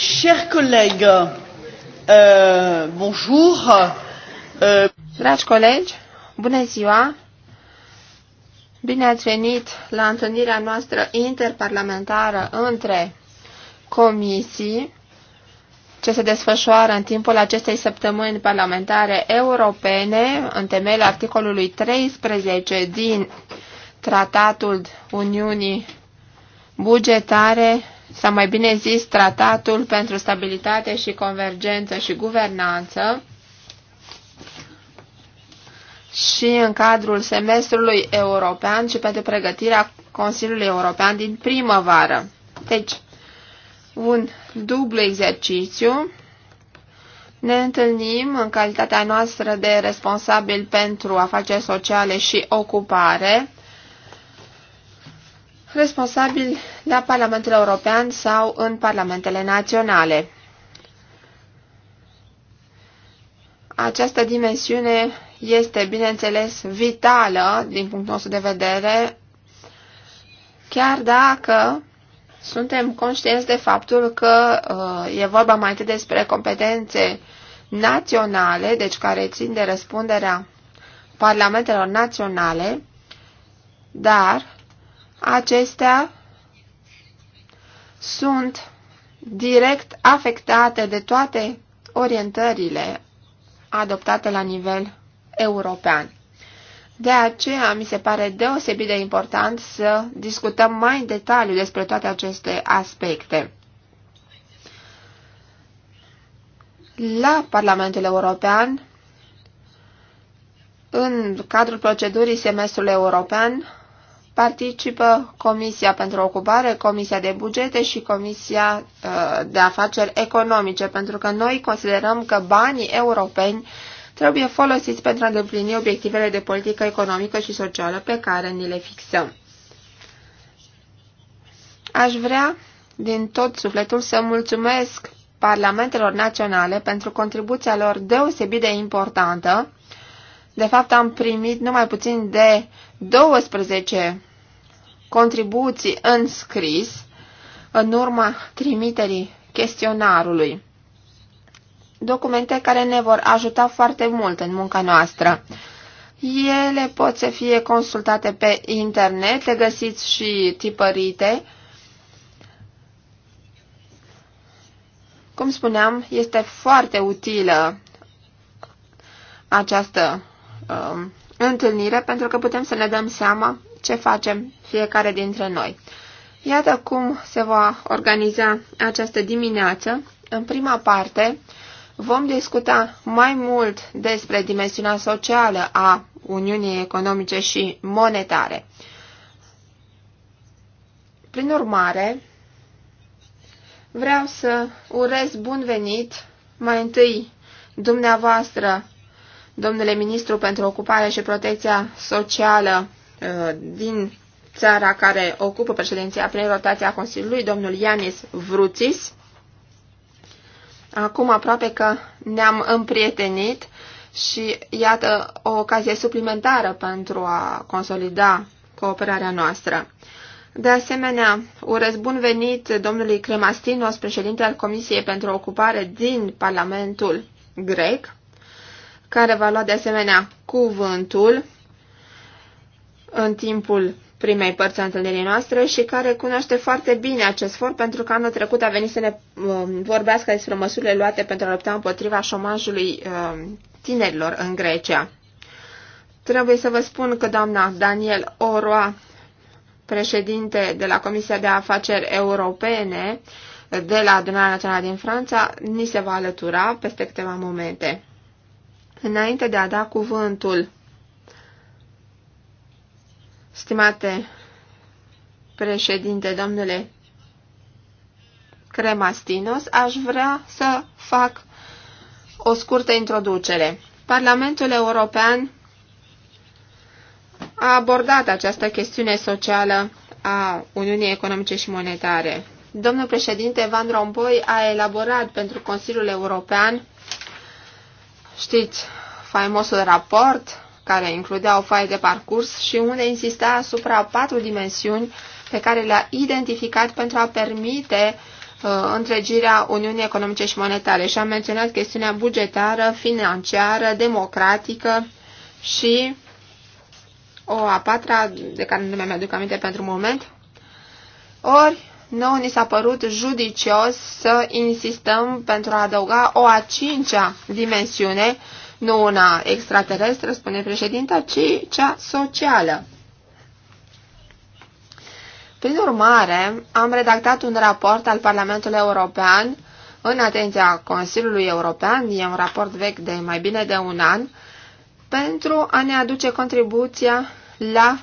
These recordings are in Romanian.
Chers collègues, euh, bonjour. Euh... Dragi colegi, bună ziua! Bine ați venit la întâlnirea noastră interparlamentară între comisii ce se desfășoară în timpul acestei săptămâni parlamentare europene în temeiul articolului 13 din Tratatul Uniunii Bugetare sau mai bine zis Tratatul pentru Stabilitate și Convergență și Guvernanță și în cadrul semestrului european și pentru pregătirea Consiliului European din primăvară. Deci, un dublu exercițiu. Ne întâlnim în calitatea noastră de responsabil pentru afaceri sociale și ocupare responsabili la Parlamentul European sau în parlamentele naționale. Această dimensiune este, bineînțeles, vitală din punctul nostru de vedere, chiar dacă suntem conștienți de faptul că uh, e vorba mai întâi despre competențe naționale, deci care țin de răspunderea parlamentelor naționale, dar acestea sunt direct afectate de toate orientările adoptate la nivel european. De aceea mi se pare deosebit de important să discutăm mai în detaliu despre toate aceste aspecte. La Parlamentul European, în cadrul procedurii semestrului european, participă Comisia pentru Ocupare, Comisia de Bugete și Comisia uh, de Afaceri Economice, pentru că noi considerăm că banii europeni trebuie folosiți pentru a îndeplini obiectivele de politică economică și socială pe care ni le fixăm. Aș vrea din tot sufletul să mulțumesc parlamentelor naționale pentru contribuția lor deosebit de importantă. De fapt, am primit numai puțin de 12 contribuții în scris în urma trimiterii chestionarului. Documente care ne vor ajuta foarte mult în munca noastră. Ele pot să fie consultate pe internet, le găsiți și tipărite. Cum spuneam, este foarte utilă această uh, întâlnire pentru că putem să ne dăm seama ce facem fiecare dintre noi. Iată cum se va organiza această dimineață. În prima parte vom discuta mai mult despre dimensiunea socială a Uniunii Economice și Monetare. Prin urmare, vreau să urez bun venit mai întâi dumneavoastră, domnule ministru pentru ocupare și protecția socială Uh, din țara care ocupă președinția prin rotația Consiliului, domnul Ianis Vruțis. Acum aproape că ne-am împrietenit și iată o ocazie suplimentară pentru a consolida cooperarea noastră. De asemenea, urez bun venit domnului Cremastinos, președinte al Comisiei pentru Ocupare din Parlamentul grec, care va lua de asemenea cuvântul în timpul primei părți a întâlnirii noastre și care cunoaște foarte bine acest for pentru că anul trecut a venit să ne um, vorbească despre măsurile luate pentru a lupta împotriva șomajului um, tinerilor în Grecia. Trebuie să vă spun că doamna Daniel Oroa, președinte de la Comisia de Afaceri Europene de la Adunarea Națională din Franța, ni se va alătura peste câteva momente. Înainte de a da cuvântul Stimate președinte, domnule Cremastinos, aș vrea să fac o scurtă introducere. Parlamentul European a abordat această chestiune socială a Uniunii Economice și Monetare. Domnul președinte Van Rompuy a elaborat pentru Consiliul European, știți, faimosul raport care includea o foaie de parcurs și unde insista asupra patru dimensiuni pe care le-a identificat pentru a permite uh, întregirea Uniunii Economice și Monetare și a menționat chestiunea bugetară, financiară, democratică și o a patra, de care nu mi-aduc aminte pentru moment, ori nouă ni s-a părut judicios să insistăm pentru a adăuga o a cincea dimensiune nu una extraterestră, spune președinta, ci cea socială. Prin urmare, am redactat un raport al Parlamentului European în atenția Consiliului European, e un raport vechi de mai bine de un an, pentru a ne aduce contribuția la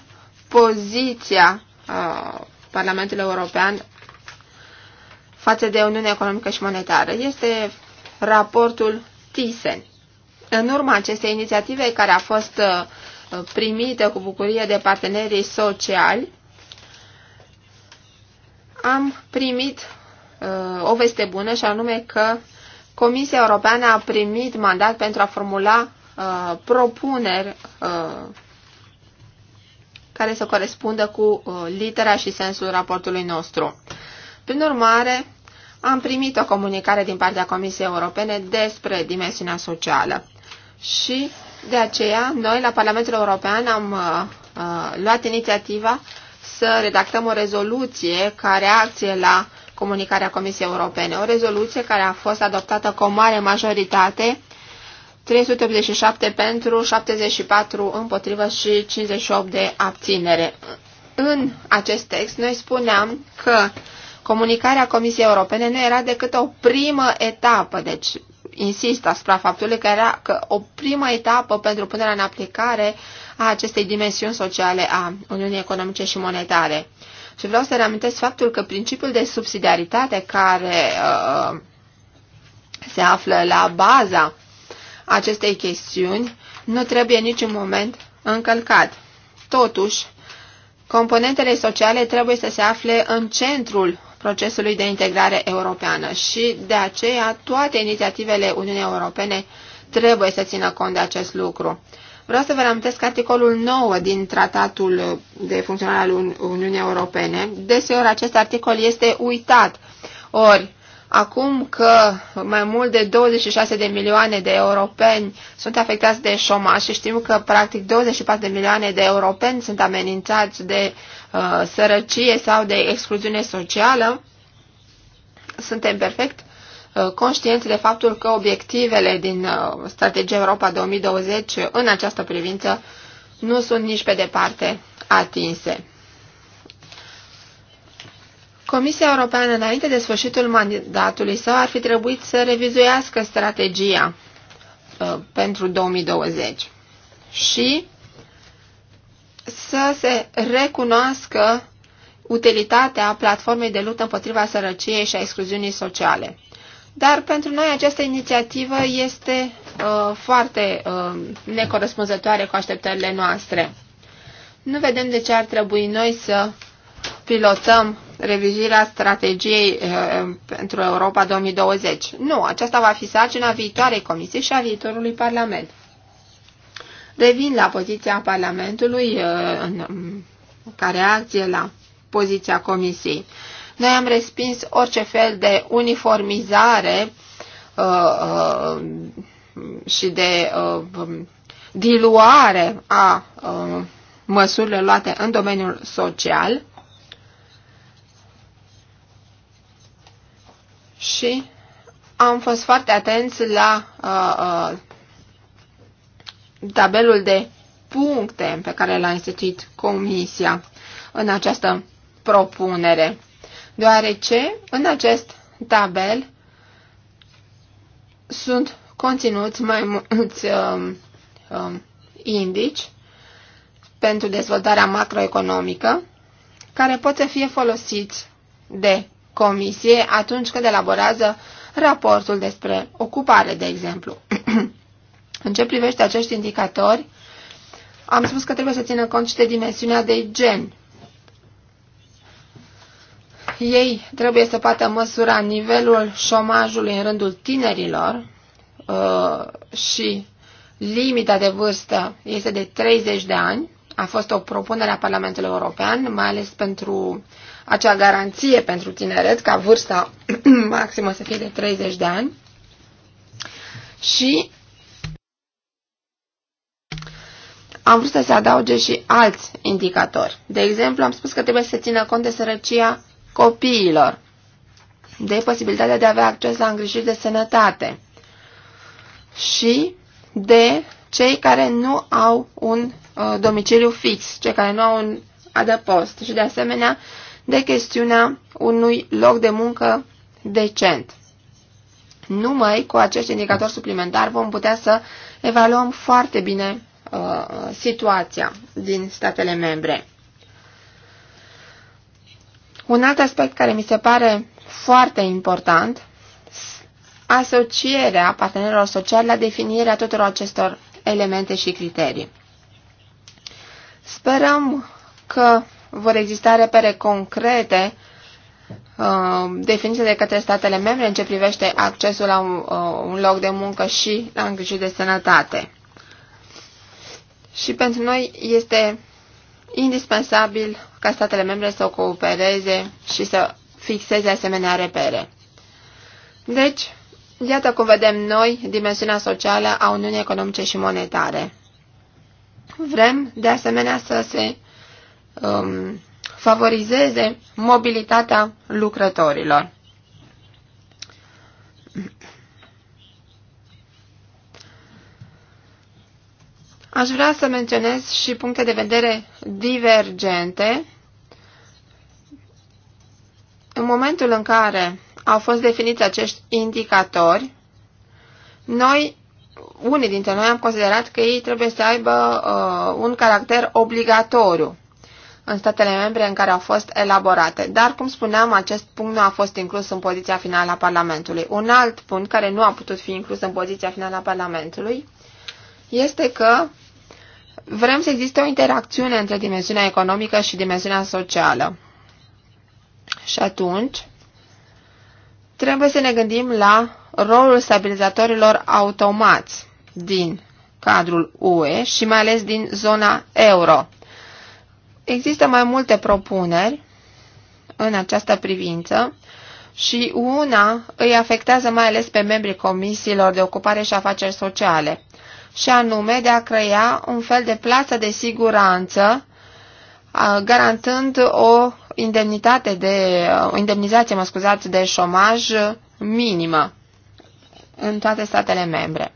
poziția uh, Parlamentului European față de Uniunea Economică și Monetară. Este raportul Thyssen. În urma acestei inițiative care a fost uh, primită cu bucurie de partenerii sociali, am primit uh, o veste bună și anume că Comisia Europeană a primit mandat pentru a formula uh, propuneri care să corespundă cu litera și sensul raportului nostru. Prin urmare, am primit o comunicare din partea Comisiei Europene despre dimensiunea socială și de aceea noi la Parlamentul European am uh, uh luat inițiativa să redactăm o rezoluție ca reacție la comunicarea Comisiei Europene. O rezoluție care a fost adoptată cu o mare majoritate, 387 pentru, 74 împotrivă și 58 de abținere. În acest text noi spuneam că comunicarea Comisiei Europene nu era decât o primă etapă, deci insist asupra faptului că era că o primă etapă pentru punerea în aplicare a acestei dimensiuni sociale a Uniunii Economice și Monetare. Și vreau să reamintesc faptul că principiul de subsidiaritate care uh, se află la baza acestei chestiuni nu trebuie niciun moment încălcat. Totuși, componentele sociale trebuie să se afle în centrul procesului de integrare europeană și de aceea toate inițiativele Uniunii Europene trebuie să țină cont de acest lucru. Vreau să vă reamintesc articolul 9 din Tratatul de Funcționare al Uniunii Europene. Deseori acest articol este uitat. Ori, Acum că mai mult de 26 de milioane de europeni sunt afectați de șomaj și știm că practic 24 de milioane de europeni sunt amenințați de uh, sărăcie sau de excluziune socială, suntem perfect uh, conștienți de faptul că obiectivele din uh, strategia Europa 2020 în această privință nu sunt nici pe departe atinse. Comisia Europeană, înainte de sfârșitul mandatului său, ar fi trebuit să revizuiască strategia uh, pentru 2020 și să se recunoască utilitatea platformei de luptă împotriva sărăciei și a excluziunii sociale. Dar pentru noi această inițiativă este uh, foarte uh, necorespunzătoare cu așteptările noastre. Nu vedem de ce ar trebui noi să pilotăm revizuirea strategiei eh, pentru Europa 2020. Nu, aceasta va fi sarcina viitoarei comisii și a viitorului Parlament. Revin la poziția Parlamentului eh, în ca reacție la poziția comisiei. Noi am respins orice fel de uniformizare uh, uh, și de uh, diluare a uh, măsurile luate în domeniul social și am fost foarte atenți la uh, uh, tabelul de puncte pe care l-a instituit Comisia în această propunere, deoarece în acest tabel sunt conținuți mai mulți uh, uh, indici pentru dezvoltarea macroeconomică, care pot să fie folosiți de comisie atunci când elaborează raportul despre ocupare, de exemplu. în ce privește acești indicatori, am spus că trebuie să țină cont și de dimensiunea de gen. Ei trebuie să poată măsura nivelul șomajului în rândul tinerilor uh, și limita de vârstă este de 30 de ani. A fost o propunere a Parlamentului European, mai ales pentru uh, acea garanție pentru tineret, ca vârsta maximă să fie de 30 de ani. Și am vrut să se adauge și alți indicatori. De exemplu, am spus că trebuie să țină cont de sărăcia copiilor, de posibilitatea de a avea acces la îngrijiri de sănătate și de cei care nu au un uh, domiciliu fix, cei care nu au un adăpost și de asemenea de chestiunea unui loc de muncă decent. Numai cu acest indicator suplimentar vom putea să evaluăm foarte bine uh, situația din statele membre. Un alt aspect care mi se pare foarte important, asocierea partenerilor sociali la definirea tuturor acestor elemente și criterii. Sperăm că vor exista repere concrete uh, definite de către statele membre în ce privește accesul la uh, un, loc de muncă și la îngrijiri de sănătate. Și pentru noi este indispensabil ca statele membre să coopereze și să fixeze asemenea repere. Deci, iată cum vedem noi dimensiunea socială a Uniunii Economice și Monetare. Vrem, de asemenea, să se um, favorizeze mobilitatea lucrătorilor. Aș vrea să menționez și puncte de vedere divergente. În momentul în care au fost definiți acești indicatori, noi, unii dintre noi am considerat că ei trebuie să aibă uh, un caracter obligatoriu în statele membre în care au fost elaborate, dar, cum spuneam, acest punct nu a fost inclus în poziția finală a Parlamentului. Un alt punct care nu a putut fi inclus în poziția finală a Parlamentului este că vrem să existe o interacțiune între dimensiunea economică și dimensiunea socială. Și atunci trebuie să ne gândim la rolul stabilizatorilor automați din cadrul UE și mai ales din zona euro. Există mai multe propuneri în această privință și una îi afectează mai ales pe membrii comisiilor de ocupare și afaceri sociale, și anume de a crea un fel de plasă de siguranță, garantând o indemnitate de, o indemnizație, mă scuzați, de șomaj minimă în toate statele membre.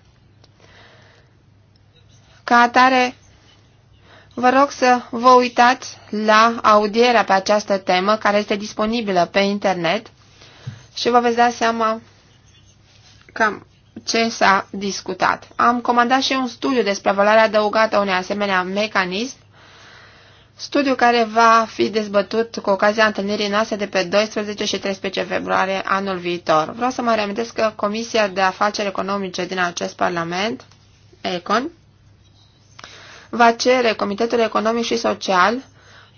Ca atare, Vă rog să vă uitați la audierea pe această temă care este disponibilă pe internet și vă veți da seama cam ce s-a discutat. Am comandat și un studiu despre valoarea adăugată a asemenea mecanism, studiu care va fi dezbătut cu ocazia întâlnirii noastre de pe 12 și 13 februarie anul viitor. Vreau să mă reamintesc că Comisia de Afaceri Economice din acest Parlament, ECON, va cere Comitetul Economic și Social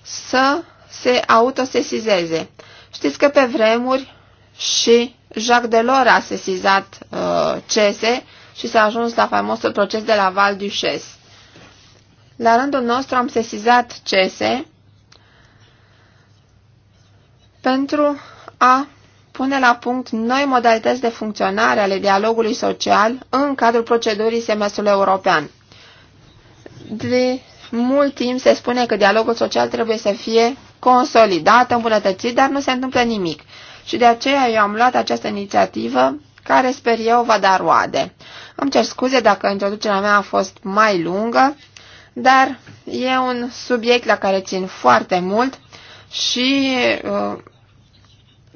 să se autosesizeze. Știți că pe vremuri și Jacques Delors a sesizat uh, cese și s-a ajuns la faimosul proces de la Val Duches. La rândul nostru am sesizat cese pentru a pune la punct noi modalități de funcționare ale dialogului social în cadrul procedurii semestrului european. De mult timp se spune că dialogul social trebuie să fie consolidat, îmbunătățit, dar nu se întâmplă nimic. Și de aceea eu am luat această inițiativă care sper eu va da roade. Îmi cer scuze dacă introducerea mea a fost mai lungă, dar e un subiect la care țin foarte mult și uh,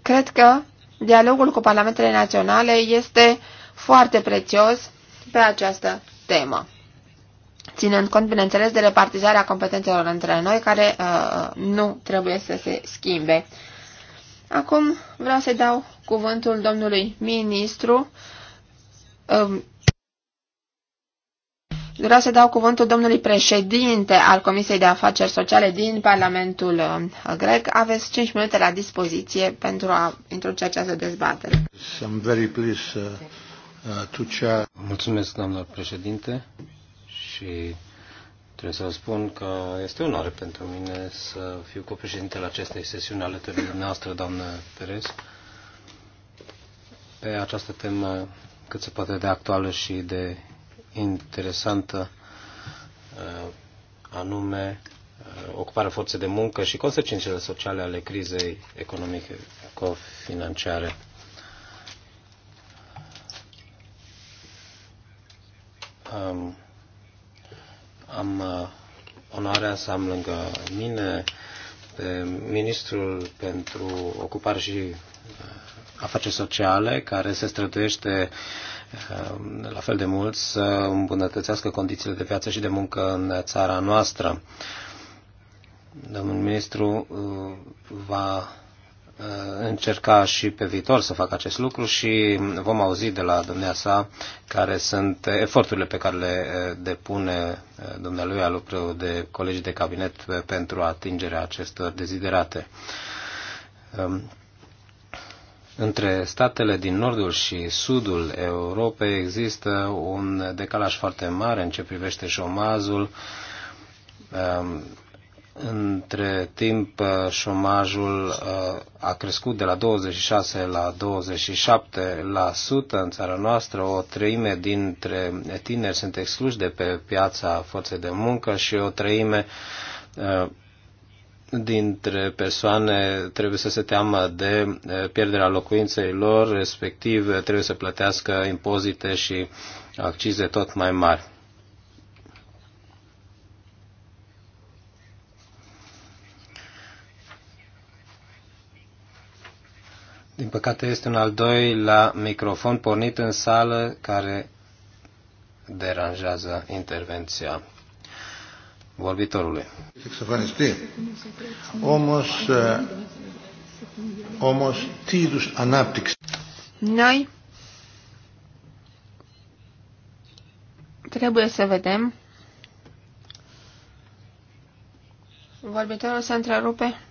cred că dialogul cu parlamentele naționale este foarte prețios pe această temă ținând cont, bineînțeles, de repartizarea competențelor între noi, care uh, nu trebuie să se schimbe. Acum vreau să dau cuvântul domnului ministru. Uh, vreau să dau cuvântul domnului președinte al Comisiei de Afaceri Sociale din Parlamentul uh, Grec. Aveți 5 minute la dispoziție pentru a introduce această dezbatere. Sunt very pleased, uh, uh, to chair. Mulțumesc, doamnă președinte și trebuie să vă spun că este onoare pentru mine să fiu copreședintele acestei sesiuni alături de dumneavoastră, doamnă Perez, pe această temă cât se poate de actuală și de interesantă, uh, anume uh, ocuparea forței de muncă și consecințele sociale ale crizei economice financiare. Um, am uh, onoarea să am lângă mine pe ministrul pentru ocupare și uh, afaceri sociale, care se străduiește uh, la fel de mult să îmbunătățească condițiile de viață și de muncă în țara noastră. Domnul ministru va Uh, încerca și pe viitor să facă acest lucru și vom auzi de la dumneasa care sunt eforturile pe care le uh, depune uh, dumnealui alături de colegii de cabinet pentru atingerea acestor deziderate. Um, între statele din nordul și sudul Europei există un decalaj foarte mare în ce privește șomazul, um, între timp, uh, șomajul uh, a crescut de la 26 la 27% în țara noastră. O treime dintre tineri sunt excluși de pe piața forței de muncă și o treime uh, dintre persoane trebuie să se teamă de pierderea locuinței lor, respectiv trebuie să plătească impozite și accize tot mai mari. Din păcate este un al doilea microfon pornit în sală care deranjează intervenția vorbitorului. Omos, eh, omos, tidus anaptix. Noi trebuie să vedem. Vorbitorul se întrerupe.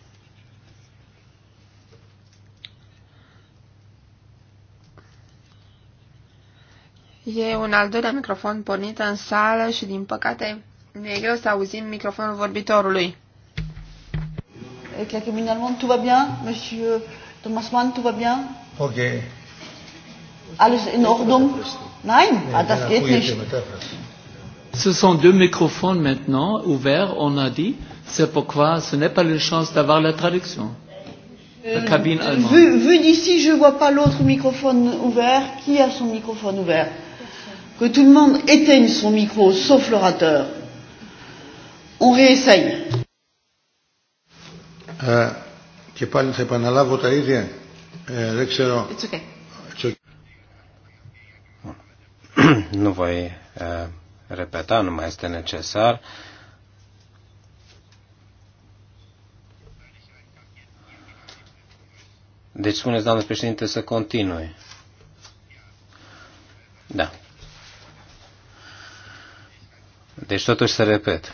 E un al doilea microfon pornit în sală și, din păcate, ne e greu să auzim microfonul vorbitorului. Avec eh, la commune allemande, tout va bine, monsieur Thomas Mann, tu va bine? Ok. Alles in Ordnung? Nein, ah, das geht nicht. Da ce sont deux microphones maintenant ouverts, on a dit. C'est pourquoi ce n'est pas une chance d'avoir la traduction. La euh, cabine allemande. Vu, vu d'ici, je ne vois pas l'autre microphone ouvert. Qui a son microphone ouvert que tout le monde éteigne son micro, sauf l'orateur. On réessaye. Uh, και πάλι θα επαναλάβω τα ίδια. Ε, δεν ξέρω. It's okay. It's okay. nu voi uh, repeta, nu mai este necesar. Deci spuneți, doamnă președinte, să continui. Da. Deci totuși să repet.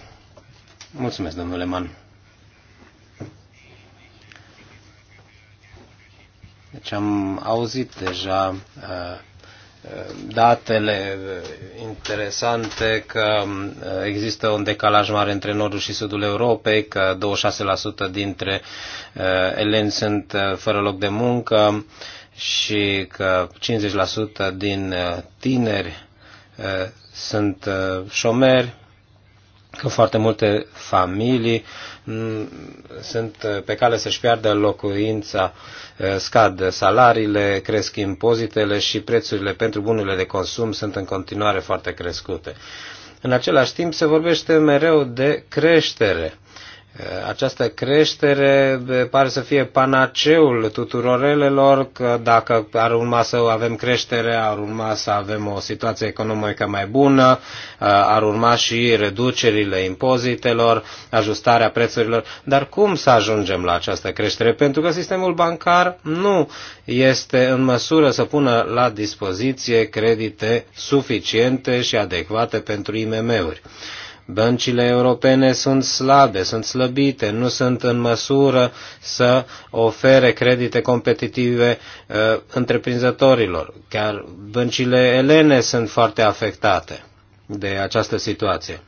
Mulțumesc, domnule Man. Deci am auzit deja uh, uh datele uh, interesante că uh, există un decalaj mare între nordul și sudul Europei, că 26% dintre uh, eleni sunt fără loc de muncă și că 50% din tineri sunt șomeri că foarte multe familii mm, sunt uh, pe cale să-și piardă locuința, uh, scad salariile, cresc impozitele și prețurile pentru bunurile de consum sunt în continuare foarte crescute. În același timp se vorbește mereu de creștere această creștere pare să fie panaceul tuturor elelor, că dacă ar urma să avem creștere, ar urma să avem o situație economică mai bună, uh, ar urma și reducerile impozitelor, ajustarea prețurilor. Dar cum să ajungem la această creștere? Pentru că sistemul bancar nu este în măsură să pună la dispoziție credite suficiente și adecvate pentru IMM-uri. Băncile europene sunt slabe, sunt slăbite, nu sunt în măsură să ofere credite competitive uh, întreprinzătorilor. Chiar băncile elene sunt foarte afectate de această situație.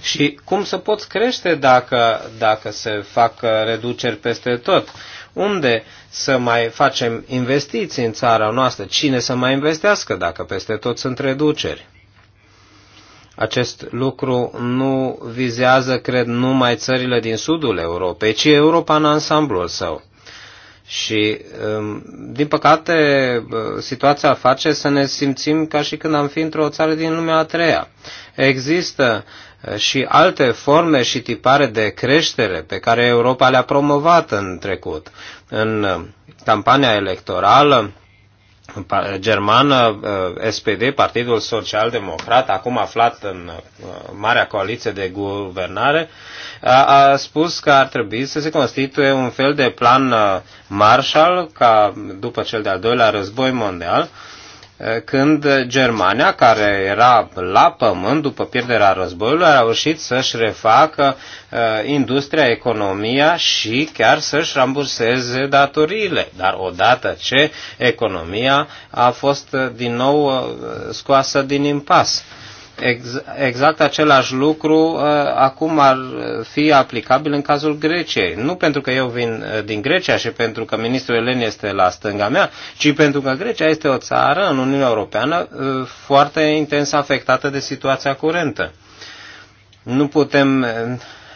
Și cum să poți crește dacă, dacă se fac uh, reduceri peste tot? Unde să mai facem investiții în țara noastră? Cine să mai investească dacă peste tot sunt reduceri? Acest lucru nu vizează, cred, numai țările din sudul Europei, ci Europa în ansamblul său. Și, um, din păcate, uh, situația face să ne simțim ca și când am fi într-o țară din lumea a treia. Există uh, și alte forme și tipare de creștere pe care Europa le-a promovat în trecut. În uh, campania electorală, german, uh, uh, SPD, Partidul Social Democrat, acum aflat în uh, marea coaliție de guvernare, a spus că ar trebui să se constituie un fel de plan Marshall, ca după cel de-al doilea război mondial, Eh, când Germania, care era la pământ după pierderea războiului, a reușit să-și refacă eh, industria, economia și chiar să-și ramburseze datoriile. Dar odată ce economia a fost eh, din nou scoasă din impas exact același lucru uh, acum ar fi aplicabil în cazul Greciei. Nu pentru că eu vin uh, din Grecia și pentru că ministrul Elen este la stânga mea, ci pentru că Grecia este o țară în Uniunea Europeană uh, foarte intens afectată de situația curentă. Nu putem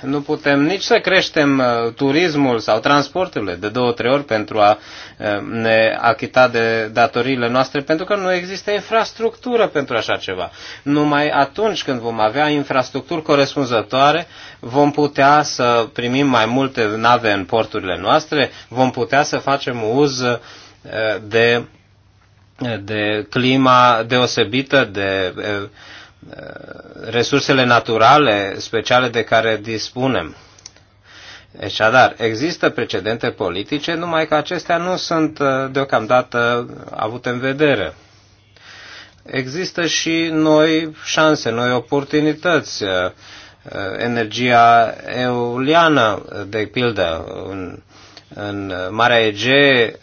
nu putem nici să creștem uh, turismul sau transporturile de două, trei ori pentru a uh, ne achita de datoriile noastre, pentru că nu există infrastructură pentru așa ceva. Numai atunci când vom avea infrastructuri corespunzătoare, vom putea să primim mai multe nave în porturile noastre, vom putea să facem uz uh, de, de clima deosebită, de resursele naturale speciale de care dispunem. Așadar, există precedente politice, numai că acestea nu sunt uh, deocamdată avute în vedere. Există și noi șanse, noi oportunități. Uh, uh, energia eoliană, de pildă, în, în Marea Egee,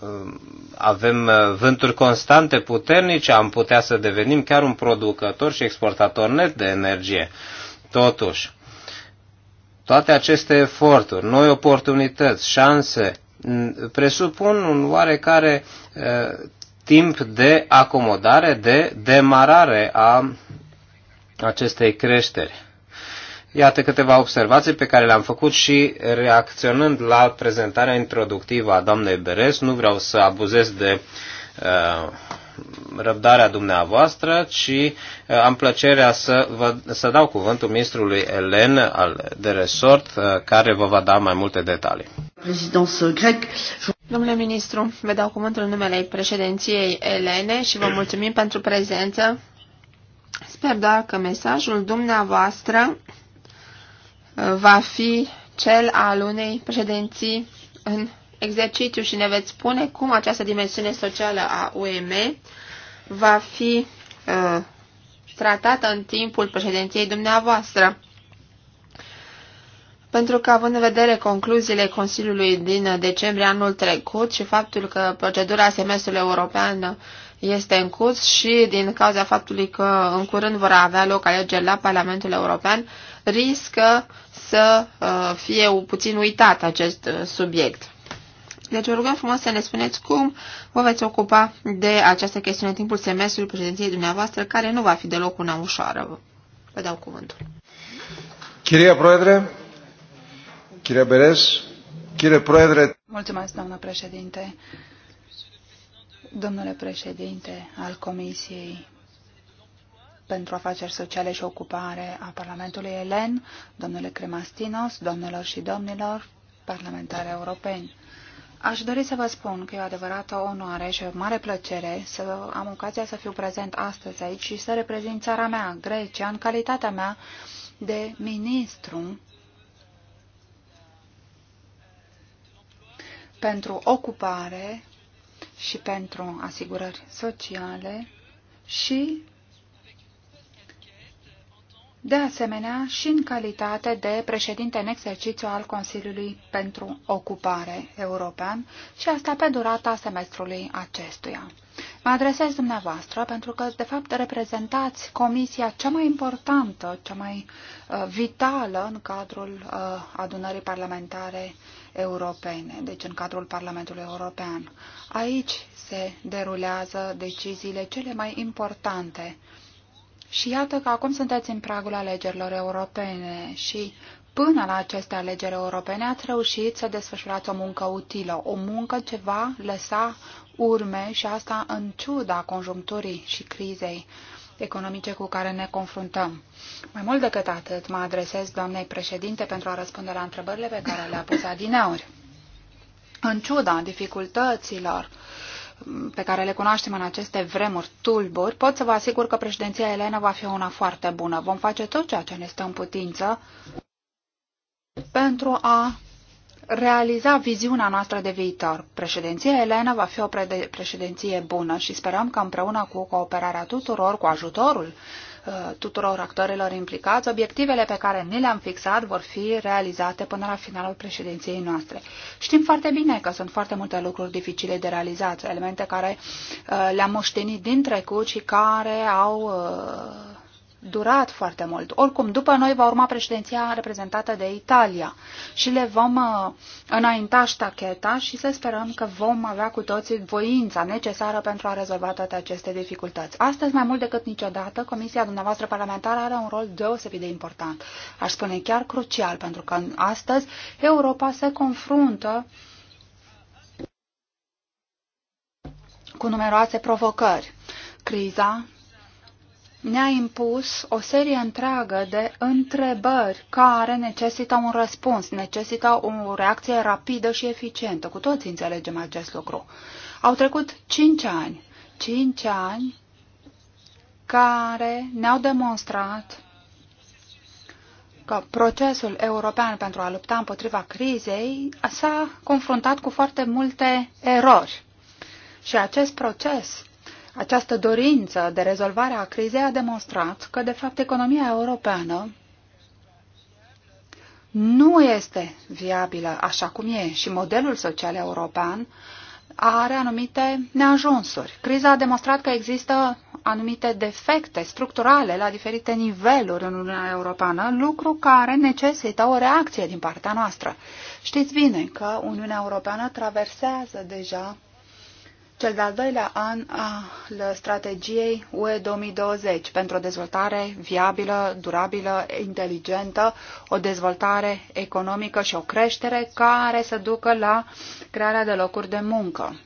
um, avem uh, vânturi constante puternice, am putea să devenim chiar un producător și exportator net de energie. Totuși, toate aceste eforturi, noi oportunități, șanse, presupun un oarecare uh, timp de acomodare, de demarare a acestei creșteri. Iată câteva observații pe care le-am făcut și reacționând la prezentarea introductivă a doamnei Beres. Nu vreau să abuzez de uh, răbdarea dumneavoastră, ci uh, am plăcerea să, vă, să dau cuvântul ministrului Elen al, de resort, uh, care vă va da mai multe detalii. Domnule ministru, vă dau cuvântul în numele președinției Elene și vă mulțumim pentru prezență. Sper doar că mesajul dumneavoastră va fi cel al unei președinții în exercițiu și ne veți spune cum această dimensiune socială a UEM va fi uh, tratată în timpul președinției dumneavoastră. Pentru că, având în vedere concluziile Consiliului din decembrie anul trecut și faptul că procedura semestrului european este în curs și din cauza faptului că în curând vor avea loc alegeri la Parlamentul European, riscă să uh, fie puțin uitat acest uh, subiect. Deci vă rugăm frumos să ne spuneți cum vă veți ocupa de această chestiune în timpul semestrului președinției dumneavoastră, care nu va fi deloc una ușoară. Vă dau cuvântul. Chiria Proedre, Chiria Beres, Chiria Proedre. Mulțumesc, doamnă președinte. Domnule președinte al Comisiei pentru Afaceri Sociale și Ocupare a Parlamentului Elen, domnule Cremastinos, domnilor și domnilor parlamentari europeni. Aș dori să vă spun că e o adevărată onoare și o mare plăcere să am ocazia să fiu prezent astăzi aici și să reprezint țara mea, Grecia, în calitatea mea de ministru pentru ocupare și pentru asigurări sociale și de asemenea și în calitate de președinte în exercițiu al Consiliului pentru Ocupare European și asta pe durata semestrului acestuia. Mă adresez dumneavoastră pentru că, de fapt, reprezentați comisia cea mai importantă, cea mai uh, vitală în cadrul uh, adunării parlamentare europene, deci în cadrul Parlamentului European. Aici se derulează deciziile cele mai importante uh, și iată că acum sunteți în pragul alegerilor europene și până la aceste alegeri europene ați reușit să desfășurați o muncă utilă, o muncă ce va lăsa urme și asta în ciuda conjuncturii și crizei economice cu care ne confruntăm. Mai mult decât atât, mă adresez doamnei președinte pentru a răspunde la întrebările pe care le-a pus adineauri. În ciuda dificultăților pe care le cunoaștem în aceste vremuri tulburi, pot să vă asigur că președinția Elena va fi una foarte bună. Vom face tot ceea ce ne stă în putință pentru a realiza viziunea noastră de viitor. Președinția Elena va fi o președinție bună și sperăm că împreună cu cooperarea tuturor, cu ajutorul Uh, tuturor actorilor implicați, obiectivele pe care ni le-am fixat vor fi realizate până la finalul președinției noastre. Știm foarte bine că sunt foarte multe lucruri dificile de realizat, elemente care uh, le-am moștenit din trecut și care au uh, durat foarte mult. Oricum, după noi va urma președinția reprezentată de Italia și le vom uh, înainta ștacheta și să sperăm că vom avea cu toții voința necesară pentru a rezolva toate aceste dificultăți. Astăzi, mai mult decât niciodată, Comisia dumneavoastră parlamentară are un rol deosebit de important, aș spune chiar crucial, pentru că astăzi Europa se confruntă cu numeroase provocări. Criza ne-a impus o serie întreagă de întrebări care necesită un răspuns, necesită o reacție rapidă și eficientă. Cu toți înțelegem acest lucru. Au trecut cinci ani, cinci ani care ne-au demonstrat că procesul european pentru a lupta împotriva crizei s-a confruntat cu foarte multe erori. Și acest proces această dorință de rezolvare a crizei a demonstrat că, de fapt, economia europeană nu este viabilă așa cum e și modelul social european are anumite neajunsuri. Criza a demonstrat că există anumite defecte structurale la diferite niveluri în Uniunea Europeană, lucru care necesită o reacție din partea noastră. Știți bine că Uniunea Europeană traversează deja cel de-al doilea an al strategiei UE 2020 pentru o dezvoltare viabilă, durabilă, inteligentă, o dezvoltare economică și o creștere care să ducă la crearea de locuri de muncă.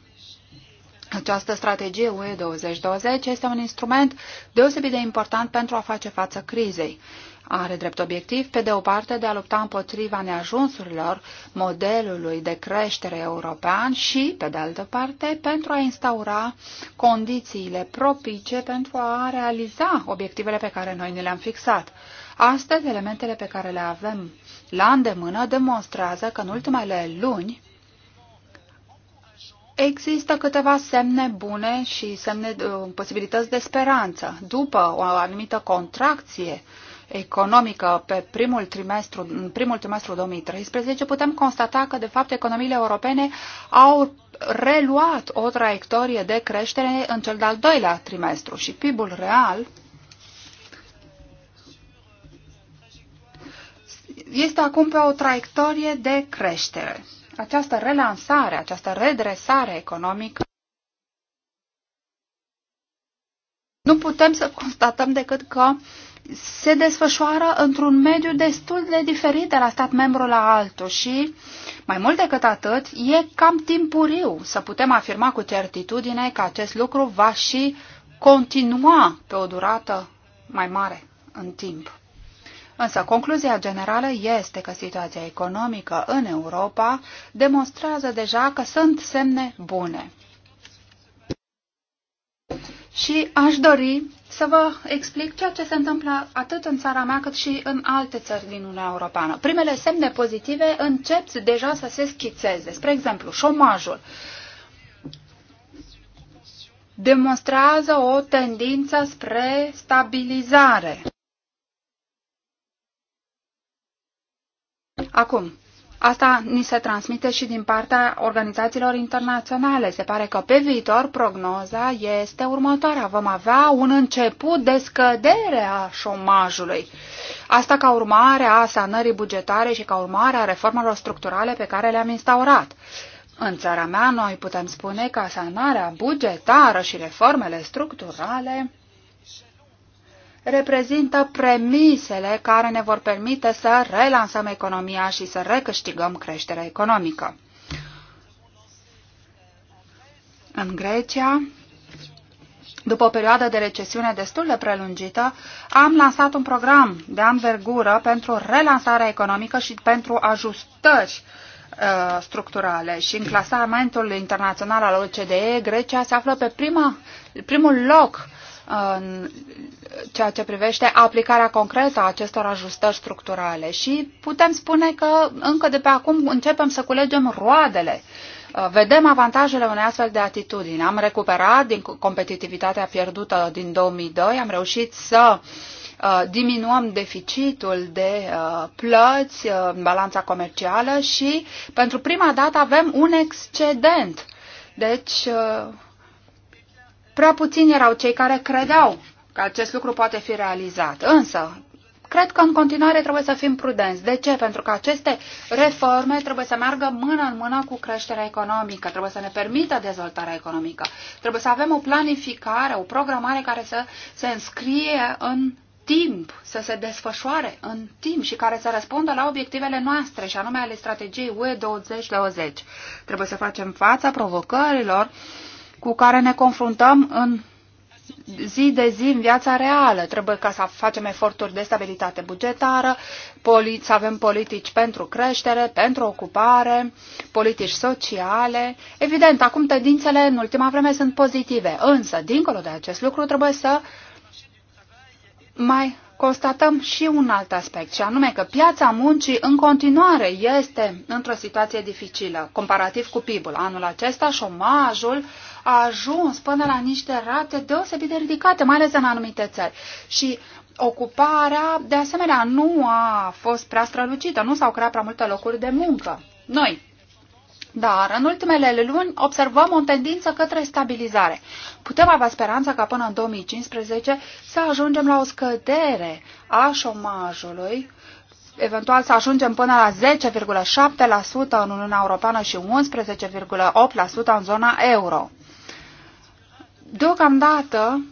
Această strategie UE 2020 este un instrument deosebit de important pentru a face față crizei are drept obiectiv, pe de o parte, de a lupta împotriva neajunsurilor modelului de creștere european și, pe de altă parte, pentru a instaura condițiile propice pentru a realiza obiectivele pe care noi ne le-am fixat. Astăzi, elementele pe care le avem la îndemână demonstrează că în ultimele luni Există câteva semne bune și semne, uh, posibilități de speranță. După o anumită contracție economică pe primul trimestru, în primul trimestru 2013, putem constata că, de fapt, economiile europene au reluat o traiectorie de creștere în cel de-al doilea trimestru și PIB-ul real este acum pe o traiectorie de creștere. Această relansare, această redresare economică nu putem să constatăm decât că se desfășoară într-un mediu destul de diferit de la stat membru la altul și, mai mult decât atât, e cam timpuriu să putem afirma cu certitudine că acest lucru va și continua pe o durată mai mare în timp. Însă concluzia generală este că situația economică în Europa demonstrează deja că sunt semne bune și aș dori să vă explic ceea ce se întâmplă atât în țara mea cât și în alte țări din Uniunea Europeană. Primele semne pozitive încep deja să se schițeze. Spre exemplu, șomajul demonstrează o tendință spre stabilizare. Acum, Asta ni se transmite și din partea organizațiilor internaționale. Se pare că pe viitor prognoza este următoarea. Vom avea un început de scădere a șomajului. Asta ca urmare a sanării bugetare și ca urmare a reformelor structurale pe care le-am instaurat. În țara mea, noi putem spune că sanarea bugetară și reformele structurale reprezintă premisele care ne vor permite să relansăm economia și să recâștigăm creșterea economică. În Grecia, după o perioadă de recesiune destul de prelungită, am lansat un program de anvergură pentru relansarea economică și pentru ajustări uh, structurale și în clasamentul internațional al OCDE, Grecia se află pe prima, primul loc în ceea ce privește aplicarea concretă a acestor ajustări structurale și putem spune că încă de pe acum începem să culegem roadele. Uh, vedem avantajele unei astfel de atitudini. Am recuperat din competitivitatea pierdută din 2002, am reușit să uh, diminuăm deficitul de uh, plăți în balanța comercială și pentru prima dată avem un excedent. Deci Prea puțini erau cei care credeau că acest lucru poate fi realizat. Însă, cred că în continuare trebuie să fim prudenți. De ce? Pentru că aceste reforme trebuie să meargă mână în mână cu creșterea economică, trebuie să ne permită dezvoltarea economică, trebuie să avem o planificare, o programare care să se înscrie în timp, să se desfășoare în timp și care să răspundă la obiectivele noastre, și anume ale strategiei UE 2020. Trebuie să facem fața provocărilor uh, cu care ne confruntăm în zi de zi în viața reală. Trebuie ca să facem eforturi de stabilitate bugetară, să avem politici pentru creștere, pentru ocupare, politici sociale. Evident, acum tendințele în ultima vreme sunt pozitive, însă, dincolo de acest lucru, trebuie să mai constatăm și un alt aspect, și anume că piața muncii în continuare este într-o situație dificilă, comparativ cu PIB-ul. Anul acesta șomajul a ajuns până la niște rate deosebit de ridicate, mai ales în anumite țări. Și ocuparea, de asemenea, nu a fost prea strălucită, nu s-au creat prea multe locuri de muncă. Noi, dar în ultimele luni observăm o tendință către stabilizare. Putem avea speranța ca până în 2015 să ajungem la o scădere a șomajului, eventual să ajungem până la 10,7% în Uniunea Europeană și 11,8% în zona euro. Deocamdată,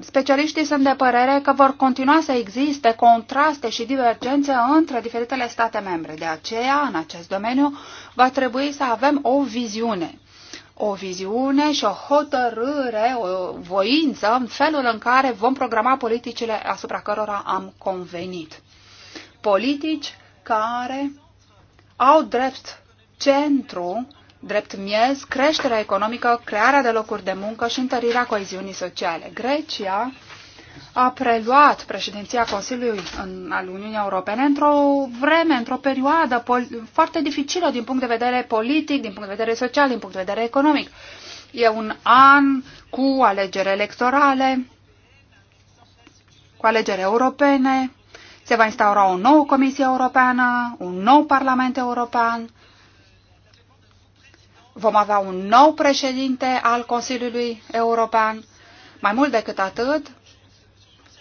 specialiștii sunt de părere că vor continua să existe contraste și divergențe între diferitele state membre. De aceea, în acest domeniu, va trebui să avem o viziune o viziune și o hotărâre, o voință în felul în care vom programa politicile asupra cărora am convenit. Politici care au drept centru drept miez creșterea economică, crearea de locuri de muncă și întărirea coeziunii sociale. Grecia a preluat președinția Consiliului în, al Uniunii Europene într-o vreme, într-o perioadă foarte dificilă din punct de vedere politic, din punct de vedere social, din punct de vedere economic. E un an cu alegeri electorale, cu alegeri europene, se va instaura o nouă Comisie Europeană, un nou Parlament European, Vom avea un nou președinte al Consiliului European. Mai mult decât atât,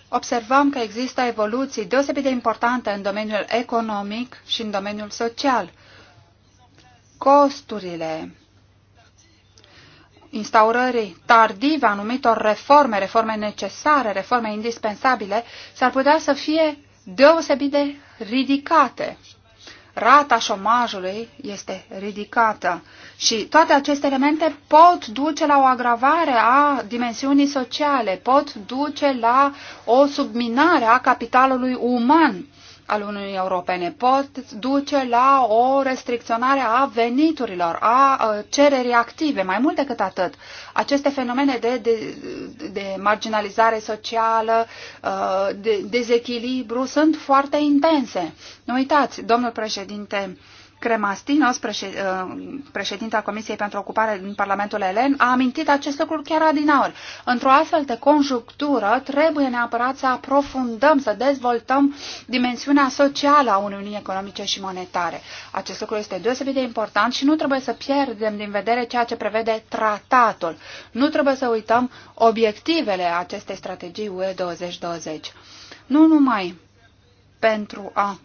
observăm că există evoluții deosebit de importante în domeniul economic și în domeniul social. Costurile instaurării tardive anumitor reforme, reforme necesare, reforme indispensabile, s-ar putea să fie deosebit de ridicate rata șomajului este ridicată și toate aceste elemente pot duce la o agravare a dimensiunii sociale, pot duce la o subminare a capitalului uman al Uniunii Europene pot duce la o restricționare a veniturilor, a cererii active, mai mult decât atât. Aceste fenomene de, de, de marginalizare socială, de dezechilibru sunt foarte intense. Nu uitați, domnul președinte Cremastinos, uh, președinta Comisiei pentru Ocupare din Parlamentul Elen, a amintit acest lucru chiar adinaori. Într-o astfel de conjunctură trebuie neapărat să aprofundăm, să dezvoltăm dimensiunea socială a Uniunii Economice și Monetare. Acest lucru este deosebit de important și nu trebuie să pierdem din vedere ceea ce prevede tratatul. Nu trebuie să uităm obiectivele acestei strategii UE 2020. Nu numai pentru a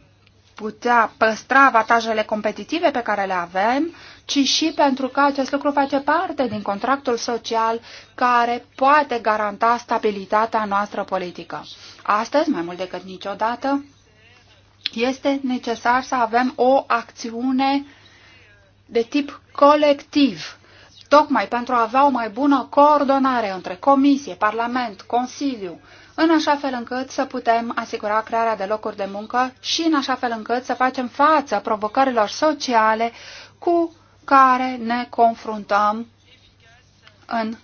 putea păstra avantajele competitive pe care le avem, ci și pentru că acest lucru face parte din contractul social care poate garanta stabilitatea noastră politică. Astăzi, mai mult decât niciodată, este necesar să avem o acțiune de tip colectiv, tocmai pentru a avea o mai bună coordonare între Comisie, Parlament, Consiliu, în așa fel încât să putem asigura crearea de locuri de muncă și în așa fel încât să facem față provocărilor sociale cu care ne confruntăm în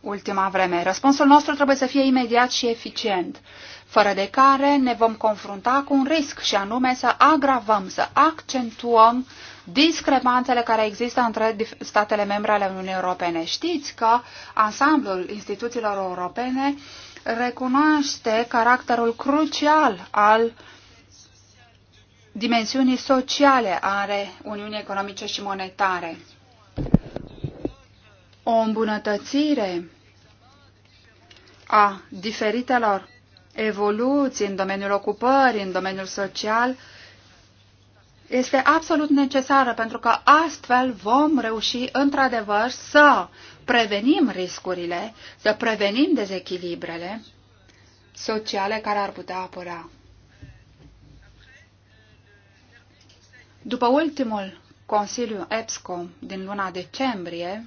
ultima vreme. Răspunsul nostru trebuie să fie imediat și eficient, fără de care ne vom confrunta cu un risc și anume să agravăm, să accentuăm discrepanțele care există între statele membre ale Uniunii Europene. Știți că ansamblul instituțiilor europene uh, recunoaște caracterul crucial al dimensiunii sociale are Uniunii Economice și Monetare. O îmbunătățire a diferitelor evoluții în domeniul ocupării, în domeniul social, este absolut necesară pentru că astfel vom reuși într-adevăr să prevenim riscurile, să prevenim dezechilibrele sociale care ar putea apărea. După ultimul Consiliu EPSCO din luna decembrie,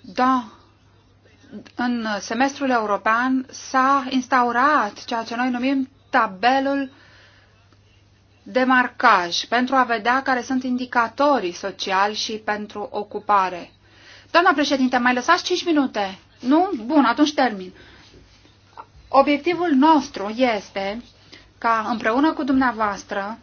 da, în semestrul european s-a instaurat ceea ce noi numim tabelul demarcaj pentru a vedea care sunt indicatorii sociali și pentru ocupare. Doamna președinte, mai lăsați 5 minute? Nu? Bun, atunci termin. Obiectivul nostru este ca împreună cu dumneavoastră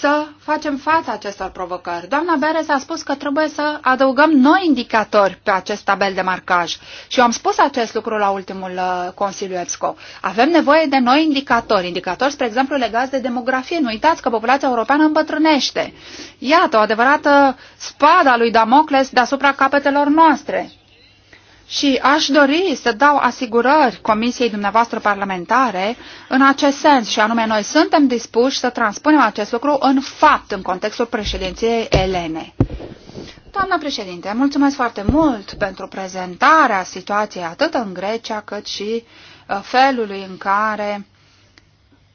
să facem față acestor provocări. Doamna Beres a spus că trebuie să adăugăm noi indicatori pe acest tabel de marcaj și eu am spus acest lucru la ultimul uh, Consiliu EPSCO. Avem nevoie de noi indicatori, indicatori, spre exemplu, legați de demografie. Nu uitați că populația europeană îmbătrânește. Iată, o adevărată spada lui Damocles deasupra capetelor noastre. Și aș dori să dau asigurări Comisiei dumneavoastră parlamentare în acest sens și anume noi suntem dispuși să transpunem acest lucru în fapt în contextul președinției Elene. Doamna președinte, mulțumesc foarte mult pentru prezentarea situației atât în Grecia cât și uh, felului în care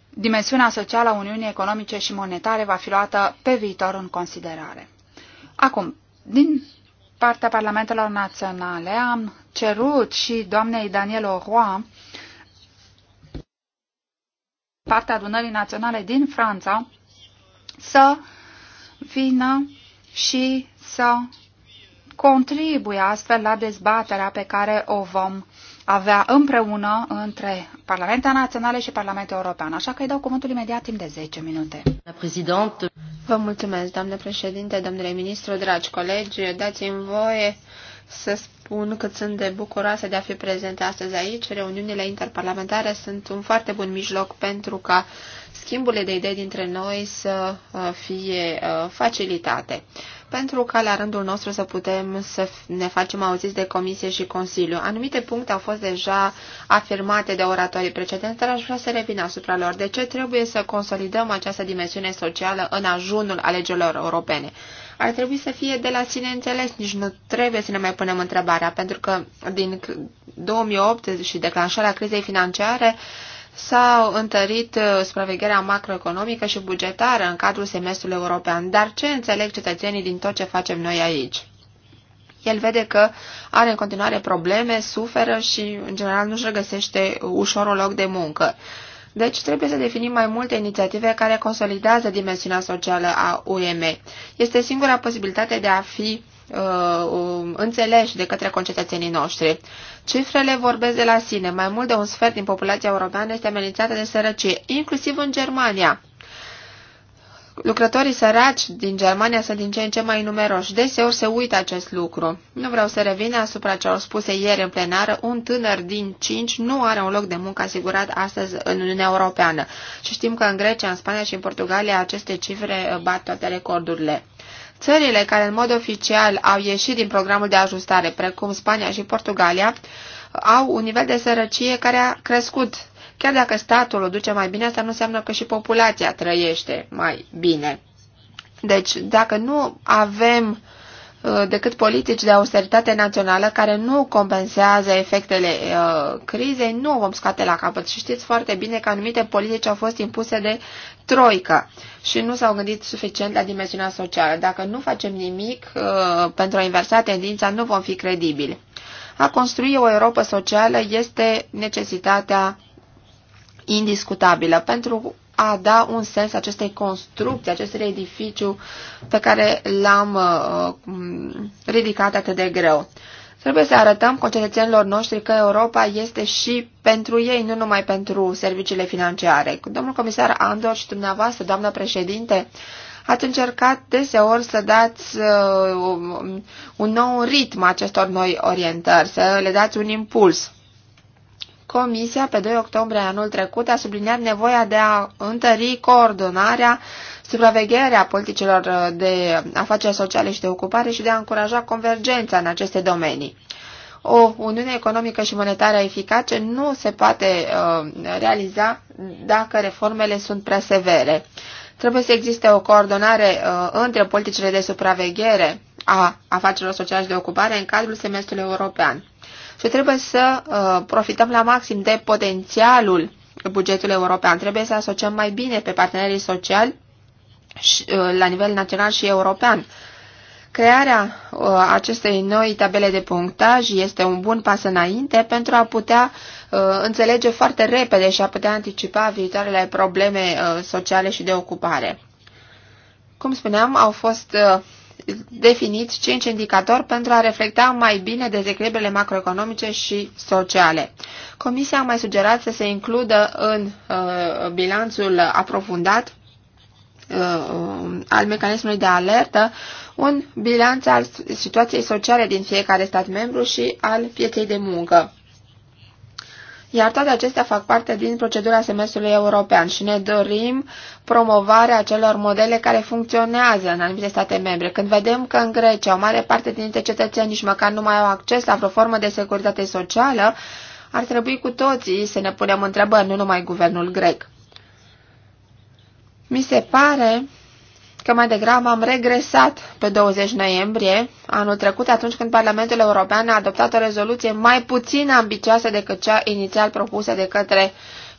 dimensiunea socială a Uniunii Economice și Monetare va fi luată pe viitor în considerare. Acum, din partea Parlamentelor Naționale am cerut și doamnei Daniel Roa, partea adunării naționale din Franța, să vină și să contribuie astfel la dezbaterea pe care o vom avea împreună între Parlamentul Naționale și Parlamentul European. Așa că îi dau cuvântul imediat timp de 10 minute. Vă mulțumesc, doamne președinte, domnule ministru, dragi colegi. Dați-mi voie să spun cât sunt de bucuroasă de a fi prezentă astăzi aici. Reuniunile interparlamentare sunt un foarte bun mijloc pentru ca schimburile de idei dintre noi să uh, fie uh, facilitate pentru ca la rândul nostru să putem să ne facem auziți de Comisie și Consiliu. Anumite puncte au fost deja afirmate de oratorii precedenți, dar aș vrea să revin asupra lor. De ce trebuie să consolidăm această dimensiune socială în ajunul alegerilor europene? Ar trebui să fie de la sine înțeles, nici nu trebuie să ne mai punem întrebarea, pentru că din 2008 și declanșarea crizei financiare, s-au întărit uh, supravegherea macroeconomică și bugetară în cadrul semestrului european. Dar ce înțeleg cetățenii din tot ce facem noi aici? El vede că are în continuare probleme, suferă și, în general, nu-și regăsește ușor un loc de muncă. Deci trebuie să definim mai multe inițiative care consolidează dimensiunea socială a UEM. Este singura posibilitate de a fi uh, um, înțeleși de către concetățenii noștri. Cifrele vorbesc de la sine. Mai mult de un sfert din populația europeană este amenințată de sărăcie, inclusiv în Germania. Lucrătorii săraci din Germania sunt din ce în ce mai numeroși. Deseori se uită acest lucru. Nu vreau să revin asupra ce au spuse ieri în plenară. Un tânăr din cinci nu are un loc de muncă asigurat astăzi în Uniunea Europeană. Și știm că în Grecia, în Spania și în Portugalia aceste cifre bat toate recordurile. Țările care în mod oficial au ieșit din programul de ajustare, precum Spania și Portugalia, au un nivel de sărăcie care a crescut. Chiar dacă statul o duce mai bine, asta nu înseamnă că și populația trăiește mai bine. Deci, dacă nu avem Uh, decât politici de austeritate națională care nu compensează efectele uh, crizei, nu vom scoate la capăt. Și știți foarte bine că anumite politici au fost impuse de troică și nu s-au gândit suficient la dimensiunea socială. Dacă nu facem nimic uh, pentru a inversa tendința, nu vom fi credibili. A construi o Europa socială este necesitatea indiscutabilă pentru a da un sens acestei construcții, acestui edificiu pe care l-am uh, uh, ridicat atât de greu. Trebuie să arătăm concetățenilor noștri că Europa este și pentru ei, nu numai pentru serviciile financiare. Domnul comisar Andor și dumneavoastră, doamnă președinte, ați încercat deseori să dați uh, un nou ritm acestor noi orientări, să le dați un impuls. Comisia, pe 2 octombrie anul trecut, a subliniat nevoia de a întări coordonarea, supravegherea politicilor de afaceri sociale și de ocupare și de a încuraja convergența în aceste domenii. O uniune economică și monetară eficace nu se poate uh, realiza dacă reformele sunt prea severe. Trebuie să existe o coordonare uh, între politicile de supraveghere a afacerilor sociale și de ocupare în cadrul semestrului european și trebuie să uh, profităm la maxim de potențialul bugetului european. Trebuie să asociăm mai bine pe partenerii sociali și, uh, la nivel național și european. Crearea uh, acestei noi tabele de punctaj este un bun pas înainte pentru a putea uh, înțelege foarte repede și a putea anticipa viitoarele probleme uh, sociale și de ocupare. Cum spuneam, au fost uh, definiți cinci indicatori pentru a reflecta mai bine dezechilibrele macroeconomice și sociale. Comisia a mai sugerat să se includă în uh, bilanțul aprofundat uh, al mecanismului de alertă un bilanț al situației sociale din fiecare stat membru și al pieței de muncă iar toate acestea fac parte din procedura semestrului european și ne dorim promovarea acelor modele care funcționează în anumite state membre. Când vedem că în Grecia o mare parte dintre cetățeni nici măcar nu mai au acces la vreo formă de securitate socială, ar trebui cu toții să ne punem întrebări, nu numai guvernul grec. Mi se pare că mai degrabă am regresat pe 20 noiembrie anul trecut atunci când Parlamentul European a adoptat o rezoluție mai puțin ambicioasă decât cea inițial propusă de către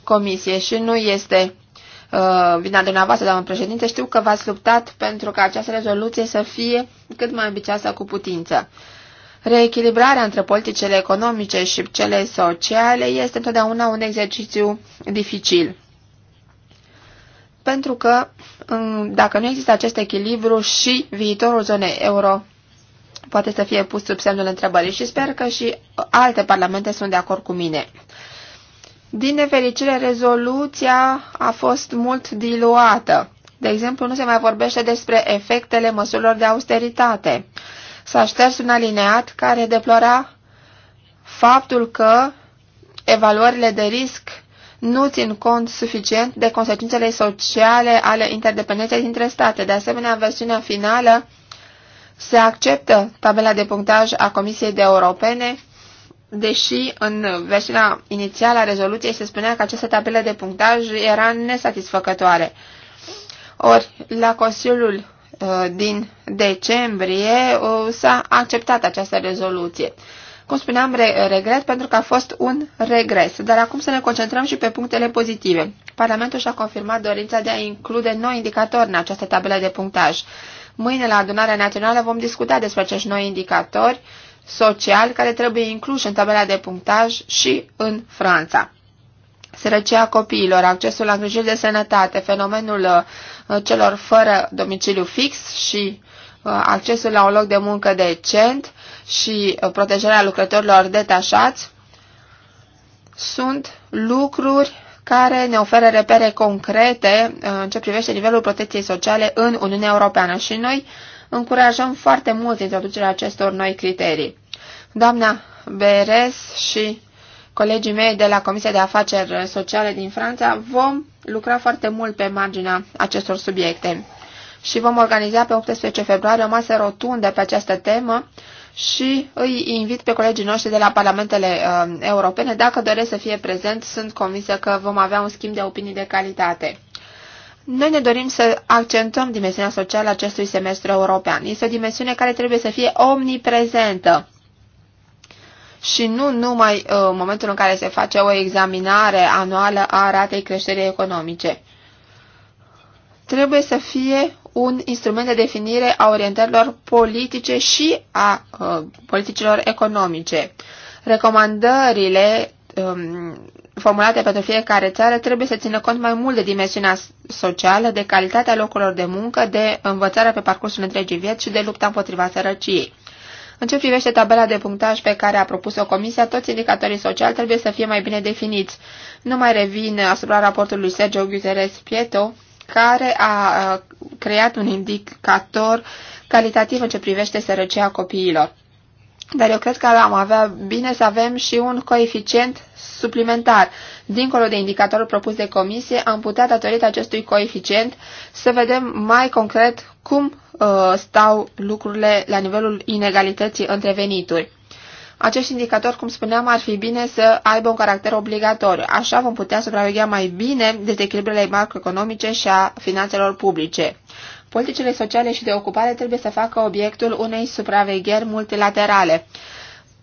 Comisie și nu este uh, vina dumneavoastră, doamnă președinte, știu că v-ați luptat pentru ca această rezoluție să fie cât mai ambicioasă cu putință. Reechilibrarea între politicele economice și cele sociale este întotdeauna un exercițiu dificil pentru că dacă nu există acest echilibru și viitorul zonei euro poate să fie pus sub semnul întrebării și sper că și alte parlamente sunt de acord cu mine. Din nefericire, rezoluția a fost mult diluată. De exemplu, nu se mai vorbește despre efectele măsurilor de austeritate. S-a șters un alineat care deplora faptul că evaluările de risc nu țin cont suficient de consecințele sociale ale interdependenței dintre state. De asemenea, în versiunea finală se acceptă tabela de punctaj a Comisiei de Europene, deși în versiunea inițială a rezoluției se spunea că această tabelă de punctaj era nesatisfăcătoare. Ori, la Consiliul uh, din decembrie uh, s-a acceptat această rezoluție. Cum spuneam, re regret pentru că a fost un regres, dar acum să ne concentrăm și pe punctele pozitive. Parlamentul și-a confirmat dorința de a include noi indicatori în această tabelă de punctaj. Mâine, la adunarea națională, vom discuta despre acești noi indicatori sociali care trebuie incluși în tabela de punctaj și în Franța sărăcia copiilor, accesul la îngrijiri de sănătate, fenomenul uh, celor fără domiciliu fix și uh, accesul la un loc de muncă decent și uh, protejarea lucrătorilor detașați sunt lucruri care ne oferă repere concrete uh, în ce privește nivelul protecției sociale în Uniunea Europeană și noi încurajăm foarte mult introducerea acestor noi criterii. Doamna Beres și colegii mei de la Comisia de Afaceri Sociale din Franța vom lucra foarte mult pe marginea acestor subiecte și vom organiza pe 18 februarie o masă rotundă pe această temă și îi invit pe colegii noștri de la Parlamentele uh, Europene. Dacă doresc să fie prezent, sunt convinsă că vom avea un schimb de opinii de calitate. Noi ne dorim să accentuăm dimensiunea socială acestui semestru european. Este o dimensiune care trebuie să fie omniprezentă și nu numai uh, în momentul în care se face o examinare anuală a ratei creșterii economice. Trebuie să fie un instrument de definire a orientărilor politice și a uh, politicilor economice. Recomandările um, formulate pentru fiecare țară trebuie să țină cont mai mult de dimensiunea socială, de calitatea locurilor de muncă, de învățarea pe parcursul întregii vieți și de lupta împotriva sărăciei. În ce privește tabela de punctaj pe care a propus-o comisia, toți indicatorii sociali trebuie să fie mai bine definiți. Nu mai revin asupra raportului Sergio Guterres Pieto, care a creat un indicator calitativ în ce privește sărăcia copiilor. Dar eu cred că am avea bine să avem și un coeficient suplimentar. Dincolo de indicatorul propus de comisie, am putea, datorită acestui coeficient, să vedem mai concret cum uh, stau lucrurile la nivelul inegalității între venituri. Acești indicatori, cum spuneam, ar fi bine să aibă un caracter obligatoriu. Așa vom putea supraveghea mai bine dezechilibrele macroeconomice și a finanțelor publice. Politicile sociale și de ocupare trebuie să facă obiectul unei supravegheri multilaterale,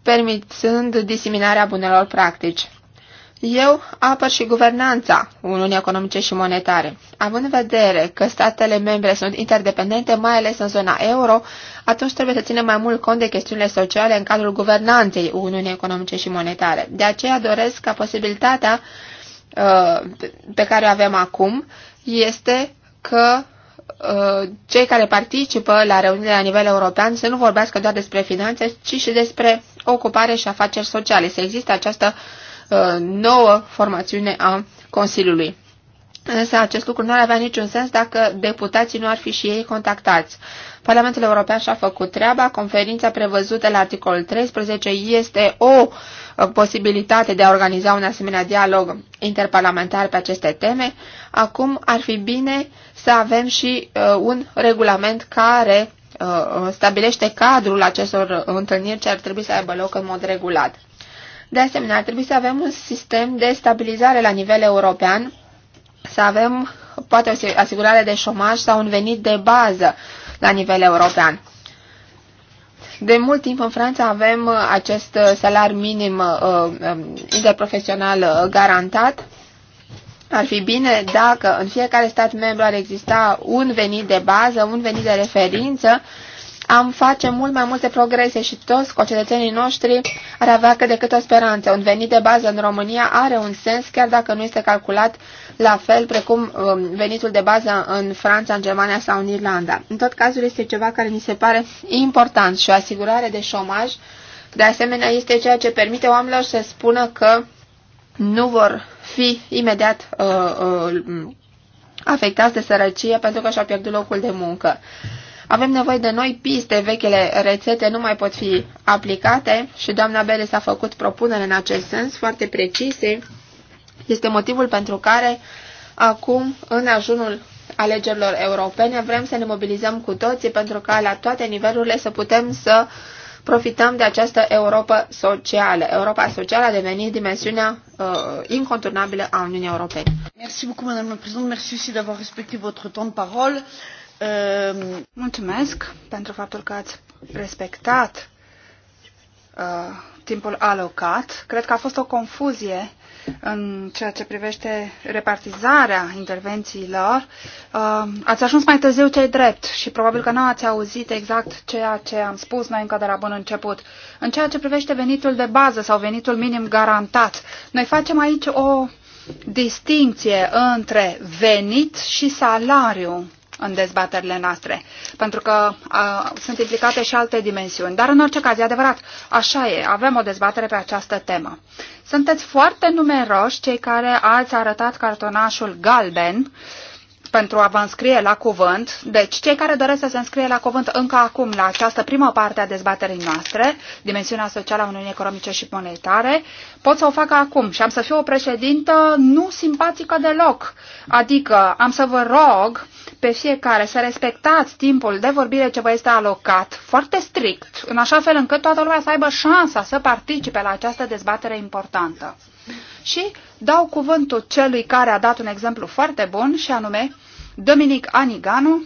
permițând diseminarea bunelor practici. Eu apăr și guvernanța Uniunii Economice și Monetare. Având în vedere că statele membre sunt interdependente, mai ales în zona euro, atunci trebuie să ținem mai mult cont de chestiunile sociale în cadrul guvernanței Uniunii Economice și Monetare. De aceea doresc ca posibilitatea uh, pe care o avem acum este că uh, cei care participă la reuniunile la nivel european să nu vorbească doar despre finanțe, ci și despre ocupare și afaceri sociale. Să există această uh, Uh, nouă formațiune a Consiliului. Însă acest lucru nu ar avea niciun sens dacă deputații nu ar fi și ei contactați. Parlamentul European și-a făcut treaba, conferința prevăzută la articolul 13 este o uh, posibilitate de a organiza un asemenea dialog interparlamentar pe aceste teme. Acum ar fi bine să avem și uh, un regulament care uh, stabilește cadrul acestor întâlniri ce ar trebui să aibă loc în mod regulat. De asemenea, ar trebui să avem un sistem de stabilizare la nivel european, să avem poate o asigurare de șomaj sau un venit de bază la nivel european. De mult timp în Franța avem uh, acest uh, salar minim uh, um, interprofesional garantat. Ar fi bine dacă în fiecare stat membru ar exista un venit de bază, un venit de referință am face mult mai multe progrese și toți concetățenii noștri ar avea cât de cât o speranță. Un venit de bază în România are un sens, chiar dacă nu este calculat la fel precum um, venitul de bază în Franța, în Germania sau în Irlanda. În tot cazul este ceva care mi se pare important și o asigurare de șomaj. De asemenea, este ceea ce permite oamenilor să spună că nu vor fi imediat uh, uh, afectați de sărăcie pentru că și-au pierdut locul de muncă. Uh, avem nevoie de noi piste, vechile rețete nu mai pot fi aplicate și doamna Beres a făcut propunere în acest sens foarte precise. Este motivul pentru care acum, în ajunul alegerilor europene, vrem să ne mobilizăm cu toții pentru ca la toate nivelurile să putem să profităm de această Europa socială. Europa socială a devenit dimensiunea uh, inconturnabilă a Uniunii Europene. Mulțumesc, beaucoup, președinte. Mulțumesc, și de a respecta respecté votre temps de parole. Ehm, Mulțumesc pentru faptul că ați respectat uh, timpul alocat. Cred că a fost o confuzie în ceea ce privește repartizarea intervențiilor. Uh, ați ajuns mai târziu cei drept și probabil că nu ați auzit exact ceea ce am spus noi încă de la bun început. În ceea ce privește venitul de bază sau venitul minim garantat, noi facem aici o distinție între venit și salariu în dezbaterile noastre, pentru că a, sunt implicate și alte dimensiuni. Dar în orice caz, e adevărat, așa e, avem o dezbatere pe această temă. Sunteți foarte numeroși cei care ați arătat cartonașul galben pentru a vă înscrie la cuvânt. Deci, cei care doresc să se înscrie la cuvânt încă acum, la această primă parte a dezbaterii noastre, dimensiunea socială a Uniunii Economice și Monetare, pot să o facă acum și am să fiu o președintă nu simpatică deloc. Adică, am să vă rog pe fiecare să respectați timpul de vorbire ce vă este alocat foarte strict, în așa fel încât toată lumea să aibă șansa să participe la această dezbatere importantă. Și dau cuvântul celui care a dat un exemplu foarte bun și anume Dominic Aniganu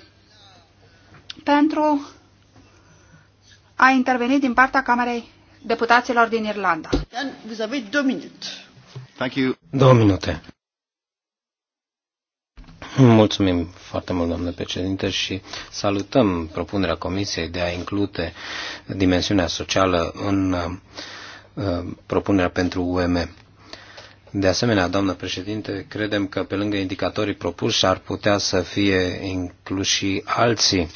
pentru a interveni din partea Camerei deputaților din Irlanda. Două minute. Mulțumim foarte mult, domnule președinte, și salutăm propunerea Comisiei de a include dimensiunea socială în uh, propunerea pentru UM. De asemenea, doamnă președinte, credem că pe lângă indicatorii propuși ar putea să fie incluși și alții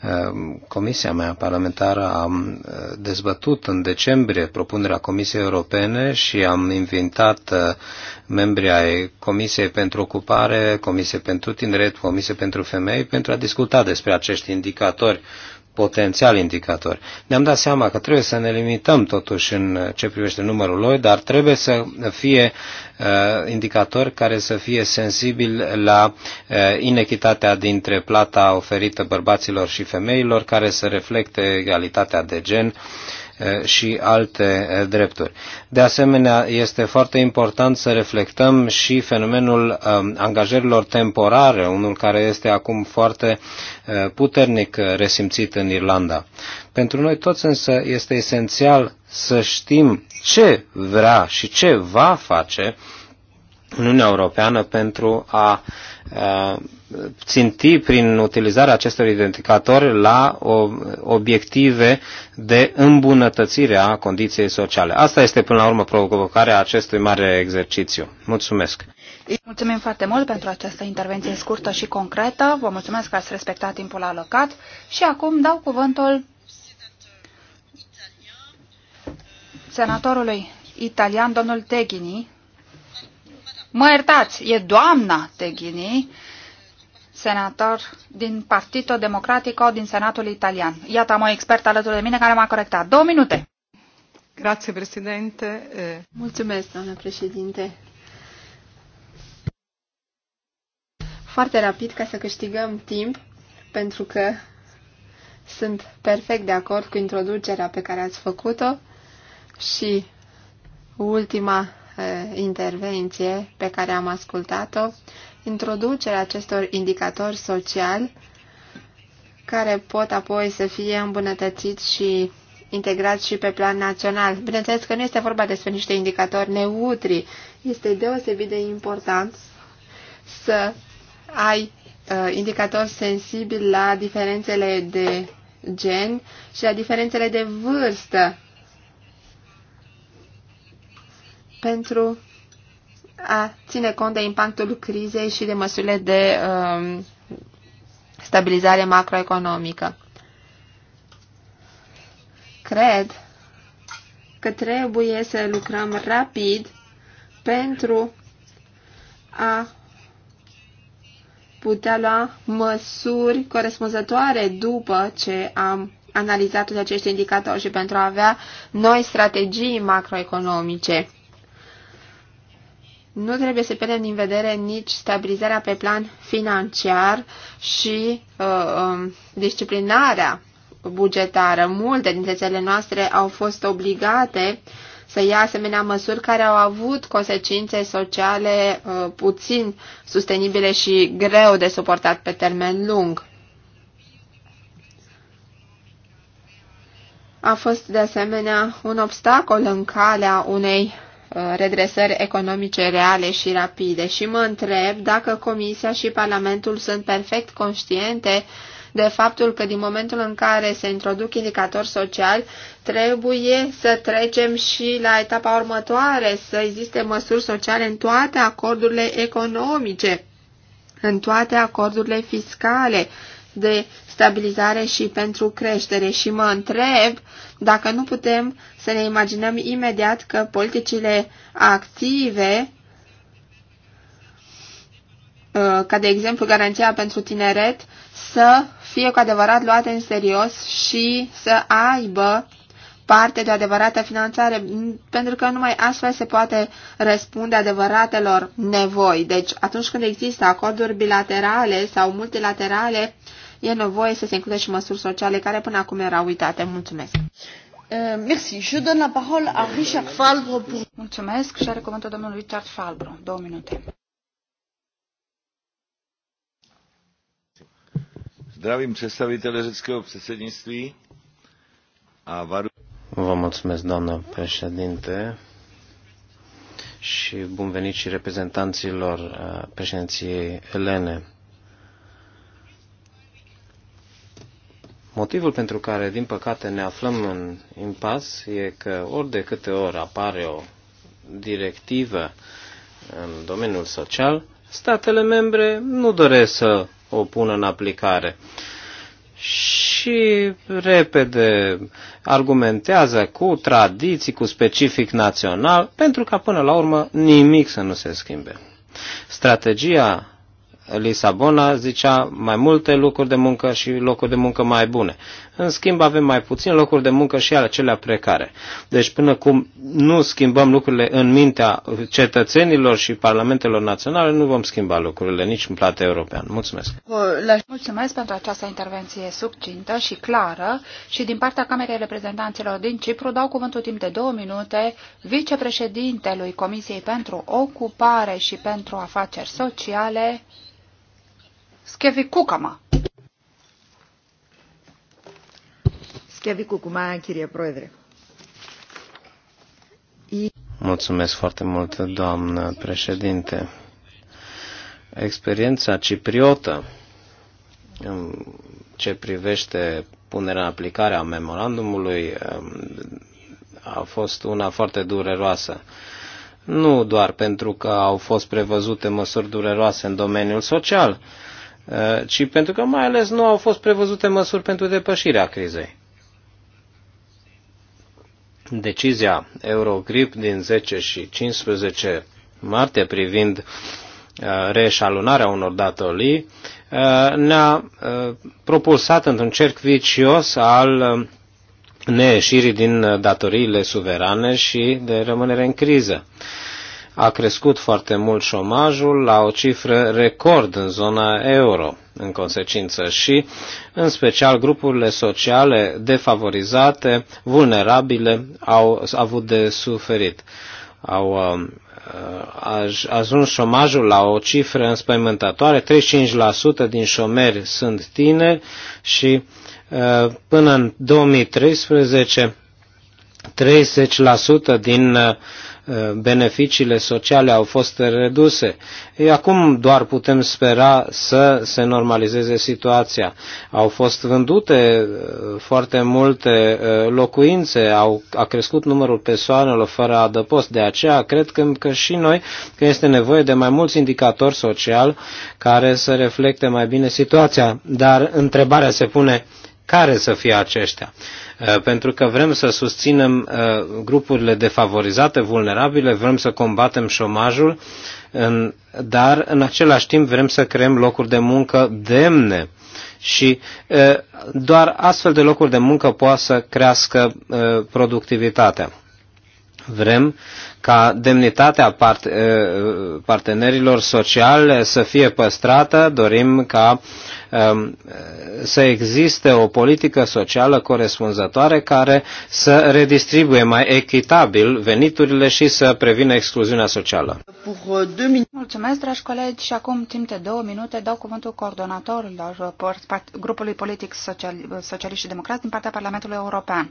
Ehm, Comisia mea parlamentară a ehm, dezbătut în decembrie propunerea Comisiei Europene și am invitat ehm, membrii ai Comisiei pentru Ocupare, Comisie pentru Tineret, Comisie pentru Femei pentru a discuta despre acești indicatori potențial indicatori. Ne-am dat seama că trebuie să ne limităm totuși în ce privește numărul lor, dar trebuie să fie uh, indicatori care să fie sensibili la uh, inechitatea dintre plata oferită bărbaților și femeilor, care să reflecte egalitatea de gen. Uh, și alte drepturi. De asemenea, este foarte important să reflectăm și fenomenul angajărilor temporare, unul care este acum foarte puternic resimțit în Irlanda. Pentru noi toți însă este esențial să știm ce vrea și ce va face Uniunea Europeană pentru a ținti prin utilizarea acestor identificatori la obiective de îmbunătățire a condiției sociale. Asta este până la urmă provocarea acestui mare exercițiu. Mulțumesc! Mulțumim foarte mult pentru această intervenție scurtă și concretă. Vă mulțumesc că ați respectat timpul alocat și acum dau cuvântul senatorului italian, domnul Teghini. Mă iertați, e doamna Teghini senator din Partito Democratico din Senatul Italian. Iată, am o expertă alături de mine care m-a corectat. Două minute! Grazie, președinte. Mulțumesc, doamnă președinte. Foarte rapid, ca să câștigăm timp, pentru că sunt perfect de acord cu introducerea pe care ați făcut-o și ultima eh, intervenție pe care am ascultat-o introducerea acestor indicatori sociali care pot apoi să fie îmbunătățiți și integrați și pe plan național. Bineînțeles că nu este vorba despre niște indicatori neutri. Este deosebit de important să ai uh, indicatori sensibili la diferențele de gen și la diferențele de vârstă pentru a ține cont de impactul crizei și de măsurile de um, stabilizare macroeconomică. Cred că trebuie să lucrăm rapid pentru a putea lua măsuri corespunzătoare după ce am analizat toți acești indicatori și pentru a avea noi strategii macroeconomice. Nu trebuie să pierdem din vedere nici stabilizarea pe plan financiar și uh, um, disciplinarea bugetară. Multe dintre țările noastre au fost obligate să ia asemenea măsuri care au avut consecințe sociale uh, puțin sustenibile și greu de suportat pe termen lung. A fost de asemenea un obstacol în calea unei Uh, redresări economice reale și rapide și mă întreb dacă Comisia și Parlamentul sunt perfect conștiente de faptul că din momentul în care se introduc indicatori sociali, trebuie să trecem și la etapa următoare, să existe măsuri sociale în toate acordurile economice, în toate acordurile fiscale de stabilizare și pentru creștere și mă întreb dacă nu putem să ne imaginăm imediat că politicile active, uh, ca de exemplu garanția pentru tineret, să fie cu adevărat luate în serios și să aibă parte de o adevărată finanțare, pentru că numai astfel se poate răspunde adevăratelor nevoi. Deci, atunci când există acorduri bilaterale sau multilaterale, e nevoie să se includă și măsuri sociale care până acum erau uitate. Mulțumesc! Euh, mulțumesc și are cuvântul domnul Richard Falbro. Două minute. Zdravím představitele řeckého předsednictví a varu... Vă mulțumesc, doamnă președinte, și bun venit și reprezentanților uh, președinției Elene. Motivul pentru care, din păcate, ne aflăm în impas e că ori de câte ori apare o directivă în domeniul social, statele membre nu doresc să o pună în aplicare. Și repede argumentează cu tradiții, cu specific național, pentru ca până la urmă nimic să nu se schimbe. Strategia Lisabona zicea mai multe locuri de muncă și locuri de muncă mai bune. În schimb, avem mai puțin locuri de muncă și acelea precare. Deci până cum nu schimbăm lucrurile în mintea cetățenilor și parlamentelor naționale, nu vom schimba lucrurile nici în plată european. Mulțumesc! Le mulțumesc pentru această intervenție succintă și clară și din partea Camerei Reprezentanților din Cipru dau cuvântul timp de două minute vicepreședintelui Comisiei pentru Ocupare și pentru Afaceri Sociale, Σκεύη Κούκαμα. Σκεύη Κουκουμά, κύριε Πρόεδρε. Mulțumesc foarte mult, doamnă președinte. Experiența cipriotă în ce privește punerea în aplicare a memorandumului um, a fost una foarte dureroasă. Nu doar pentru că au fost prevăzute măsuri dureroase în domeniul social, Uh, ci pentru că mai ales nu au fost prevăzute măsuri pentru depășirea crizei. Decizia Eurogrip din 10 și 15 martie privind uh, reșalunarea unor datorii uh, ne-a propulsat într-un cerc vicios al neieșirii din datoriile suverane și de rămânere în criză a crescut foarte mult șomajul la o cifră record în zona euro, în consecință, și în special grupurile sociale defavorizate, vulnerabile, au avut de suferit. Au uh, ajuns șomajul la o cifră înspăimântătoare, 35% din șomeri sunt tineri și uh, până în 2013 30% din uh, beneficiile sociale au fost reduse. Ei, acum doar putem spera să se normalizeze situația. Au fost vândute uh, foarte multe uh, locuințe, au, a crescut numărul persoanelor fără adăpost. De aceea cred că, că și noi că este nevoie de mai mulți indicatori social care să reflecte mai bine situația. Dar întrebarea se pune care să fie aceștia. Uh, pentru că vrem să susținem uh, grupurile defavorizate, vulnerabile, vrem să combatem șomajul, dar în același timp vrem să creăm locuri de muncă demne. Și uh, doar astfel de locuri de muncă poate să crească productivitatea. Vrem ca demnitatea part, eh, partenerilor sociali să fie păstrată, dorim ca ehm, să existe o politică socială corespunzătoare care să redistribuie mai echitabil veniturile și să prevină excluziunea socială. Mulțumesc, dragi colegi, și acum timp de două minute dau cuvântul coordonatorilor grupului politic social, socialist și democrat din partea Parlamentului European.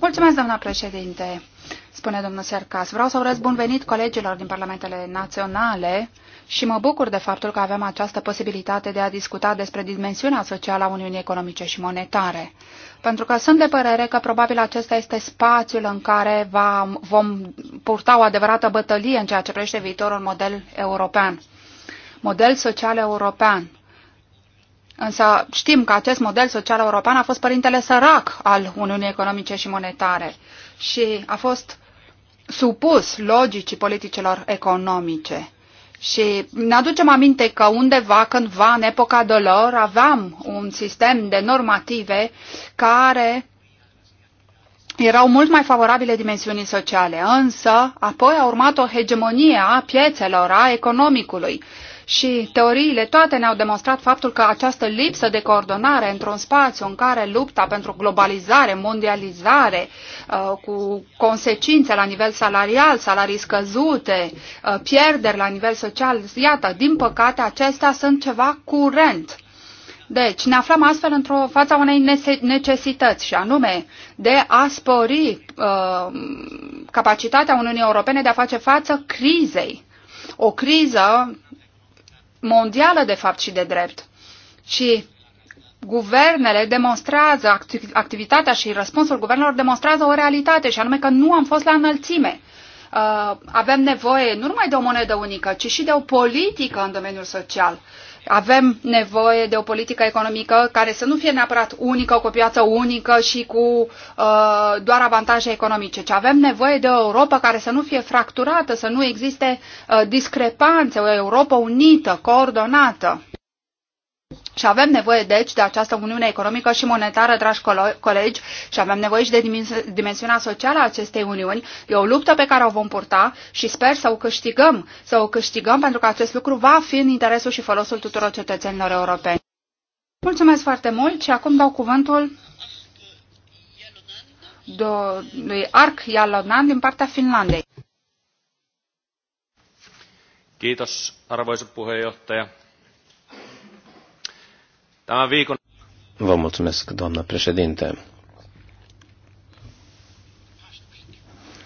Mulțumesc, doamna președinte spune domnul Sercas. Vreau să urez bun venit colegilor din parlamentele naționale și mă bucur de faptul că avem această posibilitate de a discuta despre dimensiunea socială a Uniunii Economice și Monetare. Pentru că sunt de părere că probabil acesta este spațiul în care va, vom purta o adevărată bătălie în ceea ce privește viitorul model european. Model social european. Însă știm că acest model social european a fost părintele sărac al Uniunii Economice și Monetare și a fost supus logicii politicilor economice. Și ne aducem aminte că undeva, cândva, în epoca de lor, aveam un sistem de normative care erau mult mai favorabile dimensiunii sociale, însă apoi a urmat o hegemonie a piețelor, a economicului, și teoriile toate ne-au demonstrat faptul că această lipsă de coordonare într-un spațiu în care lupta pentru globalizare, mondializare, uh, cu consecințe la nivel salarial, salarii scăzute, uh, pierderi la nivel social, iată, din păcate, acestea sunt ceva curent. Deci, ne aflăm astfel într-o fața unei necesități și anume de a spori uh, capacitatea Uniunii Europene de a face față crizei. O criză mondială, de fapt, și de drept. Și guvernele demonstrează, activitatea și răspunsul guvernelor demonstrează o realitate, și anume că nu am fost la înălțime. Uh, avem nevoie nu numai de o monedă unică, ci și de o politică în domeniul social. Avem nevoie de o politică economică care să nu fie neapărat unică, cu o piață unică și cu uh, doar avantaje economice, ci avem nevoie de o Europa care să nu fie fracturată, să nu existe uh, discrepanțe, o Europa unită, coordonată. Și avem nevoie, deci, de această uniune economică și monetară, dragi colegi, și avem nevoie și de dimensiunea socială a acestei uniuni. E o luptă pe care o vom purta și sper să o câștigăm, să o câștigăm, pentru că acest lucru va fi în interesul și folosul tuturor cetățenilor europeni. Mulțumesc foarte mult și acum dau cuvântul lui Ark Jalonan din partea Finlandei. Kiitos, arvoisa puheenjohtaja. Tämän viikon... Vă mulțumesc, doamnă președinte.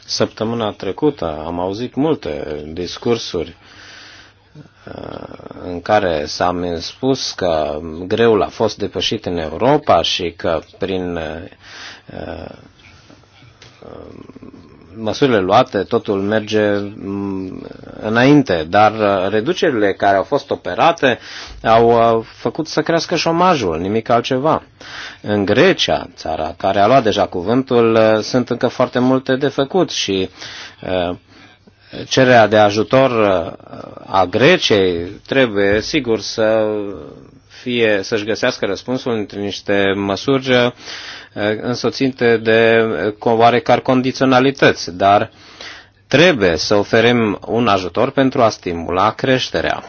Săptămâna trecută am auzit multe discursuri uh, în care s-a spus că greul a fost depășit în Europa și că prin uh, măsurile luate, totul merge mm, înainte, dar uh, reducerile care au fost operate au uh, făcut să crească șomajul, nimic altceva. În Grecia, țara care a luat deja cuvântul, uh, sunt încă foarte multe de făcut și cererea de ajutor a Greciei trebuie, sigur, să fie să-și găsească răspunsul între niște măsuri Eh, însoțite de eh, oarecare condiționalități, dar trebuie să oferim un ajutor pentru a stimula creșterea.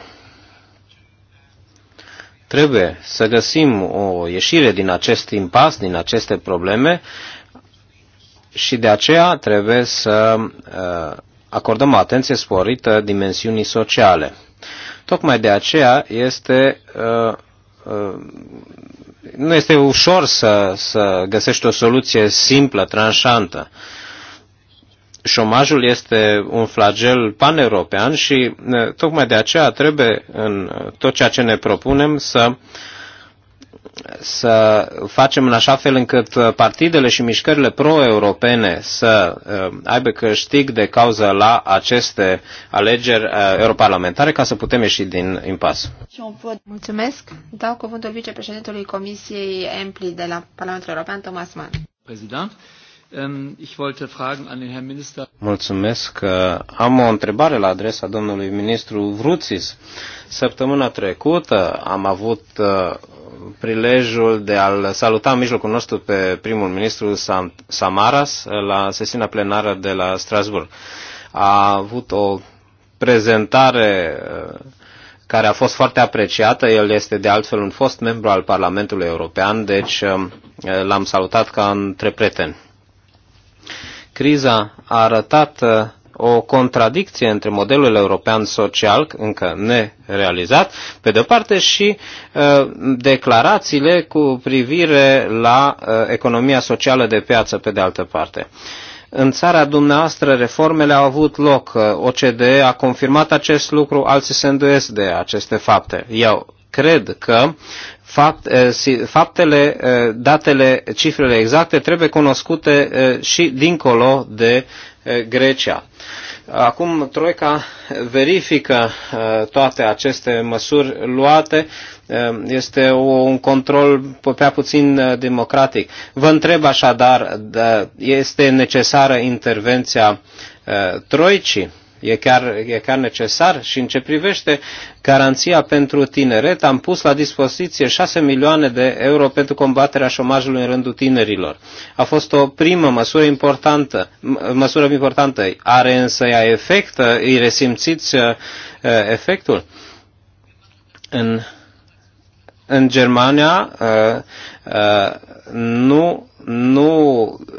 Trebuie să găsim o ieșire din acest impas, din aceste probleme și de aceea trebuie să eh, acordăm atenție sporită dimensiunii sociale. Tocmai de aceea este nu este ușor să, să găsești o soluție simplă, tranșantă. Șomajul este un flagel paneuropean și tocmai de aceea trebuie în tot ceea ce ne propunem să uh, să facem în așa fel încât uh, partidele și mișcările pro-europene să uh, aibă câștig de cauză la aceste alegeri uh, europarlamentare ca să putem ieși din impas. Mulțumesc. Dau cuvântul vicepreședintelui Comisiei Empli de la Parlamentul European, Thomas Mann. Prezident. Um, Mulțumesc. Am o întrebare la adresa domnului ministru Vruțis. Săptămâna trecută am avut prilejul de a-l saluta în mijlocul nostru pe primul ministru Sam Samaras la sesiunea plenară de la Strasburg. A avut o prezentare uh, care a fost foarte apreciată. El este de altfel un fost membru al Parlamentului European, deci um, l-am salutat ca între prieten. Criza a arătat uh, o contradicție între modelul european social încă nerealizat, pe de-o parte, și uh, declarațiile cu privire la uh, economia socială de piață, pe de altă parte. În țara dumneavoastră reformele au avut loc, OCDE a confirmat acest lucru, alții se îndoiesc de aceste fapte. Eu cred că uh, faptele, uh, datele, cifrele exacte trebuie cunoscute uh, și dincolo de Grecia. Acum Troica verifică toate aceste măsuri luate. Este un control prea puțin democratic. Vă întreb așadar, este necesară intervenția Troicii? e chiar, e chiar necesar și în ce privește garanția pentru tineret, am pus la dispoziție 6 milioane de euro pentru combaterea șomajului în rândul tinerilor. A fost o primă măsură importantă, măsură importantă. Are însă ea efect, îi resimțiți uh, uh, efectul? În, în Germania uh, nu nu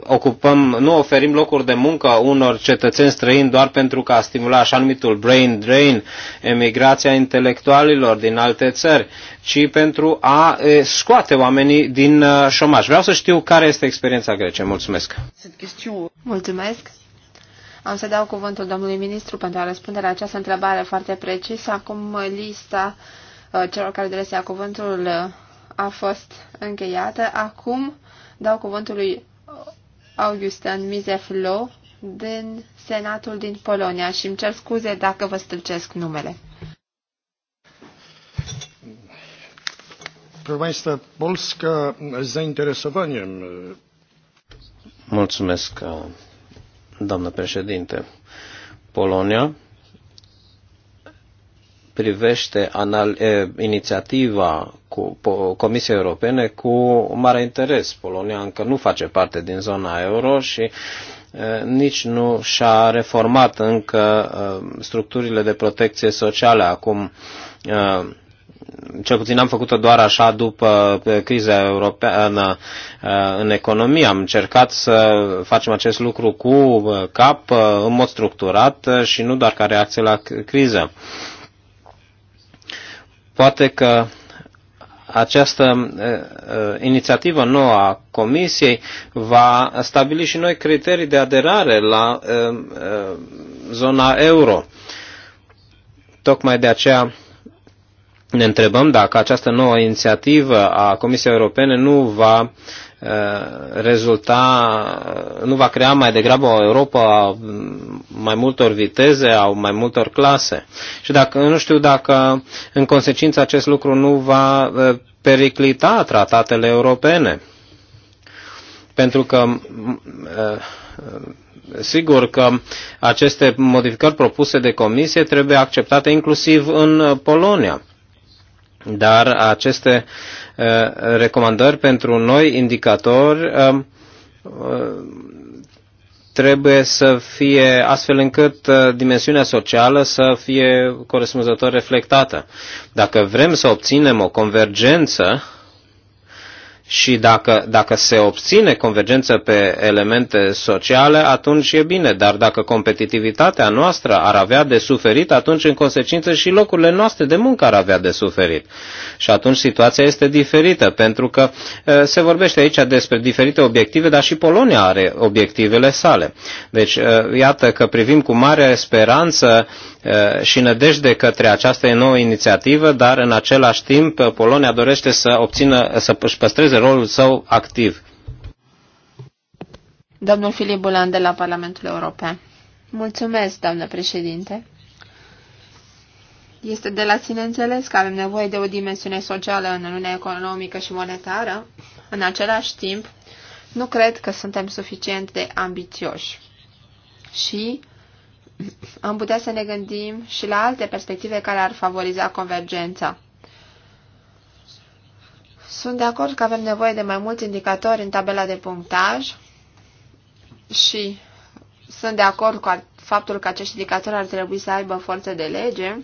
ocupăm, nu oferim locuri de muncă unor cetățeni străini doar pentru că a stimula așa numitul brain drain, emigrația intelectualilor din alte țări, ci pentru a scoate oamenii din uh, șomaj. Vreau să știu care este experiența grece. Mulțumesc! Mulțumesc! Am să dau cuvântul domnului ministru pentru a răspunde la această întrebare foarte precisă. Acum lista uh, celor care doresc cuvântul uh, a fost încheiată. Acum dau cuvântul lui Augustin Mizeflo din Senatul din Polonia și îmi cer scuze dacă vă stâlcesc numele. Proszę Polska z zainteresowaniem. Mulțumesc, doamnă președinte. Polonia privește anal- inițiativa cu Comisiei Europene cu mare interes. Polonia încă nu face parte din zona euro și nici nu și-a reformat încă structurile de protecție socială. Acum, cel puțin am făcut-o doar așa după criza europeană în economie. Am încercat să facem acest lucru cu cap, în mod structurat și nu doar ca reacție la criză. Poate că această uh, uh, inițiativă nouă a Comisiei va stabili și noi criterii de aderare la uh, uh, zona euro. Tocmai de aceea ne întrebăm dacă această nouă inițiativă a Comisiei Europene nu va Eh, rezulta, nu va crea mai degrabă o Europa a mai multor viteze, a mai multor clase. Și dacă, nu știu dacă în consecință acest lucru nu va eh, periclita tratatele europene. Pentru că eh, sigur că aceste modificări propuse de comisie trebuie acceptate inclusiv în Polonia. Dar aceste uh, recomandări pentru noi indicatori um, uh, trebuie să fie astfel încât uh, dimensiunea socială să fie corespunzător reflectată. Dacă vrem să obținem o convergență și dacă, dacă se obține convergență pe elemente sociale, atunci e bine, dar dacă competitivitatea noastră ar avea de suferit, atunci în consecință și locurile noastre de muncă ar avea de suferit. Și atunci situația este diferită, pentru că se vorbește aici despre diferite obiective, dar și Polonia are obiectivele sale. Deci, iată că privim cu mare speranță și nădejde către această nouă inițiativă, dar în același timp Polonia dorește să obțină, să își păstreze joace rolul său activ. Domnul Filip Bulan de la Parlamentul European. Mulțumesc, doamnă președinte. Este de la sine înțeles că avem nevoie de o dimensiune socială în Uniunea Economică și Monetară. În același timp, nu cred că suntem suficient de ambițioși. Și am putea să ne gândim și la alte perspective care ar favoriza convergența. Sunt de acord că avem nevoie de mai mulți indicatori în tabela de punctaj și sunt de acord cu faptul că acești indicatori ar trebui să aibă forță de lege,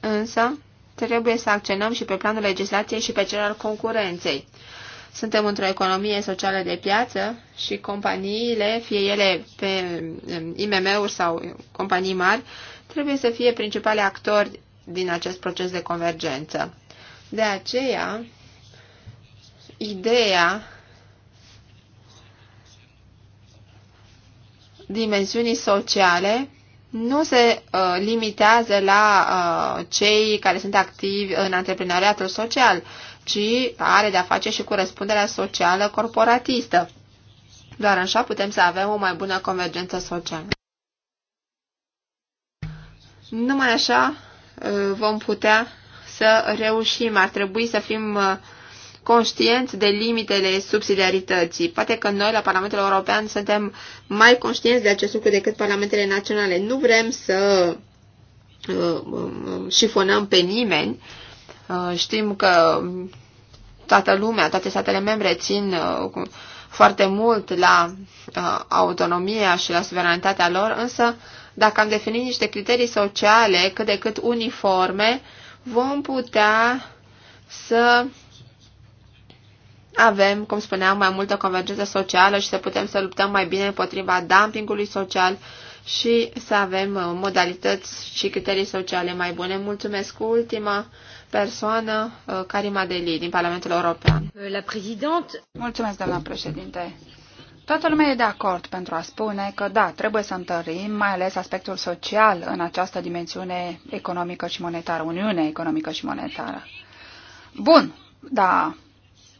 însă trebuie să acționăm și pe planul legislației și pe cel al concurenței. Suntem într-o economie socială de piață și companiile, fie ele pe um, IMM-uri sau companii mari, trebuie să fie principale actori din acest proces de convergență. De aceea, ideea dimensiunii sociale nu se uh, limitează la uh, cei care sunt activi în antreprenoriatul social, ci are de-a face și cu răspunderea socială corporatistă. Doar așa putem să avem o mai bună convergență socială. Numai așa uh, vom putea să reușim. Ar trebui să fim uh, conștienți de limitele subsidiarității. Poate că noi la Parlamentul European suntem mai conștienți de acest lucru decât Parlamentele Naționale. Nu vrem să uh, um, șifonăm pe nimeni. Uh, știm că toată lumea, toate statele membre țin foarte mult la autonomia și la suveranitatea lor, însă dacă am definit niște criterii sociale cât de cât uniforme, vom putea să avem, cum spuneam, mai multă convergență socială și să putem să luptăm mai bine împotriva dumpingului social și să avem uh, modalități și criterii sociale mai bune. Mulțumesc cu ultima persoană, uh, Karima Deli, din Parlamentul European. La Mulțumesc, doamna președinte. Toată lumea e de acord pentru a spune că, da, trebuie să întărim mai ales aspectul social în această dimensiune economică și monetară, Uniune economică și monetară. Bun, da,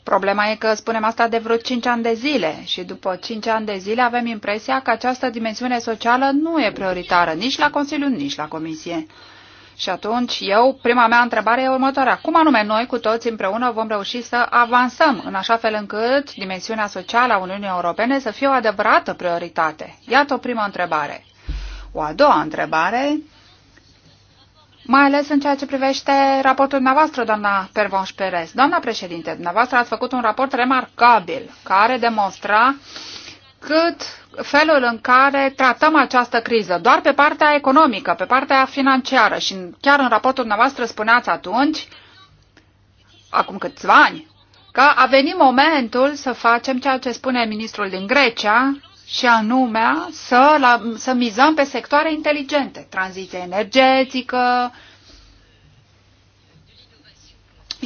problema e că spunem asta de vreo 5 ani de zile și după 5 ani de zile avem impresia că această dimensiune socială nu e prioritară nici la Consiliu, nici la Comisie. Și atunci eu, prima mea întrebare e următoarea. Cum anume noi cu toți împreună vom reuși să avansăm în așa fel încât dimensiunea socială a Uniunii Europene să fie o adevărată prioritate? Iată o primă întrebare. O a doua întrebare, mai ales în ceea ce privește raportul dumneavoastră, doamna Pervonș Perez. Doamna președinte, dumneavoastră ați făcut un raport remarcabil care demonstra uh, cât felul în care tratăm această criză, doar pe partea economică, pe partea financiară. Și chiar în raportul dumneavoastră spuneați atunci, acum câțiva ani, că a venit momentul să facem ceea ce spune ministrul din Grecia, și anume să, la, să mizăm pe sectoare inteligente, tranziție energetică,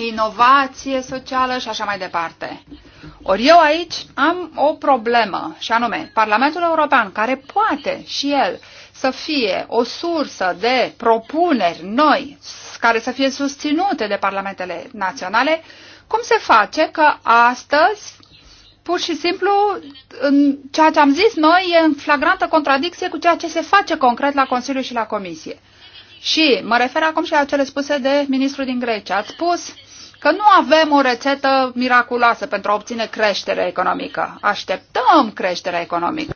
inovație socială și așa mai departe. Ori eu aici am o problemă, și anume Parlamentul European, care poate și el să fie o sursă de propuneri noi, care să fie susținute de parlamentele naționale, cum se face că astăzi, pur și simplu, în ceea ce am zis noi e în flagrantă contradicție cu ceea ce se face concret la Consiliu și la Comisie. Și mă refer acum și la cele spuse de ministrul din Grecia. Ați spus că nu avem o rețetă miraculoasă pentru a obține creștere economică. Așteptăm creșterea economică.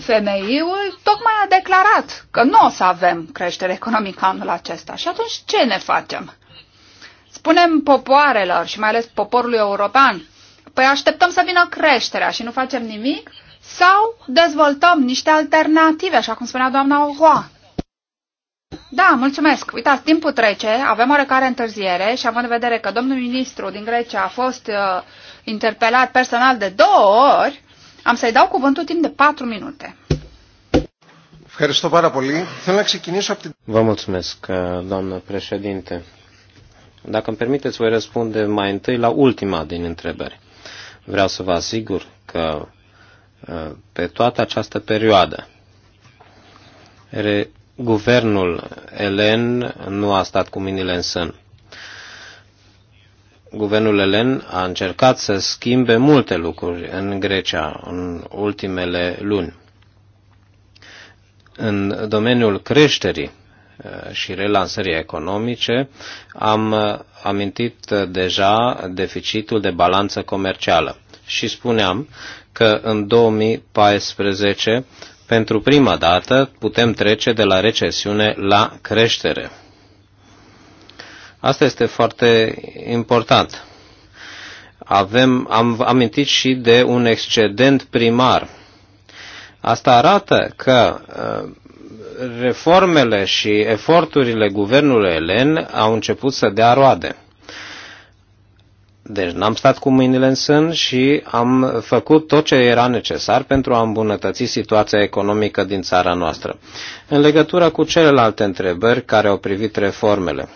Femeiul tocmai a declarat că nu o să avem creștere economică anul acesta. Și atunci ce ne facem? Spunem popoarelor și mai ales poporului european, păi așteptăm să vină creșterea și nu facem nimic? Sau dezvoltăm niște alternative, așa cum spunea doamna Ohoa, da, mulțumesc. Uitați, timpul trece, avem oarecare întârziere și având în vedere că domnul ministru din Grecia a fost uh, interpelat personal de două ori, am să-i dau cuvântul timp de patru minute. Vă mulțumesc, uh, doamnă președinte. Dacă îmi permiteți, voi răspunde mai întâi la ultima din întrebări. Vreau să vă asigur că uh, pe toată această perioadă guvernul elen nu a stat cu minile în sân. Guvernul elen a încercat să schimbe multe lucruri în Grecia în ultimele luni. În domeniul creșterii uh, și relansării economice, am uh, amintit uh, deja deficitul de balanță comercială și spuneam că în 2014 pentru prima dată putem trece de la recesiune la creștere. Asta este foarte important. Avem, am amintit și de un excedent primar. Asta arată că uh, reformele și eforturile guvernului elen au început să dea roade. Deci n-am stat cu mâinile în sân și am făcut tot ce era necesar pentru a îmbunătăți situația economică din țara noastră. În legătură cu celelalte întrebări care au privit reformele,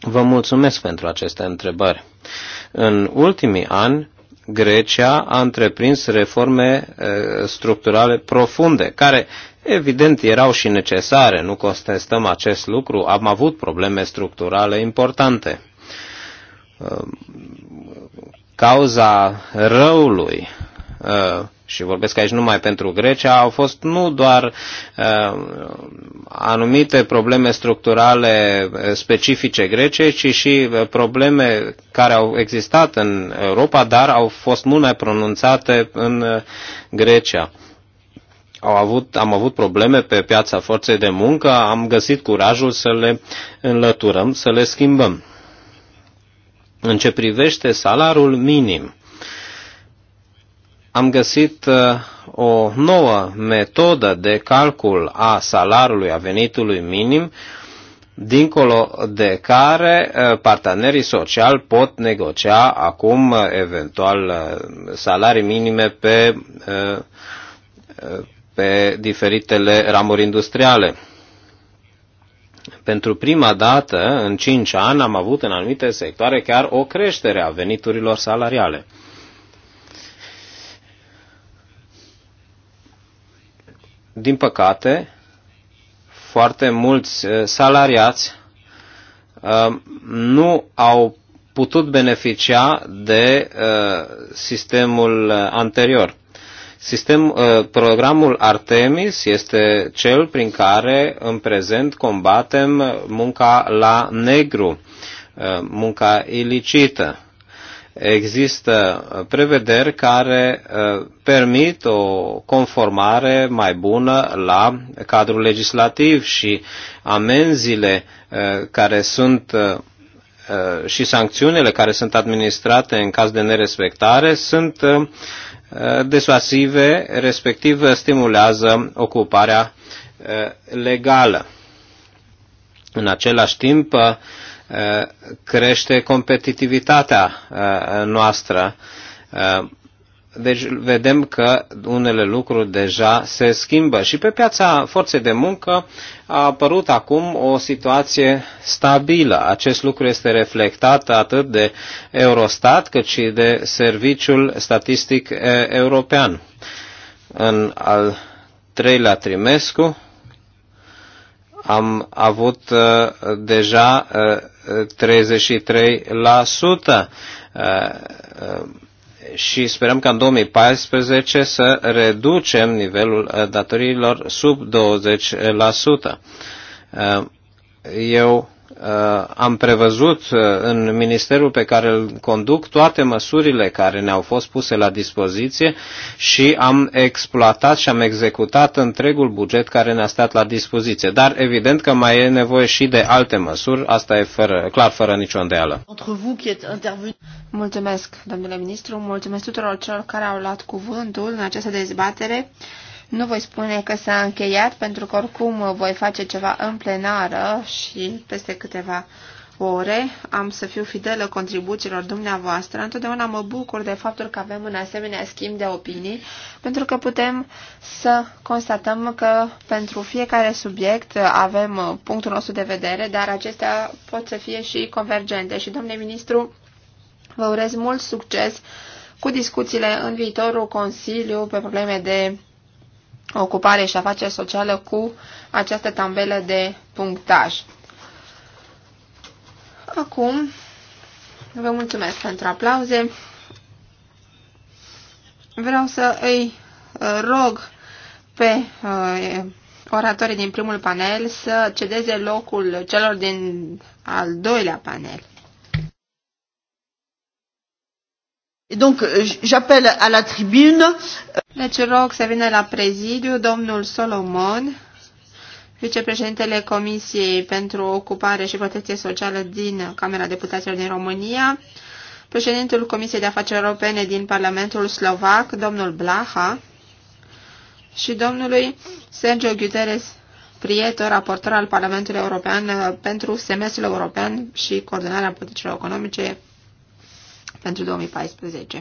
vă mulțumesc pentru aceste întrebări. În ultimii ani, Grecia a întreprins reforme structurale profunde, care evident erau și necesare, nu contestăm acest lucru, am avut probleme structurale importante Um, cauza răului, uh, și vorbesc aici numai pentru Grecia, au fost nu doar uh, anumite probleme structurale uh, specifice Greciei, ci și probleme care au existat în Europa, dar au fost mult mai pronunțate în Grecia au avut, am avut probleme pe piața forței de muncă, am găsit curajul să le înlăturăm, să le schimbăm. În ce privește salarul minim, am găsit uh, o nouă metodă de calcul a salarului, a venitului minim, dincolo de care uh, partenerii sociali pot negocia acum uh, eventual salarii minime pe, pe diferitele ramuri industriale pentru prima dată în 5 ani am avut în anumite sectoare chiar o creștere a veniturilor salariale. Din păcate, foarte mulți uh, salariați uh, nu au putut beneficia de uh, sistemul anterior. Sistem, uh, programul Artemis este cel prin care în prezent combatem munca la negru, uh, munca ilicită. Există prevederi care uh, permit o conformare mai bună la cadrul legislativ și amenziile care sunt și sancțiunile care sunt administrate în caz de nerespectare sunt Uh, desuasive, respectiv stimulează ocuparea uh, legală. În același timp, uh, crește competitivitatea noastră deci vedem că unele lucruri deja se schimbă și pe piața forței de muncă a apărut acum o situație stabilă. Acest lucru este reflectat atât de Eurostat cât și de Serviciul Statistic European. În al treilea trimestru am avut deja 33% și sperăm ca în 2014 să reducem nivelul uh, datoriilor sub 20%. Uh, eu Uh, am prevăzut uh, în ministerul pe care îl conduc toate măsurile care ne-au fost puse la dispoziție și am exploatat și am executat întregul buget care ne-a stat la dispoziție. Dar evident că mai e nevoie și de alte măsuri, asta e fără, clar fără nicio îndeală. Mulțumesc, domnule ministru, mulțumesc tuturor celor care au luat cuvântul în această dezbatere. Nu voi spune că s-a încheiat, pentru că oricum voi face ceva în plenară și peste câteva ore am să fiu fidelă contribuțiilor dumneavoastră. Întotdeauna mă bucur de faptul că avem un asemenea schimb de opinii, pentru că putem să constatăm că pentru fiecare subiect avem punctul nostru de vedere, dar acestea pot să fie și convergente. Și, domnule ministru, vă urez mult succes cu discuțiile în viitorul Consiliu pe probleme de ocupare și afaceri socială cu această tabelă de punctaj. Acum, vă mulțumesc pentru aplauze. Vreau să îi uh, rog pe uh, oratorii din primul panel să cedeze locul celor din al doilea panel. Donc, euh, j'appelle à la tribune. Euh, deci rog să vină la prezidiu domnul Solomon, vicepreședintele Comisiei pentru Ocupare și Protecție Socială din Camera Deputaților din România, președintul Comisiei de Afaceri Europene din Parlamentul Slovac, domnul Blaha, și domnului Sergio Guterres Prieto, raportor al Parlamentului European uh, pentru semestrul european și coordonarea politicilor economice pentru 2014.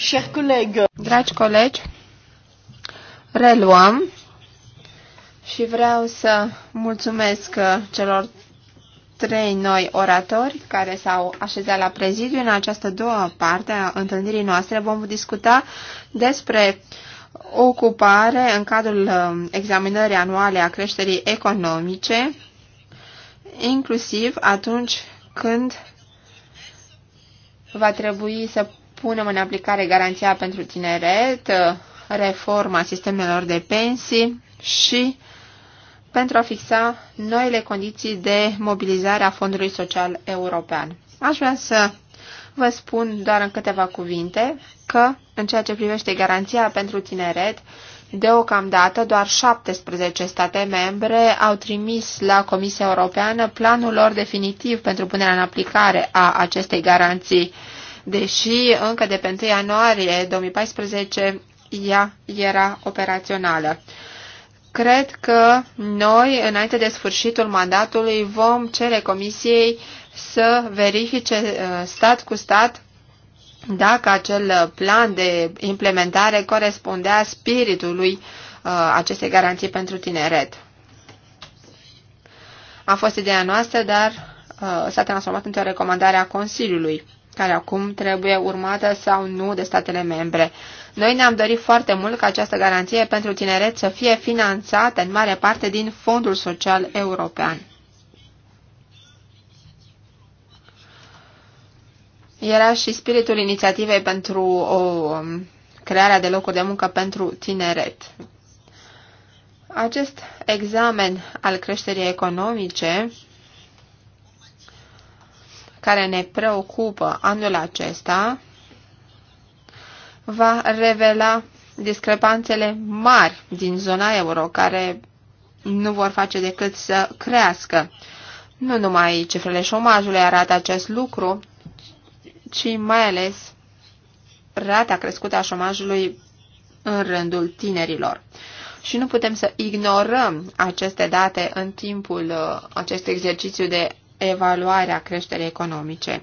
Chers collègues. Dragi colegi, reluăm și vreau să mulțumesc celor trei noi oratori care s-au așezat la prezidiu. În această doua parte a întâlnirii noastre vom discuta despre ocupare în cadrul um, examinării anuale a creșterii economice, inclusiv atunci când va trebui să punem în aplicare garanția pentru tineret, reforma sistemelor de pensii și pentru a fixa noile condiții de mobilizare a Fondului Social European. Aș vrea să vă spun doar în câteva cuvinte că, în ceea ce privește garanția pentru tineret, deocamdată doar 17 state membre au trimis la Comisia Europeană planul lor definitiv pentru punerea în aplicare a acestei garanții deși încă de pe 1 ianuarie 2014 ea era operațională. Cred că noi, înainte de sfârșitul mandatului, vom cere Comisiei să verifice uh, stat cu stat dacă acel plan de implementare corespundea spiritului uh, acestei garanții pentru tineret. A fost ideea noastră, dar uh, s-a transformat într-o recomandare a Consiliului care acum trebuie urmată sau nu de statele membre. Noi ne-am dorit foarte mult ca această garanție pentru tineret să fie finanțată în mare parte din Fondul Social European. Era și spiritul inițiativei pentru o um, crearea de locuri de muncă pentru tineret. Acest examen al creșterii economice care ne preocupă anul acesta va revela discrepanțele mari din zona euro, care nu vor face decât să crească. Nu numai cifrele șomajului arată acest lucru, ci mai ales rata crescută a șomajului în rândul tinerilor. Și nu putem să ignorăm aceste date în timpul uh, acestui exercițiu de evaluarea creșterii economice.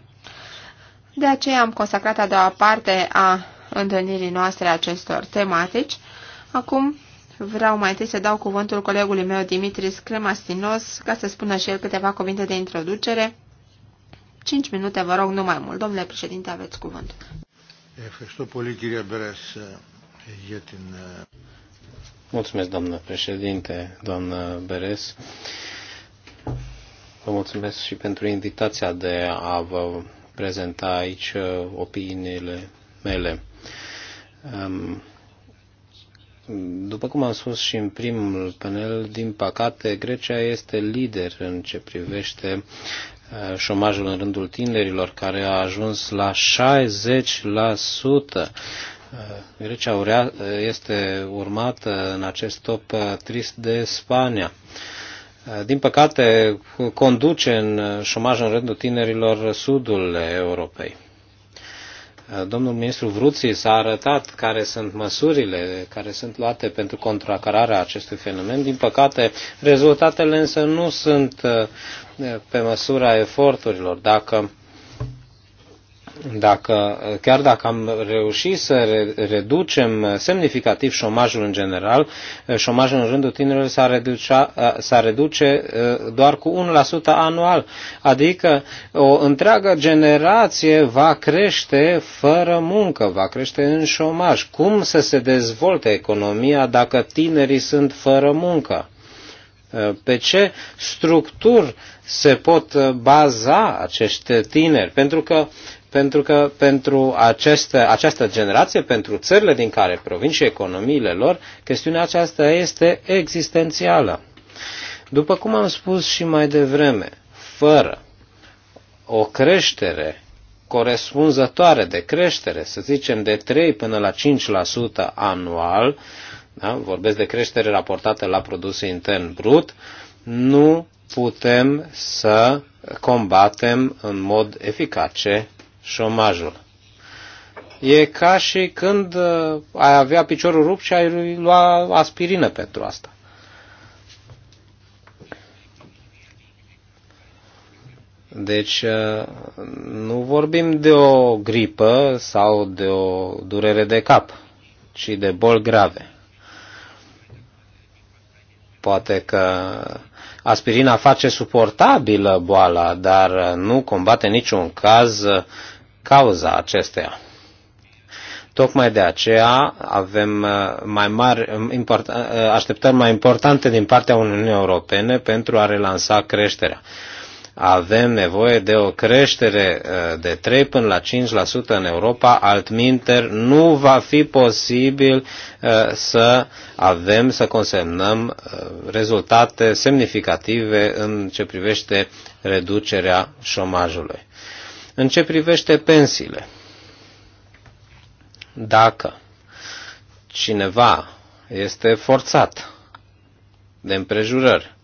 De aceea am consacrat a doua parte a întâlnirii noastre acestor tematici. Acum vreau mai întâi să dau cuvântul colegului meu Dimitris Cremastinos ca să spună și el câteva cuvinte de introducere. Cinci minute, vă rog, nu mai mult. Domnule președinte, aveți cuvântul. Mulțumesc, doamnă președinte, doamnă Beres. Vă mulțumesc și pentru invitația de a vă prezenta aici uh, opiniile mele. Um, după cum am spus și în primul panel, din păcate, Grecia este lider în ce privește uh, șomajul în rândul tinerilor, care a ajuns la 60%. Uh, Grecia este urmată în acest top trist de Spania din păcate, conduce în șomaj în rândul tinerilor sudul Europei. Domnul ministru Vruții s-a arătat care sunt măsurile care sunt luate pentru contracararea acestui fenomen. Din păcate, rezultatele însă nu sunt eh, pe măsura eforturilor. Dacă dacă, chiar dacă am reușit să reducem semnificativ șomajul în general, șomajul în rândul tinerilor s-ar, s-ar reduce uh, doar cu 1% anual. Adică o întreagă generație va crește fără muncă, va crește în șomaj. Cum să se dezvolte economia dacă tinerii sunt fără muncă? Uh, pe ce structuri se pot uh, baza acești tineri, pentru că pentru că pentru aceste, această generație, pentru țările din care provin și economiile lor, chestiunea aceasta este existențială. După cum am spus și mai devreme, fără o creștere corespunzătoare de creștere, să zicem de 3 până la 5% anual, da? vorbesc de creștere raportată la produsul intern brut, nu putem să combatem în mod eficace șomajul. E ca și când uh, ai avea piciorul rupt și ai lua aspirină pentru asta. Deci uh, nu vorbim de o gripă sau de o durere de cap, ci de boli grave. Poate că aspirina face suportabilă boala, dar nu combate niciun caz cauza acesteia. Tocmai de aceea avem uh, mai mari um, uh, așteptări mai importante din partea Uniunii Europene pentru a relansa creșterea. Avem nevoie de o creștere uh, de 3 până la 5% în Europa, altminter nu va fi posibil să avem, să consemnăm rezultate semnificative în ce privește reducerea șomajului. În ce privește pensiile, dacă cineva este forțat de împrejurări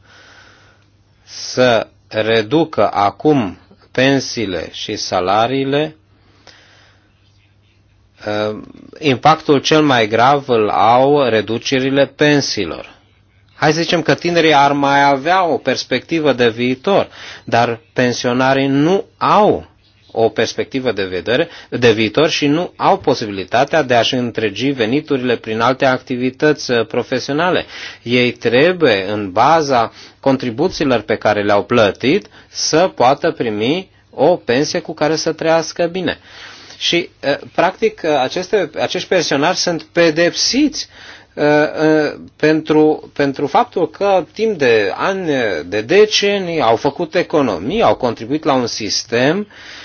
să reducă acum pensiile și salariile, uh, impactul cel mai grav îl au reducerile pensiilor. Hai să zicem că tinerii ar mai avea o perspectivă de viitor, dar pensionarii nu au o perspectivă de, vedere, de viitor și nu au posibilitatea de a-și întregi veniturile prin alte activități uh, profesionale. Ei trebuie, în baza contribuțiilor pe care le-au plătit, să poată primi o pensie cu care să trăiască bine. Și, uh, practic, uh, aceste, acești pensionari sunt pedepsiți pentru, pentru faptul că timp de ani, de decenii au făcut economii, au contribuit la un sistem uh,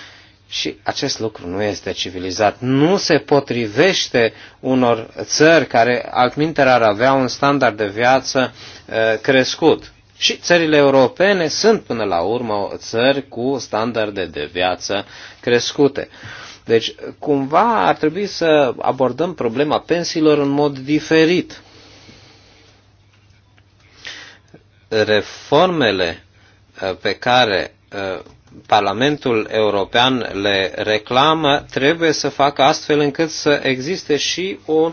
și acest lucru nu este civilizat. Nu se potrivește unor țări care altminteri ar avea un standard de viață uh, crescut. Și țările europene sunt până la urmă țări cu standarde de viață crescute. Deci, cumva ar trebui să abordăm problema pensiilor în mod diferit. Reformele uh, pe care uh, Parlamentul European le reclamă, trebuie să facă astfel încât să existe și o,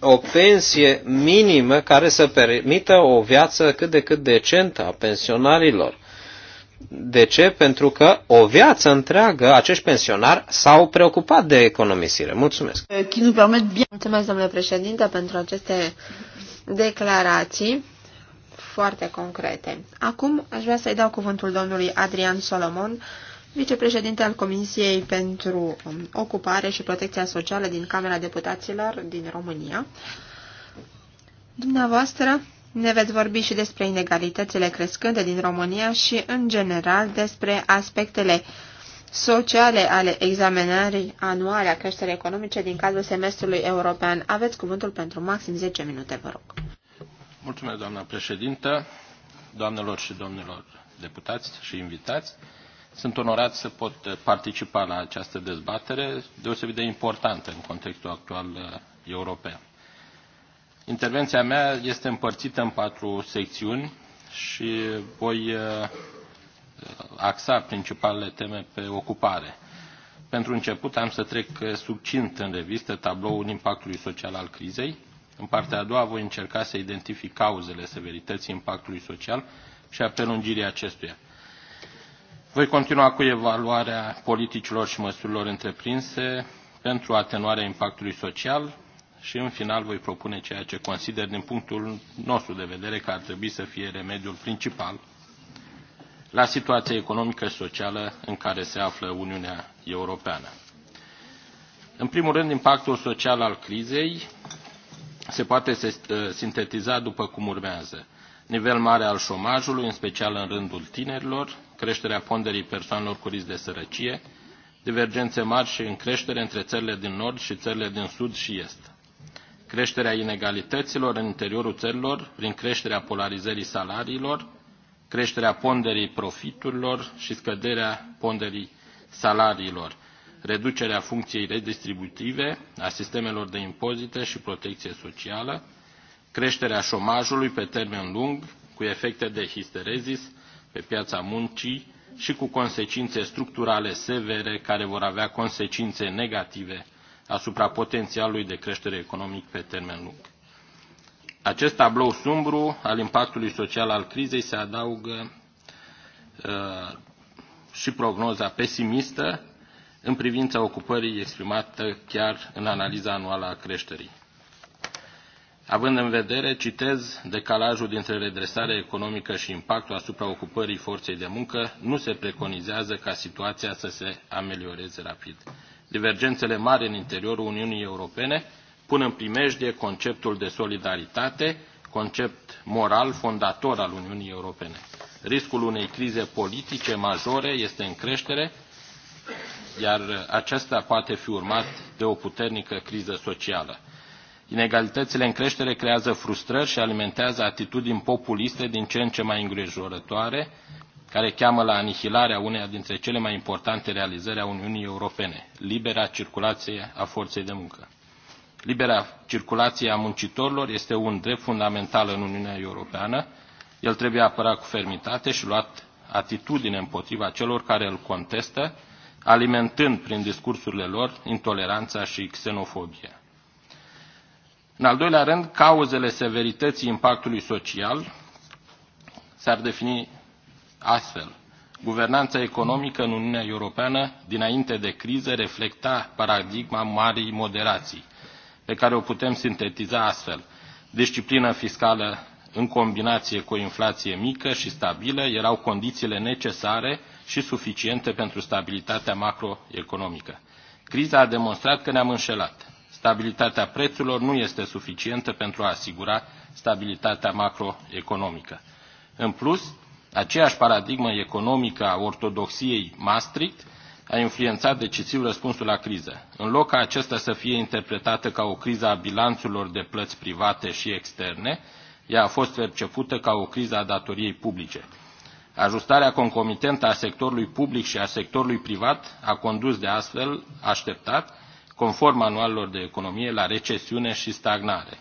o pensie minimă care să permită o viață cât de cât decentă a pensionarilor. De ce? Pentru că o viață întreagă acești pensionari s-au preocupat de economisire. Mulțumesc! Mulțumesc, domnule președinte, pentru aceste declarații foarte concrete. Acum aș vrea să-i dau cuvântul domnului Adrian Solomon, vicepreședinte al Comisiei pentru um, Ocupare și Protecția Socială din Camera Deputaților din România. Dumneavoastră ne veți vorbi și despre inegalitățile crescânde din România și, în general, despre aspectele sociale ale examinării anuale a creșterii economice din cadrul semestrului european. Aveți cuvântul pentru maxim 10 minute, vă rog. Mulțumesc, doamna președintă, doamnelor și domnilor deputați și invitați. Sunt onorat să pot participa la această dezbatere deosebit de importantă în contextul actual uh, european. Intervenția mea este împărțită în patru secțiuni și voi uh, axa principalele teme pe ocupare. Pentru început am să trec uh, succint în revistă tabloul impactului social al crizei, în partea a doua voi încerca să identific cauzele severității impactului social și a prelungirii acestuia. Voi continua cu evaluarea politicilor și măsurilor întreprinse pentru atenuarea impactului social și în final voi propune ceea ce consider din punctul nostru de vedere că ar trebui să fie remediul principal la situația economică și socială în care se află Uniunea Europeană. În primul rând, impactul social al crizei se poate ă, sintetiza după cum urmează. Nivel mare al șomajului, în special în rândul tinerilor, creșterea ponderii persoanelor cu risc de sărăcie, divergențe mari și în creștere între țările din nord și țările din sud și est. Creșterea inegalităților în interiorul țărilor, prin creșterea polarizării salariilor, creșterea ponderii profiturilor și scăderea ponderii salariilor reducerea funcției redistributive a sistemelor de impozite și protecție socială, creșterea șomajului pe termen lung, cu efecte de histerezis pe piața muncii și cu consecințe structurale severe care vor avea consecințe negative asupra potențialului de creștere economic pe termen lung. Acest tablou sumbru al impactului social al crizei se adaugă uh, și prognoza pesimistă în privința ocupării exprimată chiar în analiza anuală a creșterii. Având în vedere, citez, decalajul dintre redresarea economică și impactul asupra ocupării forței de muncă nu se preconizează ca situația să se amelioreze rapid. Divergențele mari în interiorul Uniunii Europene pun în primejdie conceptul de solidaritate, concept moral fondator al Uniunii Europene. Riscul unei crize politice majore este în creștere iar acesta poate fi urmat de o puternică criză socială. Inegalitățile în creștere creează frustrări și alimentează atitudini populiste din ce în ce mai îngrijorătoare, care cheamă la anihilarea uneia dintre cele mai importante realizări a Uniunii Europene, libera circulație a forței de muncă. Libera circulație a muncitorilor este un drept fundamental în Uniunea Europeană, el trebuie apărat cu fermitate și luat atitudine împotriva celor care îl contestă, alimentând prin discursurile lor intoleranța și xenofobia. În al doilea rând, cauzele severității impactului social s-ar defini astfel. Guvernanța economică în Uniunea Europeană, dinainte de criză, reflecta paradigma marii moderații, pe care o putem sintetiza astfel. Disciplină fiscală în combinație cu o inflație mică și stabilă erau condițiile necesare și suficiente pentru stabilitatea macroeconomică. Criza a demonstrat că ne-am înșelat. Stabilitatea prețurilor nu este suficientă pentru a asigura stabilitatea macroeconomică. În plus, aceeași paradigmă economică a ortodoxiei Maastricht a influențat decisiv răspunsul la criză. În loc ca acesta să fie interpretată ca o criză a bilanțurilor de plăți private și externe, ea a fost percepută ca o criză a datoriei publice. Ajustarea concomitentă a sectorului public și a sectorului privat a condus de astfel așteptat, conform manualelor de economie, la recesiune și stagnare.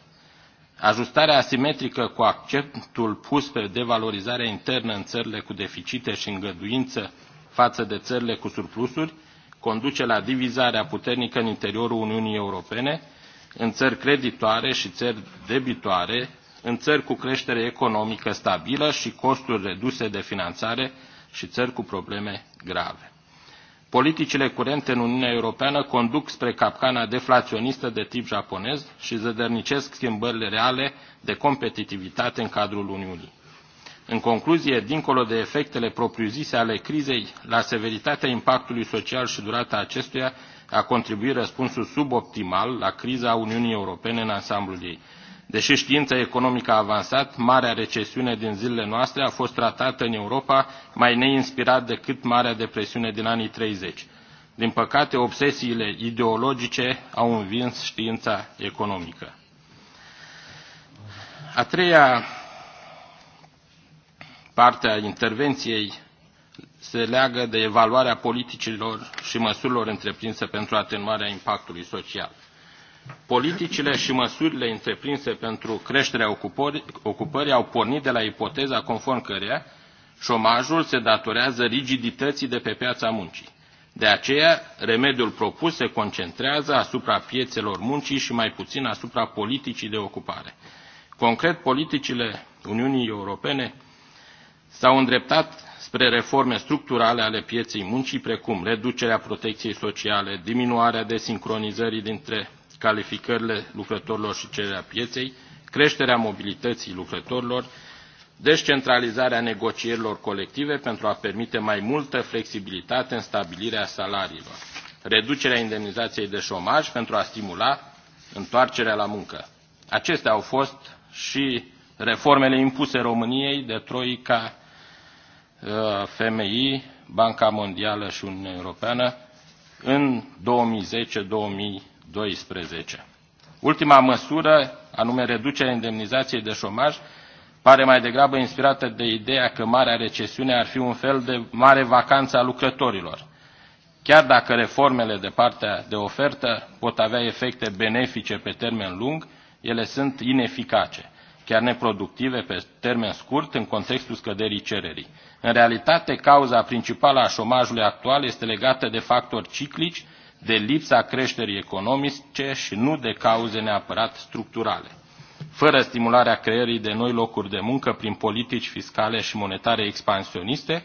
Ajustarea asimetrică cu acceptul pus pe devalorizarea internă în țările cu deficite și îngăduință față de țările cu surplusuri conduce la divizarea puternică în interiorul Uniunii Europene în țări creditoare și țări debitoare, în țări cu creștere economică stabilă și costuri reduse de finanțare și țări cu probleme grave. Politicile curente în Uniunea Europeană conduc spre capcana deflaționistă de tip japonez și zădărnicesc schimbările reale de competitivitate în cadrul Uniunii. În concluzie, dincolo de efectele propriu-zise ale crizei, la severitatea impactului social și durata acestuia a contribuit răspunsul suboptimal la criza Uniunii Europene în ansamblul ei. Deși știința economică a avansat, marea recesiune din zilele noastre a fost tratată în Europa mai neinspirat decât Marea Depresiune din anii 30. Din păcate, obsesiile ideologice au învins știința economică. A treia parte a intervenției se leagă de evaluarea politicilor și măsurilor întreprinse pentru atenuarea impactului social politicile și măsurile întreprinse pentru creșterea ocupării au pornit de la ipoteza conform căreia șomajul se datorează rigidității de pe piața muncii. De aceea, remediul propus se concentrează asupra piețelor muncii și mai puțin asupra politicii de ocupare. Concret, politicile Uniunii Europene s-au îndreptat spre reforme structurale ale pieței muncii, precum reducerea protecției sociale, diminuarea desincronizării dintre calificările lucrătorilor și cererea pieței, creșterea mobilității lucrătorilor, descentralizarea negocierilor colective pentru a permite mai multă flexibilitate în stabilirea salariilor, reducerea indemnizației de șomaj pentru a stimula întoarcerea la muncă. Acestea au fost și reformele impuse României de Troica, uh, FMI, Banca Mondială și Uniunea Europeană în 12. Ultima măsură, anume reducerea indemnizației de șomaj, pare mai degrabă inspirată de ideea că marea recesiune ar fi un fel de mare vacanță a lucrătorilor. Chiar dacă reformele de partea de ofertă pot avea efecte benefice pe termen lung, ele sunt ineficace, chiar neproductive pe termen scurt în contextul scăderii cererii. În realitate, cauza principală a șomajului actual este legată de factori ciclici de lipsa creșterii economice și nu de cauze neapărat structurale. Fără stimularea creării de noi locuri de muncă prin politici fiscale și monetare expansioniste,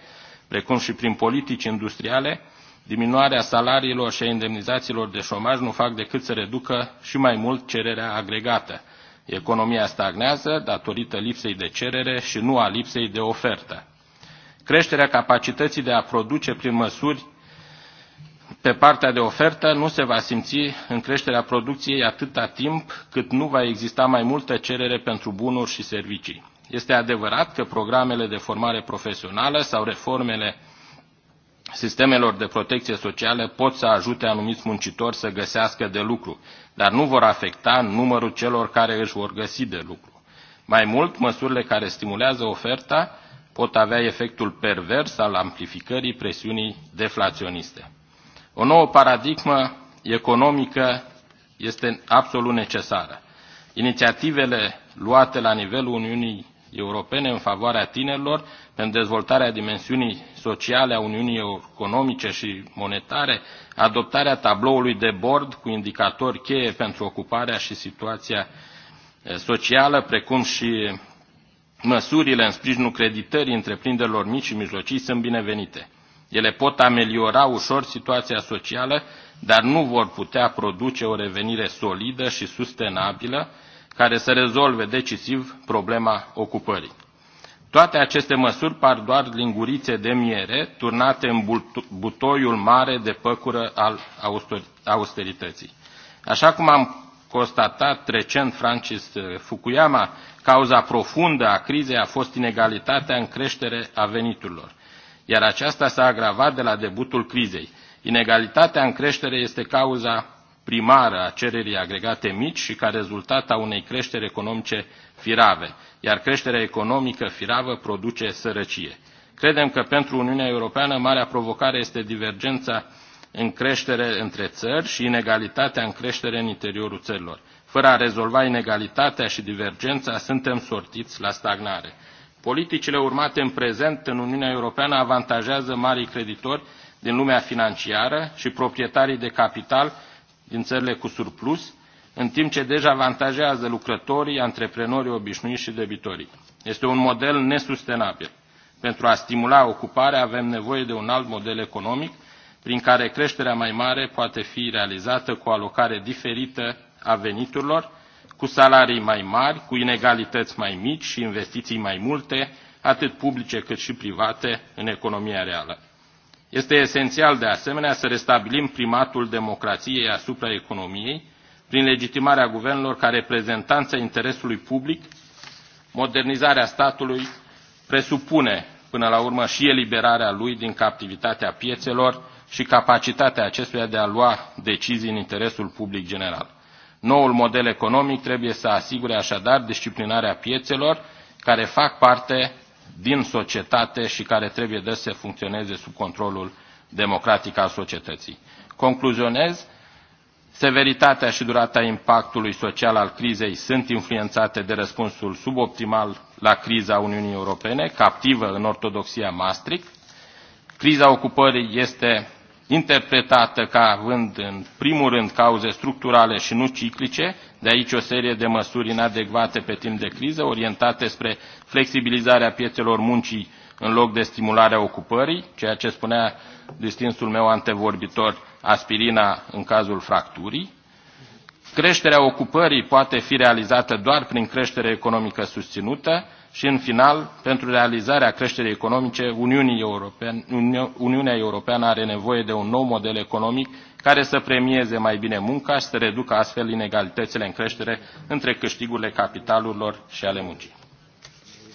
precum și prin politici industriale, diminuarea salariilor și a indemnizațiilor de șomaj nu fac decât să reducă și mai mult cererea agregată. Economia stagnează datorită lipsei de cerere și nu a lipsei de ofertă. Creșterea capacității de a produce prin măsuri pe partea de ofertă nu se va simți în creșterea producției atâta timp cât nu va exista mai multă cerere pentru bunuri și servicii. Este adevărat că programele de formare profesională sau reformele sistemelor de protecție socială pot să ajute anumiți muncitori să găsească de lucru, dar nu vor afecta numărul celor care își vor găsi de lucru. Mai mult, măsurile care stimulează oferta pot avea efectul pervers al amplificării presiunii deflaționiste. O nouă paradigmă economică este absolut necesară. Inițiativele luate la nivelul Uniunii Europene în favoarea tinerilor pentru dezvoltarea dimensiunii sociale a Uniunii Economice și Monetare, adoptarea tabloului de bord cu indicatori cheie pentru ocuparea și situația socială, precum și măsurile în sprijinul creditării întreprinderilor mici și mijlocii sunt binevenite. Ele pot ameliora ușor situația socială, dar nu vor putea produce o revenire solidă și sustenabilă care să rezolve decisiv problema ocupării. Toate aceste măsuri par doar lingurițe de miere turnate în butoiul mare de păcură al austerității. Așa cum am constatat recent Francis Fukuyama, cauza profundă a crizei a fost inegalitatea în creștere a veniturilor iar aceasta s-a agravat de la debutul crizei. Inegalitatea în creștere este cauza primară a cererii agregate mici și ca rezultat a unei creșteri economice firave, iar creșterea economică firavă produce sărăcie. Credem că pentru Uniunea Europeană marea provocare este divergența în creștere între țări și inegalitatea în creștere în interiorul țărilor. Fără a rezolva inegalitatea și divergența, suntem sortiți la stagnare politicile urmate în prezent în uniunea europeană avantajează marii creditori din lumea financiară și proprietarii de capital din țările cu surplus în timp ce deja avantajează lucrătorii antreprenorii obișnuiți și debitorii. este un model nesustenabil. pentru a stimula ocuparea avem nevoie de un alt model economic prin care creșterea mai mare poate fi realizată cu o alocare diferită a veniturilor cu salarii mai mari, cu inegalități mai mici și investiții mai multe, atât publice cât și private, în economia reală. Este esențial, de asemenea, să restabilim primatul democrației asupra economiei, prin legitimarea guvernelor ca reprezentanța interesului public, modernizarea statului presupune, până la urmă, și eliberarea lui din captivitatea piețelor și capacitatea acestuia de a lua decizii în interesul public general. Noul model economic trebuie să asigure așadar disciplinarea piețelor care fac parte din societate și care trebuie de să funcționeze sub controlul democratic al societății. Concluzionez, severitatea și durata impactului social al crizei sunt influențate de răspunsul suboptimal la criza Uniunii Europene, captivă în ortodoxia Maastricht. Criza ocupării este interpretată ca având în primul rând cauze structurale și nu ciclice, de aici o serie de măsuri inadecvate pe timp de criză, orientate spre flexibilizarea piețelor muncii în loc de stimularea ocupării, ceea ce spunea distinsul meu antevorbitor aspirina în cazul fracturii. Creșterea ocupării poate fi realizată doar prin creștere economică susținută, și, în final, pentru realizarea creșterii economice, Uniunii European, Uniunea Europeană are nevoie de un nou model economic care să premieze mai bine munca și să reducă astfel inegalitățile în creștere între câștigurile capitalurilor și ale muncii.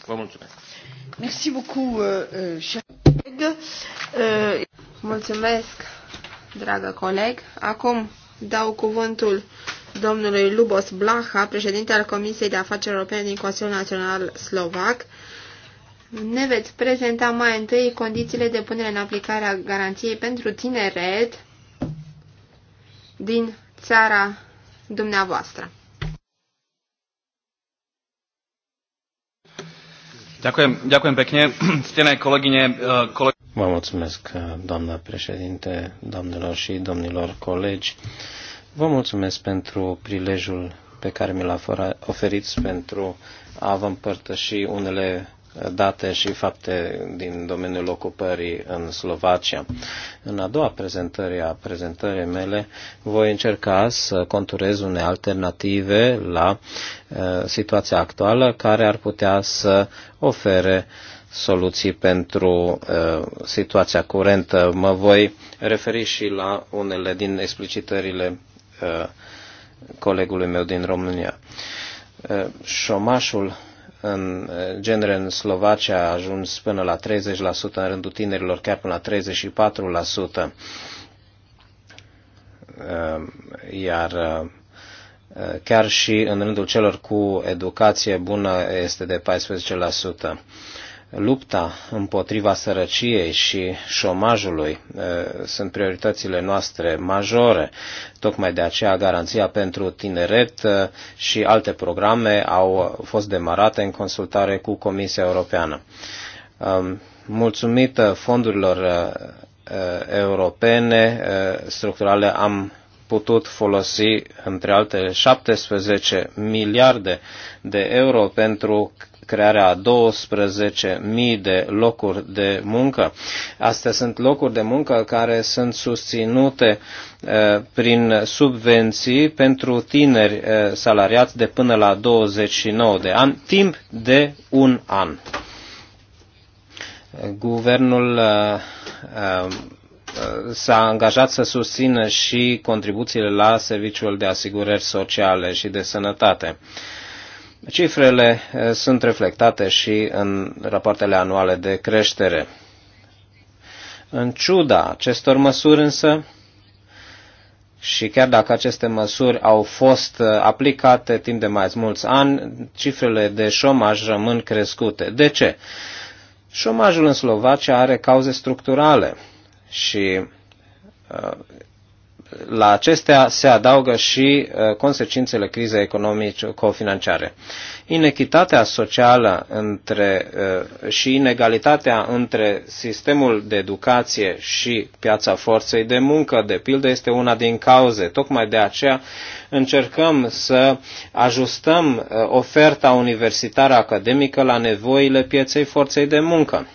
Vă mulțumesc! Merci beaucoup, uh, Mulțumesc, dragă coleg. Acum dau cuvântul domnului Lubos Blaha, președinte al Comisiei de Afaceri Europene din Consiliul Național Slovac. Ne veți prezenta mai întâi condițiile de punere în aplicare a garanției pentru tineret din țara dumneavoastră. Ďakujem, ďakujem pekne. Stené kolegyne, eh, koleg... Vă mulțumesc, eh, doamna președinte, doamnelor și domnilor colegi. Vă mulțumesc pentru prilejul pe care mi l-a oferit pentru a vă împărtăși unele date și fapte din domeniul ocupării în Slovacia. În a doua prezentare a prezentării mele voi încerca să conturez unele alternative la uh, situația actuală care ar putea să ofere soluții pentru uh, situația curentă. Mă voi referi și la unele din explicitările Uh, colegului meu din România. Uh, șomașul în uh, genere în Slovacia a ajuns până la 30%, în rândul tinerilor chiar până la 34%, iar chiar și în rândul celor cu educație bună este de 14% lupta împotriva sărăciei și șomajului sunt prioritățile noastre majore. Tocmai de aceea garanția pentru tineret și alte programe au fost demarate în consultare cu Comisia Europeană. Mulțumită fondurilor europene structurale am putut folosi, între altele, 17 miliarde de euro pentru crearea a 12.000 de locuri de muncă. Astea sunt locuri de muncă care sunt susținute eh, prin subvenții pentru tineri eh, salariați de până la 29 de ani, timp de un an. Guvernul eh, s-a angajat să susțină și contribuțiile la serviciul de asigurări sociale și de sănătate. Cifrele eh, sunt reflectate și în rapoartele anuale de creștere. În ciuda acestor măsuri însă, și chiar dacă aceste măsuri au fost eh, aplicate timp de mai mulți ani, cifrele de șomaj rămân crescute. De ce? Șomajul în Slovacia are cauze structurale și eh, la acestea se adaugă și uh, consecințele crizei economico-financiare. Inechitatea socială între, uh, și inegalitatea între sistemul de educație și piața forței de muncă, de pildă, este una din cauze. Tocmai de aceea încercăm să ajustăm uh, oferta universitară academică la nevoile pieței forței de muncă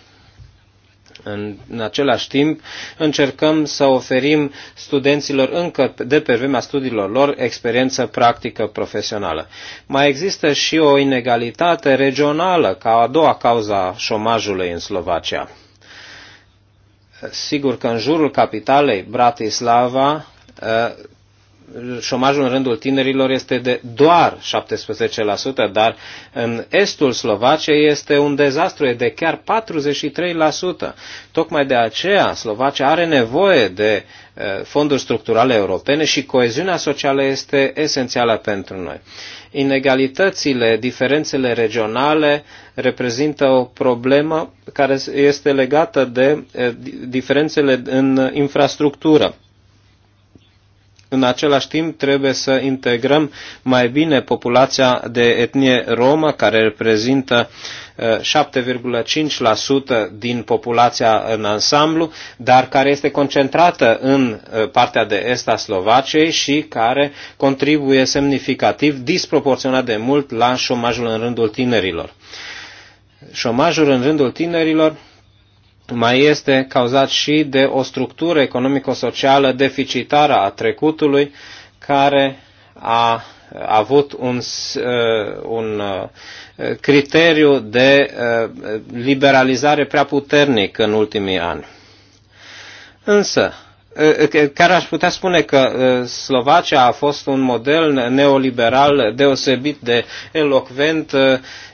în, în același timp, încercăm să oferim studenților încă de pe vremea studiilor lor experiență practică profesională. Mai există și o inegalitate regională ca a doua cauza șomajului în Slovacia. Sigur că în jurul capitalei Bratislava șomajul în rândul tinerilor este de doar 17%, dar în estul Slovaciei este un dezastru, e de chiar 43%. Tocmai de aceea Slovacia are nevoie de fonduri structurale europene și coeziunea socială este esențială pentru noi. Inegalitățile, diferențele regionale reprezintă o problemă care este legată de diferențele în infrastructură în același timp trebuie să integrăm mai bine populația de etnie romă, care reprezintă 7,5% din populația în ansamblu, dar care este concentrată în ă, partea de est a Slovaciei și care contribuie semnificativ, disproporționat de mult, la șomajul în rândul tinerilor. Șomajul în rândul tinerilor mai este cauzat și de o structură economico-socială deficitară a trecutului, care a avut un, uh, un uh, criteriu de uh, liberalizare prea puternic în ultimii ani. Însă, care aș putea spune că Slovacia a fost un model neoliberal deosebit de elocvent,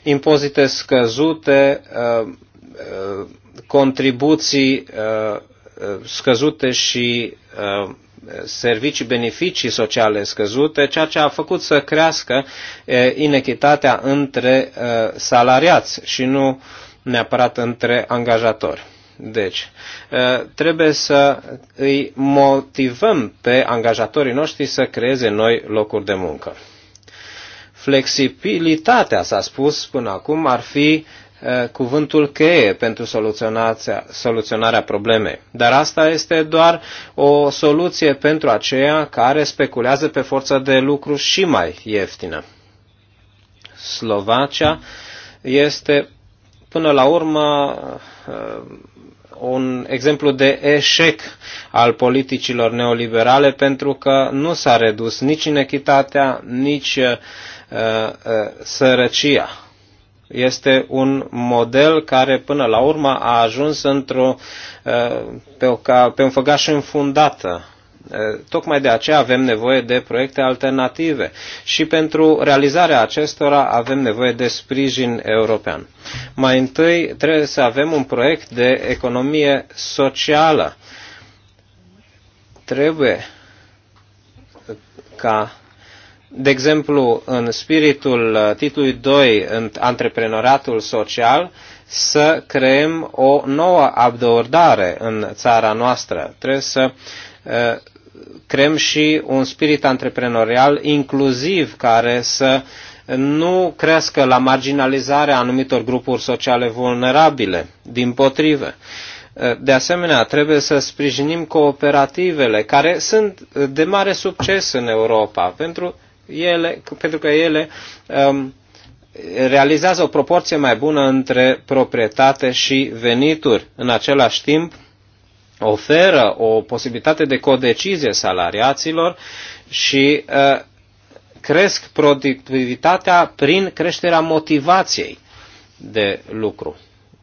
impozite scăzute, contribuții uh, uh, scăzute și uh, servicii, beneficii sociale scăzute, ceea ce a făcut să crească inechitatea între salariați și nu neapărat între angajatori. Deci, trebuie să îi motivăm pe angajatorii noștri să creeze noi locuri de muncă. Flexibilitatea, s-a spus până acum, ar fi Uh, cuvântul cheie pentru soluționarea problemei. Dar asta este doar o soluție pentru aceia care speculează pe forța de lucru și mai ieftină. Slovacia este până la urmă uh, un exemplu de eșec al politicilor neoliberale pentru că nu s-a redus nici inechitatea, nici uh, uh, sărăcia este un model care până la urmă a ajuns într-o, uh, pe, o, pe un făgaș înfundată. Uh, tocmai de aceea avem nevoie de proiecte alternative și pentru realizarea acestora avem nevoie de sprijin european. Mai întâi trebuie să avem un proiect de economie socială. Trebuie ca de exemplu, în spiritul uh, titlului 2, în antreprenoratul social, să creăm o nouă abordare în țara noastră. Trebuie să uh, creăm și un spirit antreprenorial inclusiv care să nu crească la marginalizarea anumitor grupuri sociale vulnerabile, din potrivă. Uh, de asemenea, trebuie să sprijinim cooperativele, care sunt de mare succes în Europa, pentru ele, pentru că ele um, realizează o proporție mai bună între proprietate și venituri. În același timp, oferă o posibilitate de codecizie salariaților și uh, cresc productivitatea prin creșterea motivației de lucru.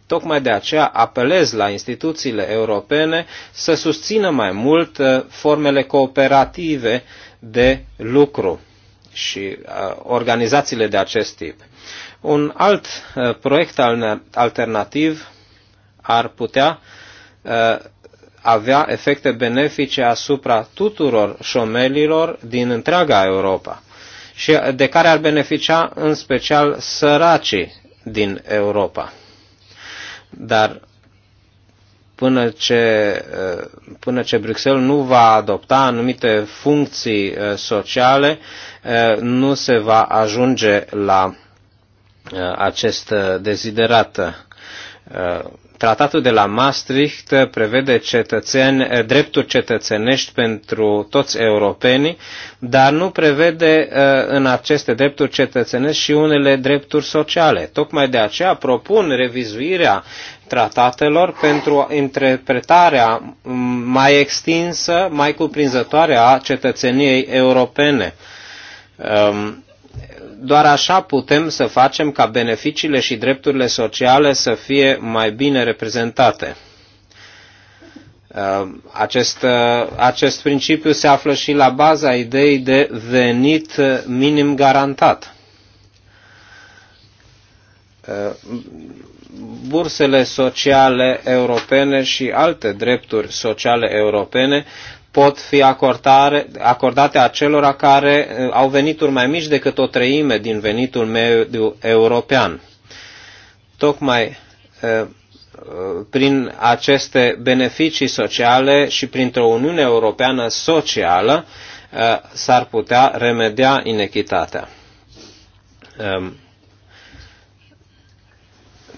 Tocmai de aceea apelez la instituțiile europene să susțină mai mult uh, formele cooperative de lucru și organizațiile de acest tip. Un alt proiect alternativ ar putea avea efecte benefice asupra tuturor șomelilor din întreaga Europa și de care ar beneficia în special săracii din Europa. Dar până ce, eh, până ce Bruxelles nu va adopta anumite funcții eh, sociale, eh, nu se va ajunge la acest deziderat Tratatul de la Maastricht prevede cetățeni, drepturi cetățenești pentru toți europenii, dar nu prevede uh, în aceste drepturi cetățenești și unele drepturi sociale. Tocmai de aceea propun revizuirea tratatelor pentru interpretarea mai extinsă, mai cuprinzătoare a cetățeniei europene um, doar așa putem să facem ca beneficiile și drepturile sociale să fie mai bine reprezentate. Uh, acest, uh, acest principiu se află și la baza ideii de venit minim garantat. Uh, bursele sociale europene și alte drepturi sociale europene pot fi acordare, acordate acelora care uh, au venituri mai mici decât o treime din venitul mediu european. Tocmai uh, prin aceste beneficii sociale și printr-o Uniune Europeană socială uh, s-ar putea remedia inechitatea. Um,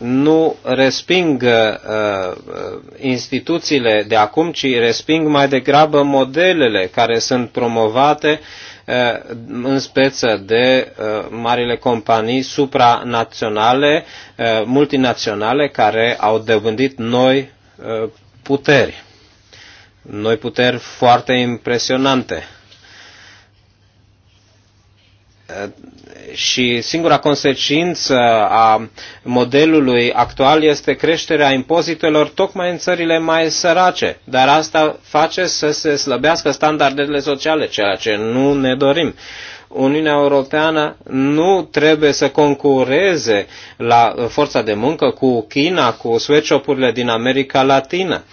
nu resping uh, uh, instituțiile de acum, ci resping mai degrabă modelele care sunt promovate uh, în speță de uh, marile companii supranaționale, uh, multinaționale, care au dăvândit noi uh, puteri. Noi puteri foarte impresionante uh, și singura consecință a modelului actual este creșterea impozitelor tocmai în țările mai sărace, dar asta face să se slăbească standardele sociale, ceea ce nu ne dorim. Uniunea Europeană nu trebuie să concureze la forța de muncă cu China, cu sweatshop-urile din America Latină.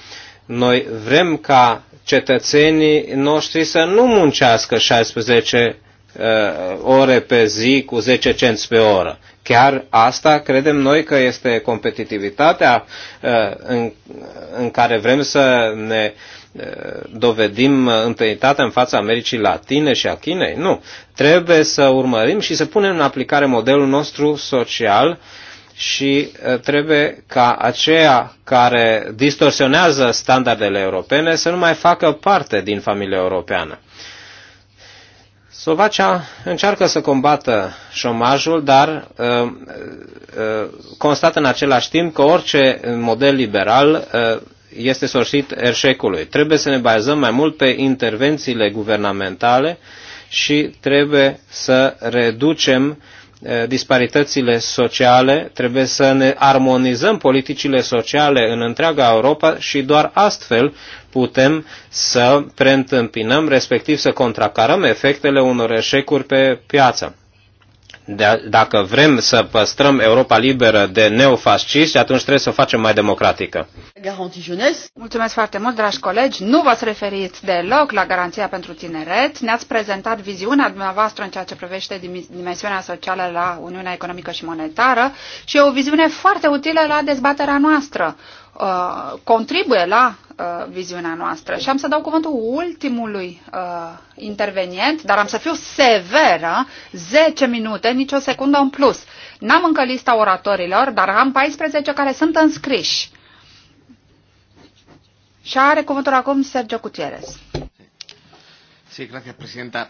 Noi vrem ca cetățenii noștri să nu muncească 16 Uh, ore pe zi cu 10 cenți pe oră. Chiar asta credem noi că este competitivitatea uh, în, în care vrem să ne uh, dovedim întâietatea în fața Americii Latine și a Chinei. Nu. Trebuie să urmărim și să punem în aplicare modelul nostru social și trebuie ca aceia care distorsionează standardele europene să nu mai facă parte din familia europeană. Slovacia încearcă să combată șomajul, dar uh, uh, constată în același timp că orice model liberal uh, este sorsit erșecului. Trebuie să ne bazăm mai mult pe intervențiile guvernamentale și trebuie să reducem Eh, disparitățile sociale, trebuie să ne armonizăm politicile sociale în întreaga Europa și doar astfel putem să preîntâmpinăm, respectiv să contracarăm efectele unor eșecuri pe piață de, dacă vrem să păstrăm Europa liberă de neofasciști, atunci trebuie să o facem mai democratică. Mulțumesc foarte mult, dragi colegi. Nu v-ați referit deloc la garanția pentru tineret. Ne-ați prezentat viziunea dumneavoastră în ceea ce privește dimensiunea socială la Uniunea Economică și Monetară și e o viziune foarte utilă la dezbaterea noastră. Uh, contribuie la uh, viziunea noastră. Și am să dau cuvântul ultimului uh, intervenient, dar am să fiu severă, 10 minute, nicio secundă în plus. N-am încă lista oratorilor, dar am 14 care sunt înscriși. Și are cuvântul acum Sergio Gutierrez. Sí, gracias, presidenta.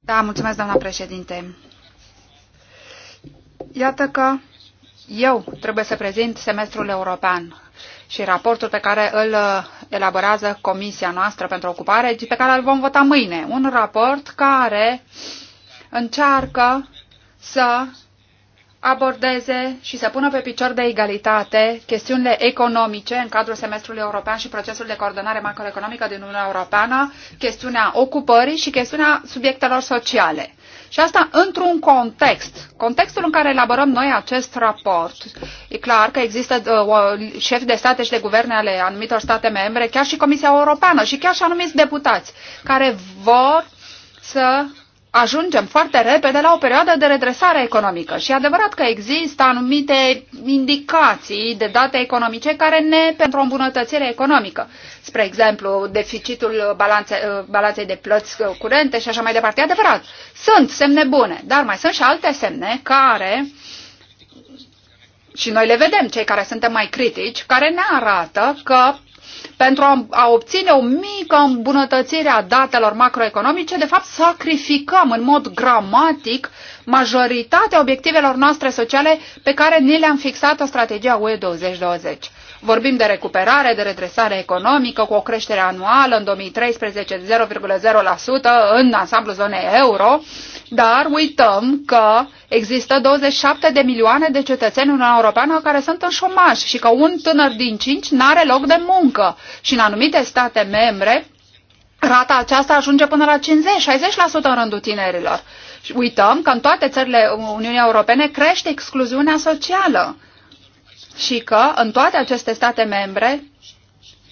Da, mulțumesc, doamna președinte. Iată că eu trebuie să prezint semestrul european și raportul pe care îl uh, elaborează Comisia noastră pentru ocupare și pe care îl vom vota mâine. Un raport care încearcă să abordeze și să pună pe picior de egalitate chestiunile economice în cadrul semestrului european și procesul de coordonare macroeconomică din Uniunea Europeană, chestiunea ocupării și chestiunea subiectelor sociale. Și asta într-un context. Contextul în care elaborăm noi acest raport. E clar că există uh, șefi de state și de guverne ale anumitor state membre, chiar și Comisia Europeană și chiar și anumiți deputați, care vor să ajungem foarte repede la o perioadă de redresare economică. Și adevărat că există anumite indicații de date economice care ne pentru o îmbunătățire economică. Spre exemplu, deficitul balanțe, uh, balanței de plăți curente și așa mai departe. E adevărat, sunt semne bune, dar mai sunt și alte semne care și noi le vedem, cei care suntem mai critici, care ne arată că pentru a obține o mică îmbunătățire a datelor macroeconomice, de fapt sacrificăm în mod gramatic majoritatea obiectivelor noastre sociale pe care ni le-am fixat o strategia UE 2020. Vorbim de recuperare, de redresare economică cu o creștere anuală în 2013 de 0,0% în ansamblu zonei euro, dar uităm că există 27 de milioane de cetățeni în Uniunea Europeană care sunt în șomaj și că un tânăr din cinci nu are loc de muncă. Și în anumite state membre, rata aceasta ajunge până la 50-60% în rândul tinerilor. Și uităm că în toate țările Uniunii Europene crește excluziunea socială și că în toate aceste state membre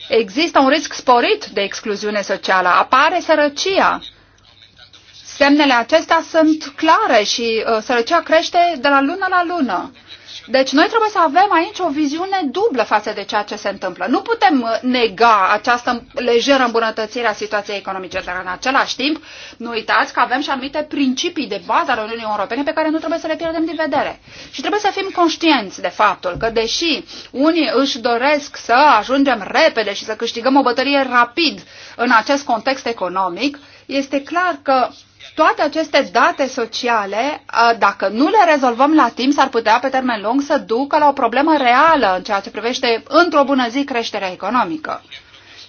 există un risc sporit de excluziune socială, apare sărăcia Semnele acestea sunt clare și uh, sărăcia crește de la lună la lună. Deci noi trebuie să avem aici o viziune dublă față de ceea ce se întâmplă. Nu putem uh, nega această lejeră îmbunătățire a situației economice, dar în același timp nu uitați că avem și anumite principii de bază ale Uniunii Europene pe care nu trebuie să le pierdem din vedere. Și trebuie să fim conștienți de faptul că deși unii își doresc să ajungem repede și să câștigăm o bătălie rapid în acest context economic, este clar că toate aceste date sociale, uh, dacă nu le rezolvăm la timp, s-ar putea pe termen lung să ducă la o problemă reală în ceea ce privește într-o bună zi creșterea economică.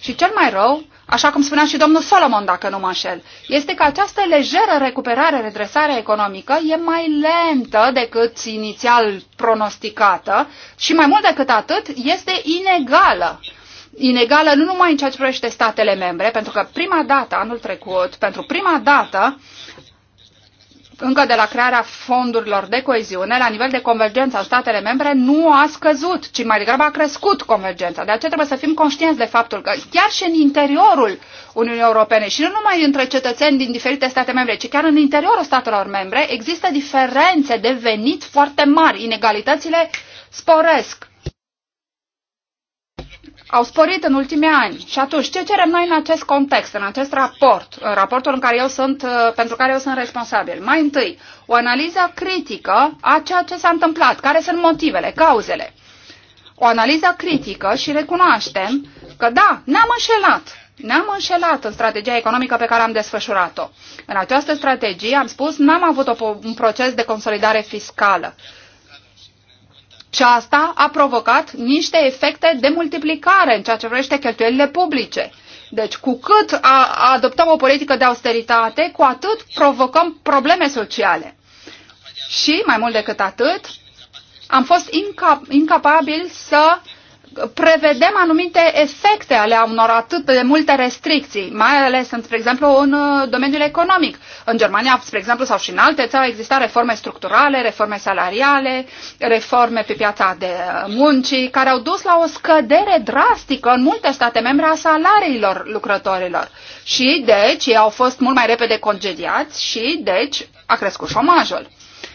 Și cel mai rău, așa cum spunea și domnul Solomon, dacă nu mă înșel, este că această lejeră recuperare, redresare economică e mai lentă decât inițial pronosticată și mai mult decât atât este inegală inegală nu numai în ceea ce privește statele membre, pentru că prima dată, anul trecut, pentru prima dată, încă de la crearea fondurilor de coeziune, la nivel de convergență al statele membre, nu a scăzut, ci mai degrabă a crescut convergența. De aceea trebuie să fim conștienți de faptul că chiar și în interiorul Uniunii Europene și nu numai între cetățeni din diferite state membre, ci chiar în interiorul statelor membre, există diferențe de venit foarte mari, inegalitățile sporesc au sporit în ultimii ani. Și atunci, ce cerem noi în acest context, în acest raport, în raportul în care eu sunt, uh, pentru care eu sunt responsabil? Mai întâi, o analiză critică a ceea ce s-a întâmplat, care sunt motivele, cauzele. O analiză critică și recunoaștem că da, ne-am înșelat. Ne-am înșelat în strategia economică pe care am desfășurat-o. În această strategie, am spus, n-am avut un proces de consolidare fiscală. Și asta a provocat niște efecte de multiplicare în ceea ce vrește cheltuielile publice. Deci, cu cât a, adoptăm o politică de austeritate, cu atât provocăm probleme sociale. Și, mai mult decât atât, am fost inca incapabili să uh, prevedem anumite efecte ale unor atât de multe restricții, mai ales, spre exemplu, în uh, domeniul economic. În Germania, spre exemplu, sau și în alte țări, există reforme structurale, reforme salariale, reforme pe piața de uh, muncii, care au dus la o scădere drastică în multe state membre a salariilor lucrătorilor. Și, deci, ei au fost mult mai repede concediați și, deci, a crescut șomajul.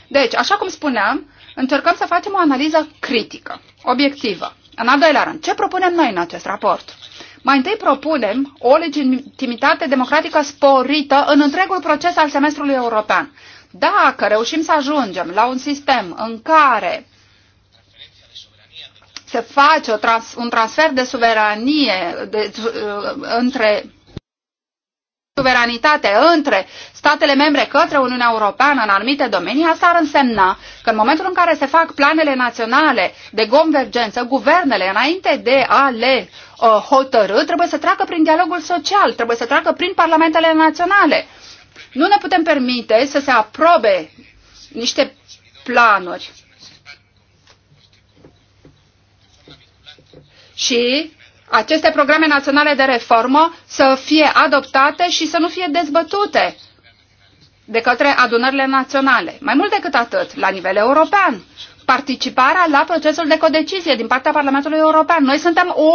Deci, așa cum spuneam, încercăm să facem o analiză critică, obiectivă în al doilea rând, ce propunem noi în acest raport? Mai întâi propunem o legitimitate democratică sporită în întregul proces al semestrului european. Dacă reușim să ajungem la un sistem în care se face o trans, un transfer de suveranie de, de, uh, între suveranitate între statele membre către Uniunea Europeană în anumite domenii, asta ar însemna că în momentul în care se fac planele naționale de convergență, guvernele, înainte de a le uh, hotărâ, trebuie să treacă prin dialogul social, trebuie să treacă prin parlamentele naționale. Nu ne putem permite să se aprobe niște planuri și aceste programe naționale de reformă să fie adoptate și să nu fie dezbătute de către adunările naționale. Mai mult decât atât, la nivel european, participarea la procesul de codecizie din partea Parlamentului European. Noi suntem o,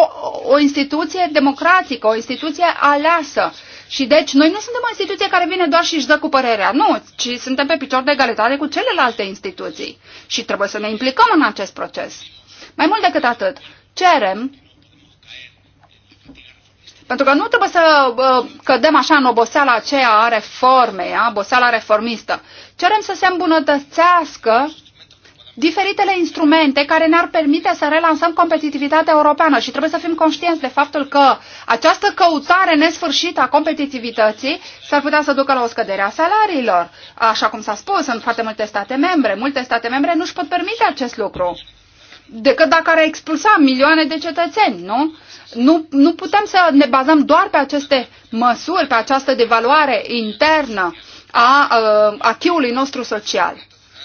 o instituție democratică, o instituție aleasă. Și deci noi nu suntem o instituție care vine doar și își dă cu părerea, nu, ci suntem pe picior de egalitate cu celelalte instituții. Și trebuie să ne implicăm în acest proces. Mai mult decât atât, cerem pentru că nu trebuie să cădem așa în oboseala aceea a reformei, a oboseala reformistă. Cerem să se îmbunătățească diferitele instrumente care ne-ar permite să relansăm competitivitatea europeană și trebuie să fim conștienți de faptul că această căutare nesfârșită a competitivității s-ar putea să ducă la o scădere a salariilor. Așa cum s-a spus în foarte multe state membre, multe state membre nu își pot permite acest lucru decât dacă ar expulsa milioane de cetățeni, nu? nu, nu putem să ne bazăm doar pe aceste măsuri, pe această devaluare internă a ă, achiului nostru social.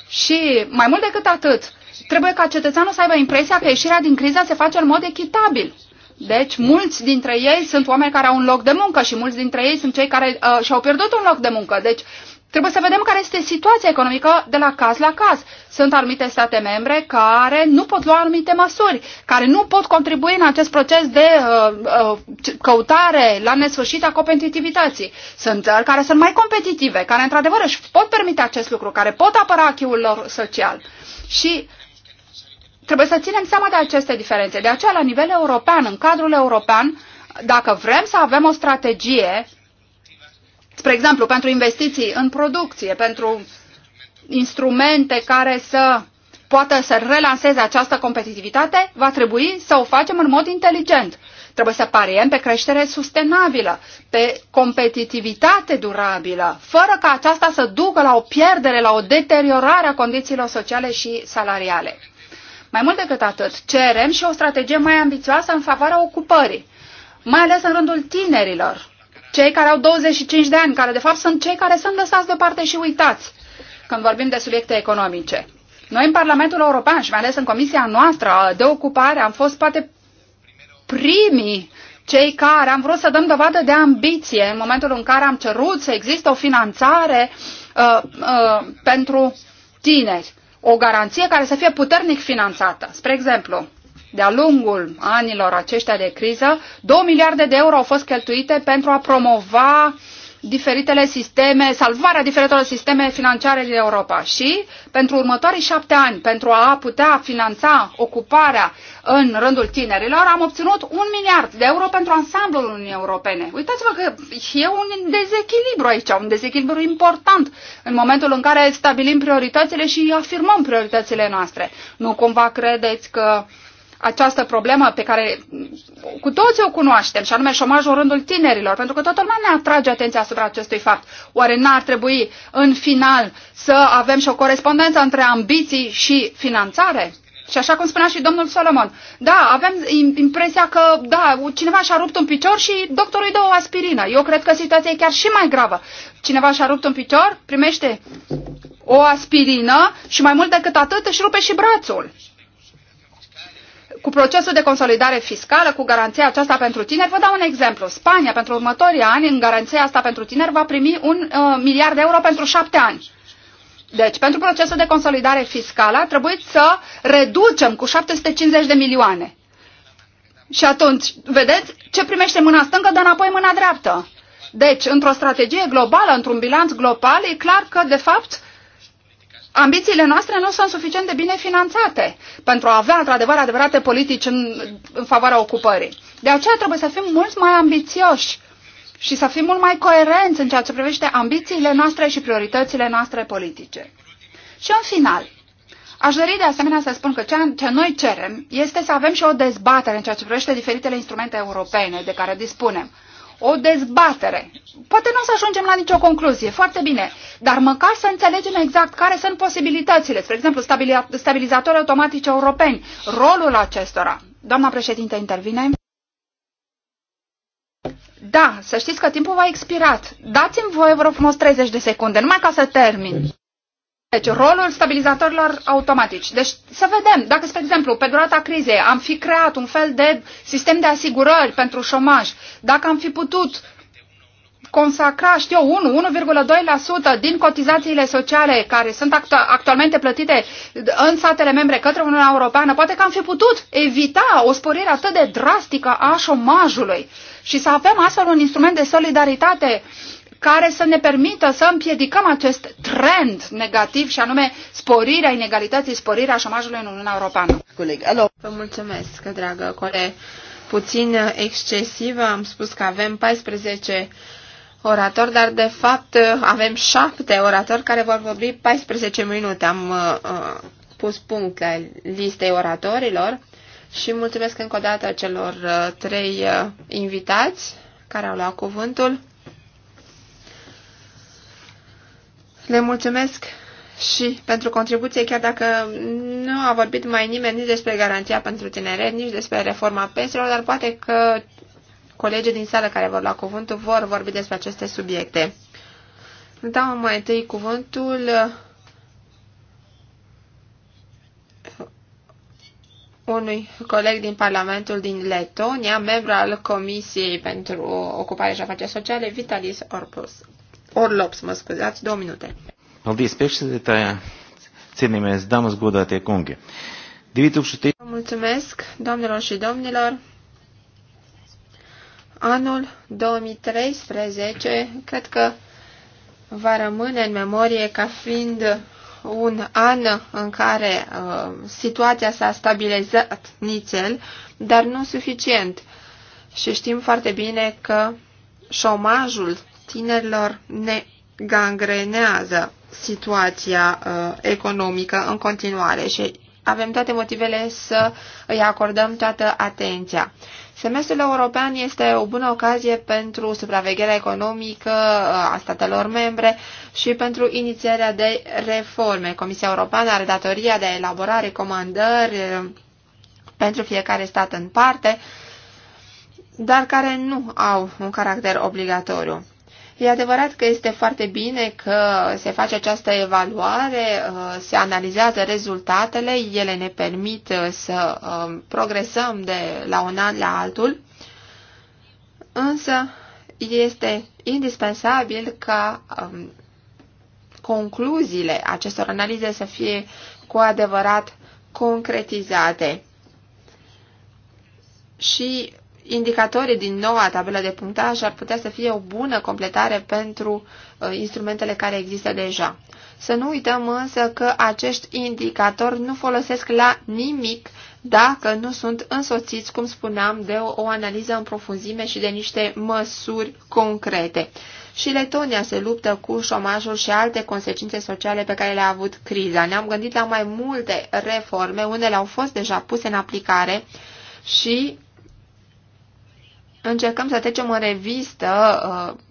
Și mai mult decât atât, trebuie ca cetățeanul să aibă impresia că ieșirea din criză se face în mod echitabil. Deci, mulți dintre ei sunt oameni care au un loc de muncă și mulți dintre ei sunt cei care uh, și-au pierdut un loc de muncă. Deci, Trebuie să vedem care este situația economică de la caz la caz. Sunt anumite state membre care nu pot lua anumite măsuri, care nu pot contribui în acest proces de uh, uh, căutare la nesfârșit a competitivității. Sunt țări care sunt mai competitive, care într-adevăr își pot permite acest lucru, care pot apăra achiul lor social. Și trebuie să ținem seama de aceste diferențe. De aceea, la nivel european, în cadrul european, dacă vrem să avem o strategie spre exemplu, pentru investiții în producție, pentru instrumente care să poată să relanseze această competitivitate, va trebui să o facem în mod inteligent. Trebuie să pariem pe creștere sustenabilă, pe competitivitate durabilă, fără ca aceasta să ducă la o pierdere, la o deteriorare a condițiilor sociale și salariale. Mai mult decât atât, cerem și o strategie mai ambițioasă în favoarea ocupării, mai ales în rândul tinerilor, cei care au 25 de ani, care de fapt sunt cei care sunt lăsați deoparte și uitați când vorbim de subiecte economice. Noi în Parlamentul European și mai ales în comisia noastră de ocupare am fost poate primii cei care am vrut să dăm dovadă de ambiție în momentul în care am cerut să există o finanțare uh, uh, pentru tineri, o garanție care să fie puternic finanțată. Spre exemplu, de-a lungul anilor aceștia de criză, 2 miliarde de euro au fost cheltuite pentru a promova diferitele sisteme, salvarea diferitelor sisteme financiare din Europa și pentru următorii șapte ani, pentru a putea finanța ocuparea în rândul tinerilor, am obținut un miliard de euro pentru ansamblul Uniunii Europene. Uitați-vă că e un dezechilibru aici, un dezechilibru important în momentul în care stabilim prioritățile și afirmăm prioritățile noastre. Nu cumva credeți că această problemă pe care cu toți o cunoaștem, și anume șomajul în rândul tinerilor, pentru că toată lumea ne atrage atenția asupra acestui fapt. Oare n-ar trebui în final să avem și o corespondență între ambiții și finanțare? Și așa cum spunea și domnul Solomon, da, avem impresia că, da, cineva și-a rupt un picior și doctorul îi dă o aspirină. Eu cred că situația e chiar și mai gravă. Cineva și-a rupt un picior, primește o aspirină și mai mult decât atât își rupe și brațul cu procesul de consolidare fiscală, cu garanția aceasta pentru tineri. Vă dau un exemplu. Spania, pentru următorii ani, în garanția asta pentru tineri, va primi un uh, miliard de euro pentru șapte ani. Deci, pentru procesul de consolidare fiscală, a trebuit să reducem cu 750 de milioane. Și atunci, vedeți ce primește mâna stângă, dă înapoi mâna dreaptă. Deci, într-o strategie globală, într-un bilanț global, e clar că, de fapt, ambițiile noastre nu sunt suficient de bine finanțate pentru a avea într-adevăr adevărate politici în, în favoarea ocupării. De aceea trebuie să fim mult mai ambițioși și să fim mult mai coerenți în ceea ce privește ambițiile noastre și prioritățile noastre politice. Și în final, Aș dori de asemenea să spun că ceea ce noi cerem este să avem și o dezbatere în ceea ce privește diferitele instrumente europene de care dispunem o dezbatere. Poate nu o să ajungem la nicio concluzie, foarte bine, dar măcar să înțelegem exact care sunt posibilitățile, spre exemplu stabilizatori automatici europeni, rolul acestora. Doamna președinte intervine. Da, să știți că timpul va expirat. Dați-mi voie, vă rog frumos, 30 de secunde, numai ca să termin. Deci, rolul stabilizatorilor automatici. Deci, să vedem, dacă, spre exemplu, pe durata crizei am fi creat un fel de sistem de asigurări pentru șomaj, dacă am fi putut consacra, știu eu, 1, 1,2% din cotizațiile sociale care sunt actu actualmente plătite în statele membre către Uniunea Europeană, poate că am fi putut evita o sporire atât de drastică a șomajului și să avem astfel un instrument de solidaritate uh, care să ne permită să împiedicăm acest trend negativ și anume sporirea inegalității, sporirea șomajului în Uniunea Europeană. Coleg, Vă mulțumesc, dragă cole. Puțin excesivă, am spus că avem 14 orator, dar de fapt avem șapte oratori care vor vorbi 14 minute. Am uh, uh, pus punct la listei oratorilor și mulțumesc încă o dată celor uh, trei uh, invitați care au luat cuvântul. Le mulțumesc și pentru contribuție, chiar dacă nu a vorbit mai nimeni nici despre garanția pentru tineret, nici despre reforma pensiilor, dar poate că colegii din sală care vor lua cuvântul vor vorbi despre aceste subiecte. Dau mai întâi cuvântul uh, unui coleg din Parlamentul din Letonia, membru al Comisiei pentru Ocupare și Afaceri Sociale, Vitalis Orpus. Orlops, mă scuzați, două minute. Paldies, priekšsēdētāja, cienījamies damas, godātie kungi. 2000... Mulțumesc, domnilor și domnilor. Anul 2013 cred că va rămâne în memorie ca fiind un an în care uh, situația s-a stabilizat nițel, dar nu suficient. Și știm foarte bine că șomajul tinerilor ne gangrenează situația uh, economică în continuare și avem toate motivele să îi acordăm toată atenția. Semestrul european este o bună ocazie pentru supravegherea economică uh, a statelor membre și pentru inițierea de reforme. Comisia Europeană are datoria de a elabora recomandări uh, pentru fiecare stat în parte, dar care nu au un caracter obligatoriu. E adevărat că este foarte bine că se face această evaluare, uh, se analizează rezultatele, ele ne permit uh, să um, progresăm de la un an la altul, însă este indispensabil ca um, concluziile acestor analize să fie cu adevărat concretizate. Și Indicatorii din noua tabelă de punctaj ar putea să fie o bună completare pentru uh, instrumentele care există deja. Să nu uităm însă că acești indicatori nu folosesc la nimic dacă nu sunt însoțiți, cum spuneam, de o, o analiză în profunzime și de niște măsuri concrete. Și Letonia se luptă cu șomajul și alte consecințe sociale pe care le-a avut criza. Ne-am gândit la mai multe reforme, unele au fost deja puse în aplicare și încercăm să trecem în revistă uh,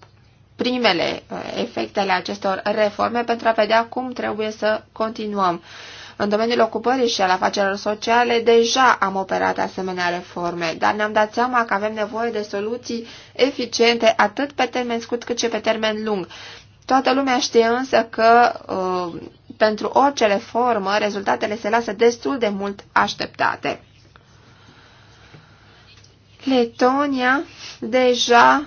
primele uh, efecte ale acestor reforme pentru a vedea cum trebuie să continuăm. În domeniul ocupării și al afacerilor sociale deja am operat asemenea reforme, dar ne-am dat seama că avem nevoie de soluții eficiente atât pe termen scurt cât și pe termen lung. Toată lumea știe însă că uh, pentru orice reformă rezultatele se lasă destul de mult așteptate. Letonia deja,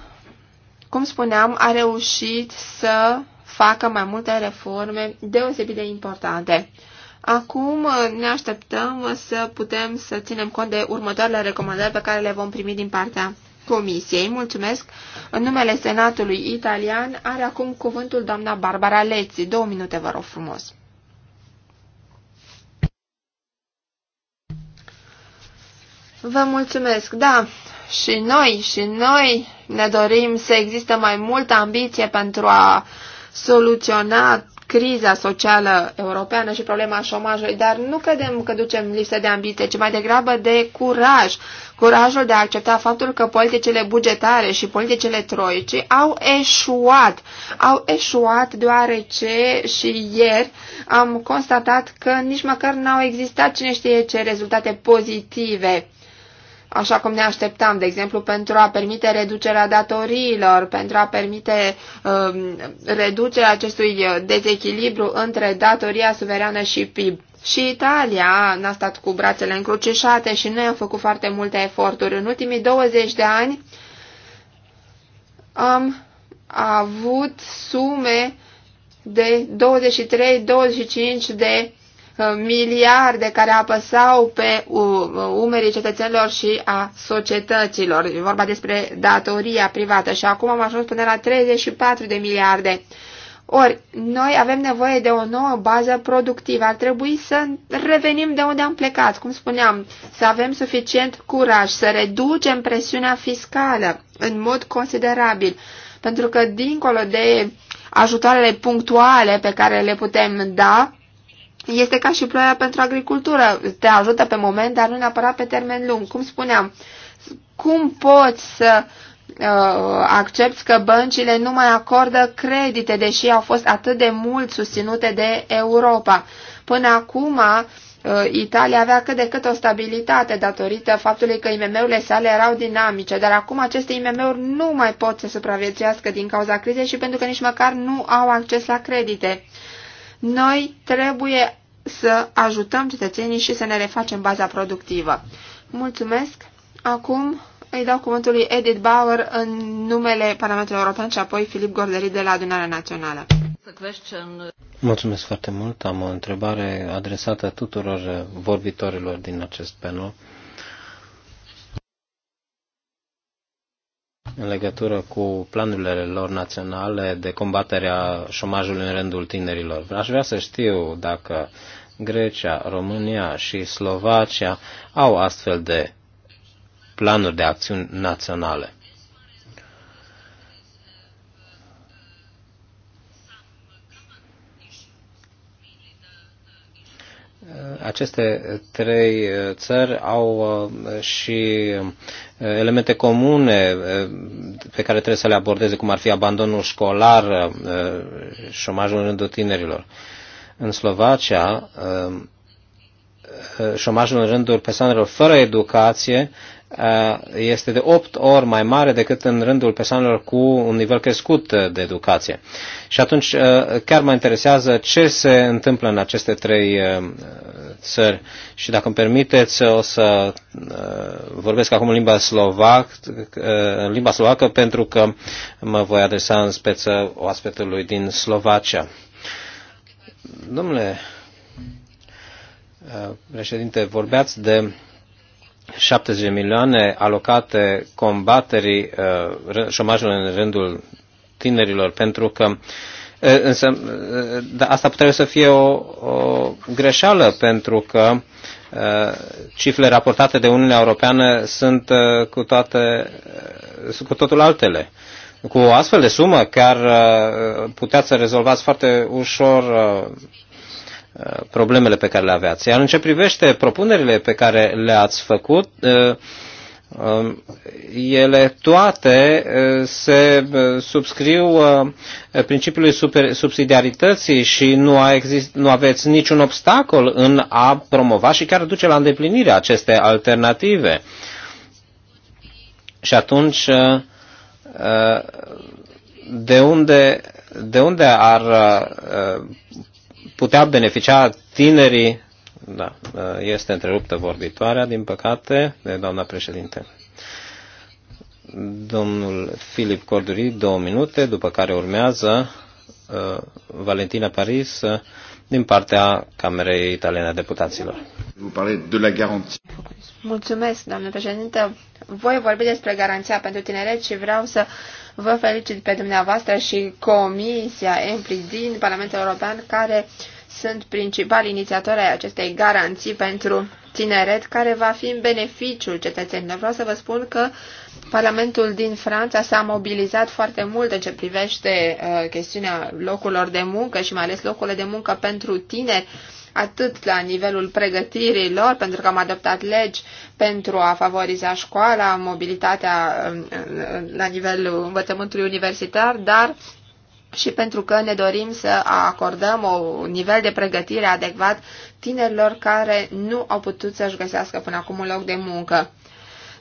cum spuneam, a reușit să facă mai multe reforme deosebit de importante. Acum ne așteptăm să putem să ținem cont de următoarele recomandări pe care le vom primi din partea Comisiei. Mulțumesc. În numele Senatului Italian are acum cuvântul doamna Barbara Leți. Două minute, vă rog frumos. Vă mulțumesc. Da, și noi, și noi ne dorim să există mai multă ambiție pentru a soluționa criza socială europeană și problema șomajului, dar nu credem că ducem lipsă de ambiție, ci mai degrabă de curaj. Curajul de a accepta faptul că politicile bugetare și politicile troice au eșuat. Au eșuat deoarece și ieri am constatat că nici măcar n-au existat cine știe ce rezultate pozitive așa cum ne așteptam, de exemplu, pentru a permite reducerea datoriilor, pentru a permite uh, reducerea acestui dezechilibru între datoria suverană și PIB. Și Italia n-a stat cu brațele încrucișate și noi am făcut foarte multe eforturi. În ultimii 20 de ani am avut sume de 23-25 de Uh, miliarde care apăsau pe uh, umerii cetățenilor și a societăților. E vorba despre datoria privată și acum am ajuns până la 34 de miliarde. Ori, noi avem nevoie de o nouă bază productivă. Ar trebui să revenim de unde am plecat, cum spuneam, să avem suficient curaj, să reducem presiunea fiscală în mod considerabil, pentru că dincolo de ajutoarele punctuale pe care le putem da, este ca și ploaia pentru agricultură. Te ajută pe moment, dar nu neapărat pe termen lung. Cum spuneam, cum poți să uh, accepti că băncile nu mai acordă credite, deși au fost atât de mult susținute de Europa? Până acum, uh, Italia avea cât de cât o stabilitate datorită faptului că IMM-urile sale erau dinamice, dar acum aceste IMM-uri nu mai pot să supraviețuiască din cauza crizei și pentru că nici măcar nu au acces la credite. Noi trebuie să ajutăm cetățenii și să ne refacem baza productivă. Mulțumesc! Acum îi dau cuvântul lui Edith Bauer în numele Parlamentului European și apoi Filip Gorderi de la Adunarea Națională. Mulțumesc foarte mult. Am o întrebare adresată tuturor vorbitorilor din acest panel. în legătură cu planurile lor naționale de combatere a șomajului în rândul tinerilor. Aș vrea să știu dacă Grecia, România și Slovacia au astfel de planuri de acțiuni naționale. aceste trei uh, țări au uh, și uh, elemente comune pe care trebuie să le abordeze, cum ar fi abandonul școlar, șomajul în rândul tinerilor. În Slovacia, șomajul în rândul persoanelor fără educație Uh, este de 8 ori mai mare decât în rândul persoanelor cu un nivel crescut de educație. Și atunci uh, chiar mă interesează ce se întâmplă în aceste trei uh, țări. Și dacă îmi permiteți, o să vorbesc acum în limba, slovac, în limba slovacă pentru că mă voi adresa în speță oaspetului din Slovacia. Domnule președinte, vorbeați de 70 de milioane alocate combaterii uh, șomajului în rândul tinerilor, pentru că uh, însă uh, da, asta putea să fie o, o greșeală, pentru că cifrele raportate de Uniunea Europeană sunt cu, toate, sunt cu totul altele. Cu o astfel de sumă chiar puteați să rezolvați foarte ușor Uh, problemele pe care le aveați. Iar în ce privește propunerile pe care le-ați făcut, uh, um, ele toate uh, se subscriu principiului subsidiarității și nu, a exist, nu aveți niciun obstacol în a promova și chiar duce la îndeplinirea aceste alternative. Și atunci, de unde, de unde ar putea beneficia tinerii. Da, este întreruptă vorbitoarea, din păcate, de doamna președinte. Domnul Filip Corduri, două minute, după care urmează uh, Valentina Paris, uh, din partea Camerei Italiene a Deputaților. Mulțumesc, doamnă președinte. Voi vorbi despre garanția pentru tineret și vreau să vă felicit pe dumneavoastră și Comisia Empli din Parlamentul European, care sunt principali inițiatori ai acestei garanții pentru tineret, care va fi în beneficiul cetățenilor. Vreau să vă spun că uh, Parlamentul din Franța s-a mobilizat foarte mult în ce privește uh, chestiunea locurilor de muncă și mai ales locurile de muncă pentru tineri, atât la nivelul pregătirii lor, pentru că am adoptat legi pentru a favoriza școala, mobilitatea uh, uh la nivelul învățământului universitar, dar și pentru că ne dorim să acordăm un nivel de pregătire adecvat tinerilor care nu au putut să-și găsească până acum un loc de muncă.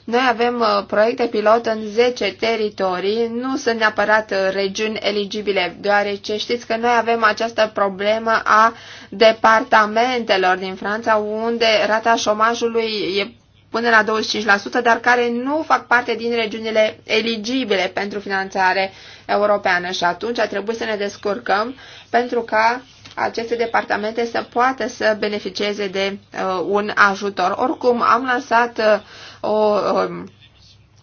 Noi avem uh, proiecte pilot în 10 teritorii, nu sunt neapărat uh, regiuni eligibile, deoarece știți că noi avem această problemă a departamentelor din Franța, unde rata șomajului e până la 25%, dar care nu fac parte din regiunile eligibile pentru finanțare europeană. Și atunci a trebuit să ne descurcăm pentru ca aceste departamente să poată să beneficieze de uh, un ajutor. Oricum, am lansat uh, o, um,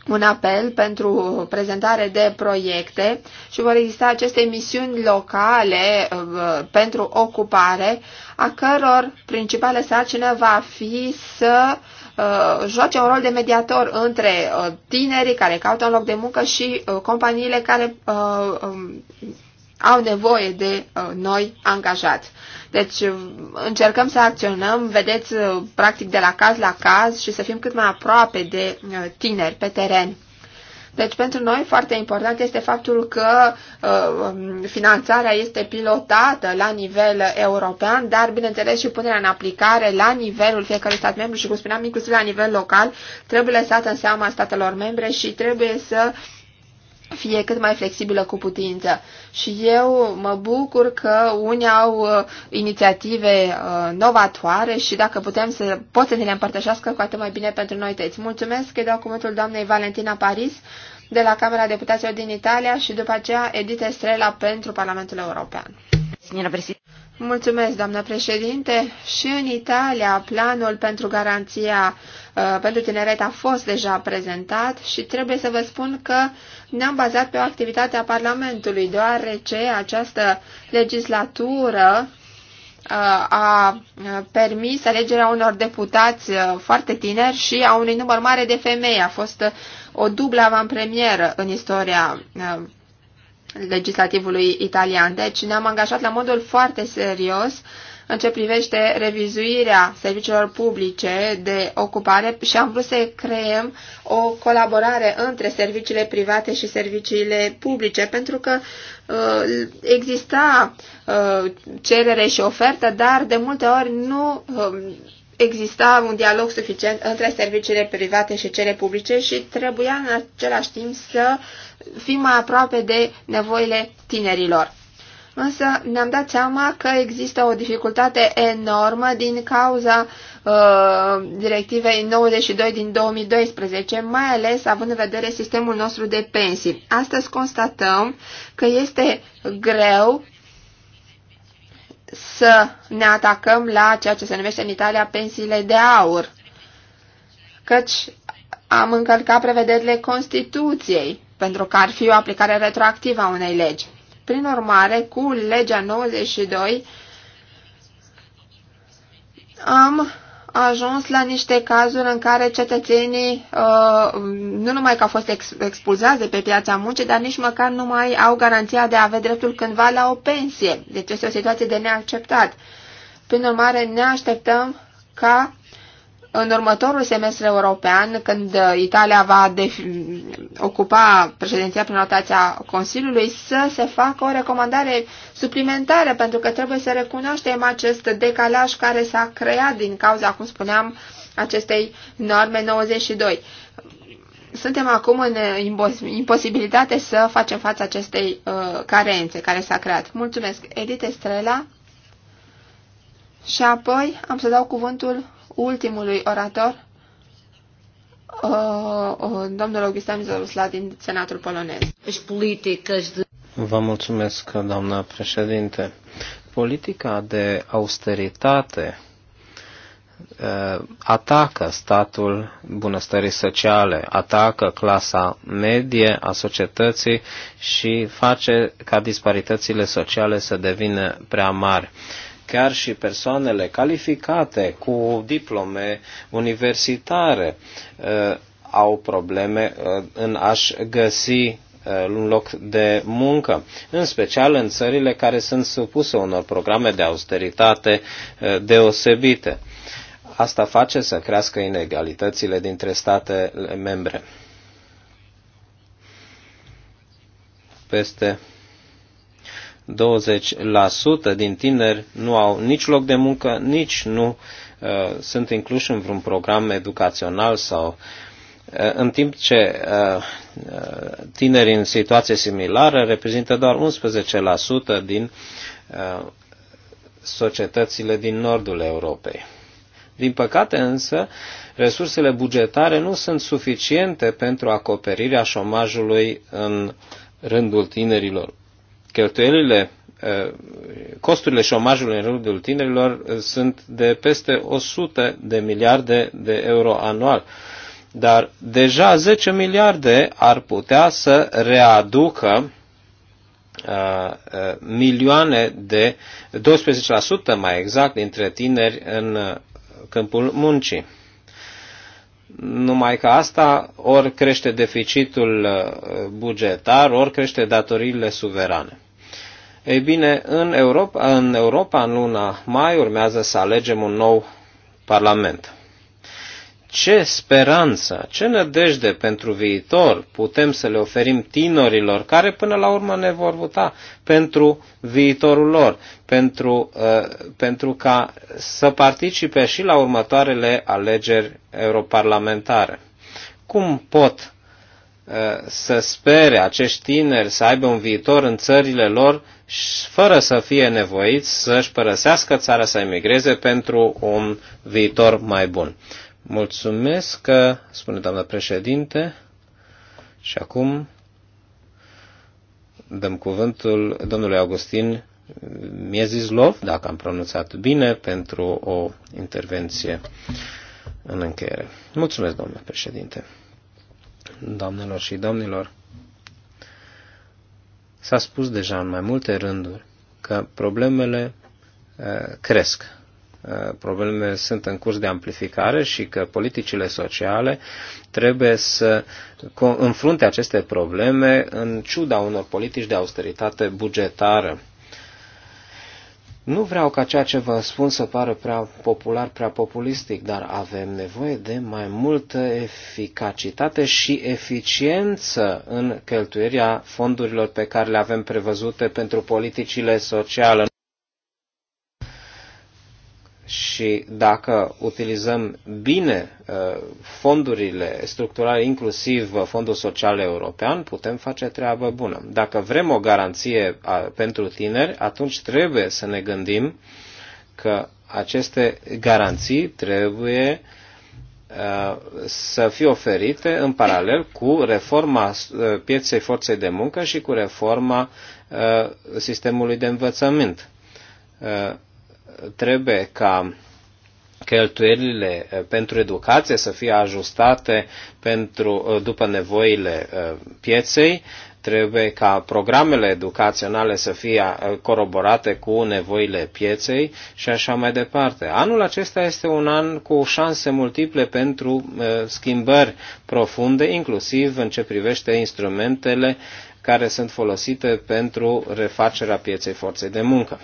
un apel pentru prezentare de proiecte și vor exista aceste misiuni locale um, pentru ocupare, a căror principală sarcină va fi să uh, joace un rol de mediator între uh, tinerii care caută un loc de muncă și uh, companiile care um, au nevoie de noi angajați. Deci încercăm să acționăm, vedeți, uh, practic de la caz la caz și să fim cât mai aproape de uh, tineri pe teren. Deci pentru noi foarte important este faptul că uh, um, finanțarea este pilotată la nivel european, dar bineînțeles și punerea în aplicare la nivelul fiecărui stat membru și cum spuneam inclusiv la nivel local trebuie lăsată în seama statelor membre și trebuie să uh, fie cât mai flexibilă cu putință. Și eu mă bucur că unii au uh, inițiative uh, novatoare și dacă putem să pot să ne le împărtășească cu atât mai bine pentru noi toți. Mulțumesc că dau cuvântul doamnei Valentina Paris de la Camera Deputaților din Italia și după aceea Edith Estrela pentru Parlamentul European. Mulțumesc, doamnă președinte. Și în Italia, planul pentru garanția Uh, pentru tineret a fost deja prezentat și trebuie să vă spun că ne-am bazat pe o activitate a Parlamentului, deoarece această legislatură uh, a uh, permis alegerea unor deputați foarte tineri și a unui număr mare de femei. A fost o dublă avantpremieră în istoria legislativului italian. Deci ne-am angajat la modul foarte serios în ce privește revizuirea serviciilor publice de ocupare și am vrut să creăm o colaborare între serviciile private și serviciile publice, pentru că uh, exista uh, cerere și ofertă, dar de multe ori nu uh, exista un dialog suficient între serviciile private și cele publice și trebuia în același timp să fim mai aproape de nevoile tinerilor însă ne-am dat seama că există o dificultate enormă din cauza uh, directivei 92 din 2012, mai ales având în vedere sistemul nostru de pensii. Astăzi constatăm că este greu să ne atacăm la ceea ce se numește în Italia pensiile de aur, căci am încălcat prevederile Constituției, pentru că ar fi o aplicare retroactivă a unei legi. Prin urmare, cu legea 92 am ajuns la niște cazuri în care cetățenii uh, nu numai că au fost expulzați de pe piața muncii, dar nici măcar nu mai au garanția de a avea dreptul cândva la o pensie. Deci este o situație de neacceptat. Prin urmare, ne așteptăm ca în următorul semestru european, când Italia va ocupa președinția prin rotația Consiliului, să se facă o recomandare suplimentară, pentru că trebuie să recunoaștem acest decalaj care s-a creat din cauza, cum spuneam, acestei norme 92. Suntem acum în imposibilitate să facem față acestei uh, carențe care s-a creat. Mulțumesc, Edith Estrela. Și apoi am să dau cuvântul ultimului orator, uh, uh, domnul Augustin Zorusla din Senatul polonez. Deci Vă mulțumesc, doamna președinte. Politica de austeritate uh, atacă statul bunăstării sociale, atacă clasa medie a societății și face ca disparitățile sociale să devină prea mari chiar și persoanele calificate cu diplome universitare uh, au probleme uh, în a-și găsi uh, un loc de muncă, în special în țările care sunt supuse unor programe de austeritate deosebite. Asta face să crească inegalitățile dintre statele membre. Peste 20% din tineri nu au nici loc de muncă, nici nu uh, sunt incluși în vreun program educațional sau uh, în timp ce uh, uh tinerii în situație similară reprezintă doar 11% din uh, societățile din nordul Europei. Din păcate însă, resursele bugetare nu sunt suficiente pentru acoperirea șomajului în rândul tinerilor cheltuielile, costurile șomajului în rândul tinerilor sunt de peste 100 de miliarde de euro anual. Dar deja 10 miliarde ar putea să readucă milioane de, 12% mai exact, dintre tineri în câmpul muncii. Numai că asta ori crește deficitul bugetar, ori crește datoriile suverane. Ei bine, în Europa, în Europa, în luna mai, urmează să alegem un nou Parlament. Ce speranță, ce nădejde pentru viitor putem să le oferim tinerilor care până la urmă ne vor vota pentru viitorul lor, pentru, uh, pentru ca să participe și la următoarele alegeri europarlamentare. Cum pot uh, să spere acești tineri să aibă un viitor în țările lor fără să fie nevoiți să-și părăsească țara, să emigreze pentru un viitor mai bun. Mulțumesc, că spune doamna președinte, și acum dăm cuvântul domnului Augustin Miezislov, dacă am pronunțat bine, pentru o intervenție în încheiere. Mulțumesc, domnule președinte. Doamnelor și domnilor, S-a spus deja în mai multe rânduri că problemele uh, cresc. Uh, problemele sunt în curs de amplificare și că politicile sociale trebuie să înfrunte aceste probleme în ciuda unor politici de austeritate bugetară nu vreau ca ceea ce vă spun să pară prea popular, prea populistic, dar avem nevoie de mai multă eficacitate și eficiență în cheltuirea fondurilor pe care le avem prevăzute pentru politicile sociale și dacă utilizăm bine uh, fondurile structurale, inclusiv uh, Fondul Social European, putem face treabă bună. Dacă vrem o garanție pentru tineri, atunci trebuie să ne gândim că aceste garanții trebuie uh, să fie oferite în paralel cu reforma pieței forței de muncă și cu reforma sistemului de învățământ trebuie ca cheltuielile eh, pentru educație să fie ajustate pentru, eh, după nevoile eh, pieței, trebuie ca programele educaționale să fie coroborate cu nevoile pieței și așa mai departe. Anul acesta este un an cu șanse multiple pentru schimbări profunde, inclusiv în ce privește instrumentele care sunt folosite pentru refacerea pieței forței de muncă.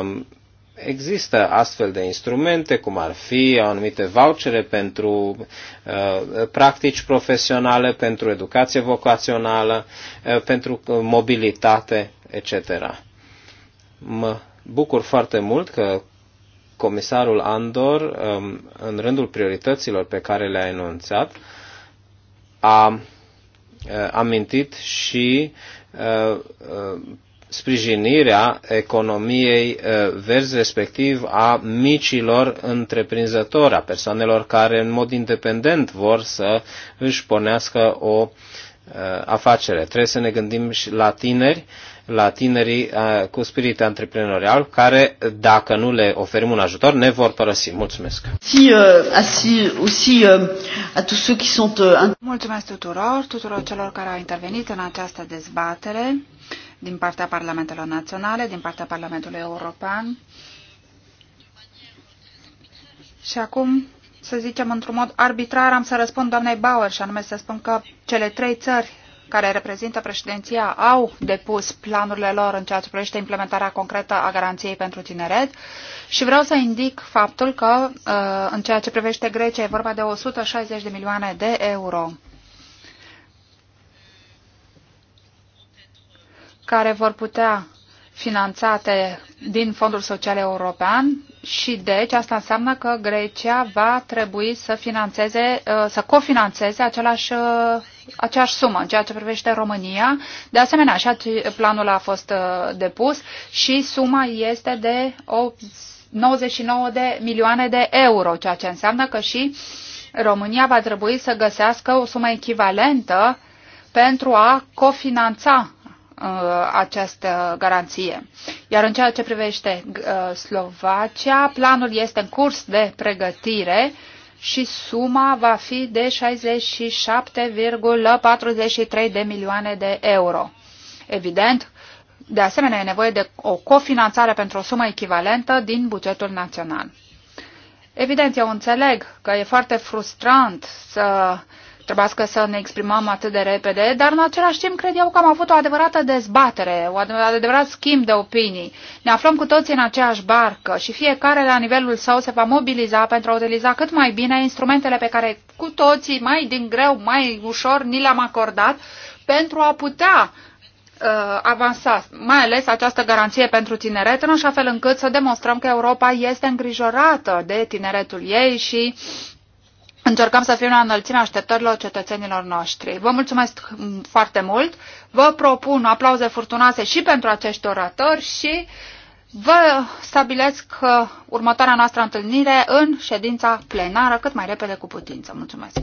Um, există astfel de instrumente, cum ar fi anumite vouchere pentru uh, practici profesionale, pentru educație vocațională, uh, pentru mobilitate, etc. Mă bucur foarte mult că comisarul Andor, um, în rândul priorităților pe care le-a enunțat, a uh, amintit și sprijinirea economiei eh, verzi, respectiv a micilor întreprinzători, a persoanelor care în mod independent vor să își pornească o eh, afacere. Trebuie să ne gândim și la tineri, la tinerii eh, cu spirit antreprenorial, care, dacă nu le oferim un ajutor, ne vor părăsi. Mulțumesc! Mulțumesc tuturor, tuturor celor care au intervenit în această dezbatere din partea Parlamentelor Naționale, din partea Parlamentului European. Și acum, să zicem, într-un mod arbitrar, am să răspund doamnei Bauer și anume să spun că cele trei țări care reprezintă președinția au depus planurile lor în ceea ce privește implementarea concretă a garanției pentru tineret și vreau să indic faptul că uh, în ceea ce privește Grecia e vorba de 160 de milioane de euro care vor putea finanțate din Fondul Social European și deci asta înseamnă că Grecia va trebui să finanțeze, uh, să cofinanțeze același, uh, aceeași sumă în ceea ce privește România. De asemenea, așa planul a fost uh, depus și suma este de 99 de milioane de euro, ceea ce înseamnă că și România va trebui să găsească o sumă echivalentă pentru a cofinanța Uh, această garanție. Iar în ceea ce privește uh, Slovacia, planul este în curs de pregătire și suma va fi de 67,43 de milioane de euro. Evident, de asemenea, e nevoie de o cofinanțare pentru o sumă echivalentă din bugetul național. Evident, eu înțeleg că e foarte frustrant să uh, trebuiască să ne exprimăm atât de repede, dar în același timp cred eu că am avut o adevărată dezbatere, o adevărat schimb de opinii. Ne aflăm cu toții în aceeași barcă și fiecare la nivelul său se va mobiliza pentru a utiliza cât mai bine instrumentele pe care cu toții mai din greu, mai ușor ni le-am acordat pentru a putea uh, avansa, mai ales această garanție pentru tineret, în așa fel încât să demonstrăm că Europa este îngrijorată de tineretul ei și uh, încercăm să fim la înălțimea așteptărilor cetățenilor noștri. Vă mulțumesc foarte mult, vă propun aplauze furtunoase și pentru acești oratori și vă stabilesc următoarea noastră întâlnire în ședința plenară cât mai repede cu putință. Mulțumesc!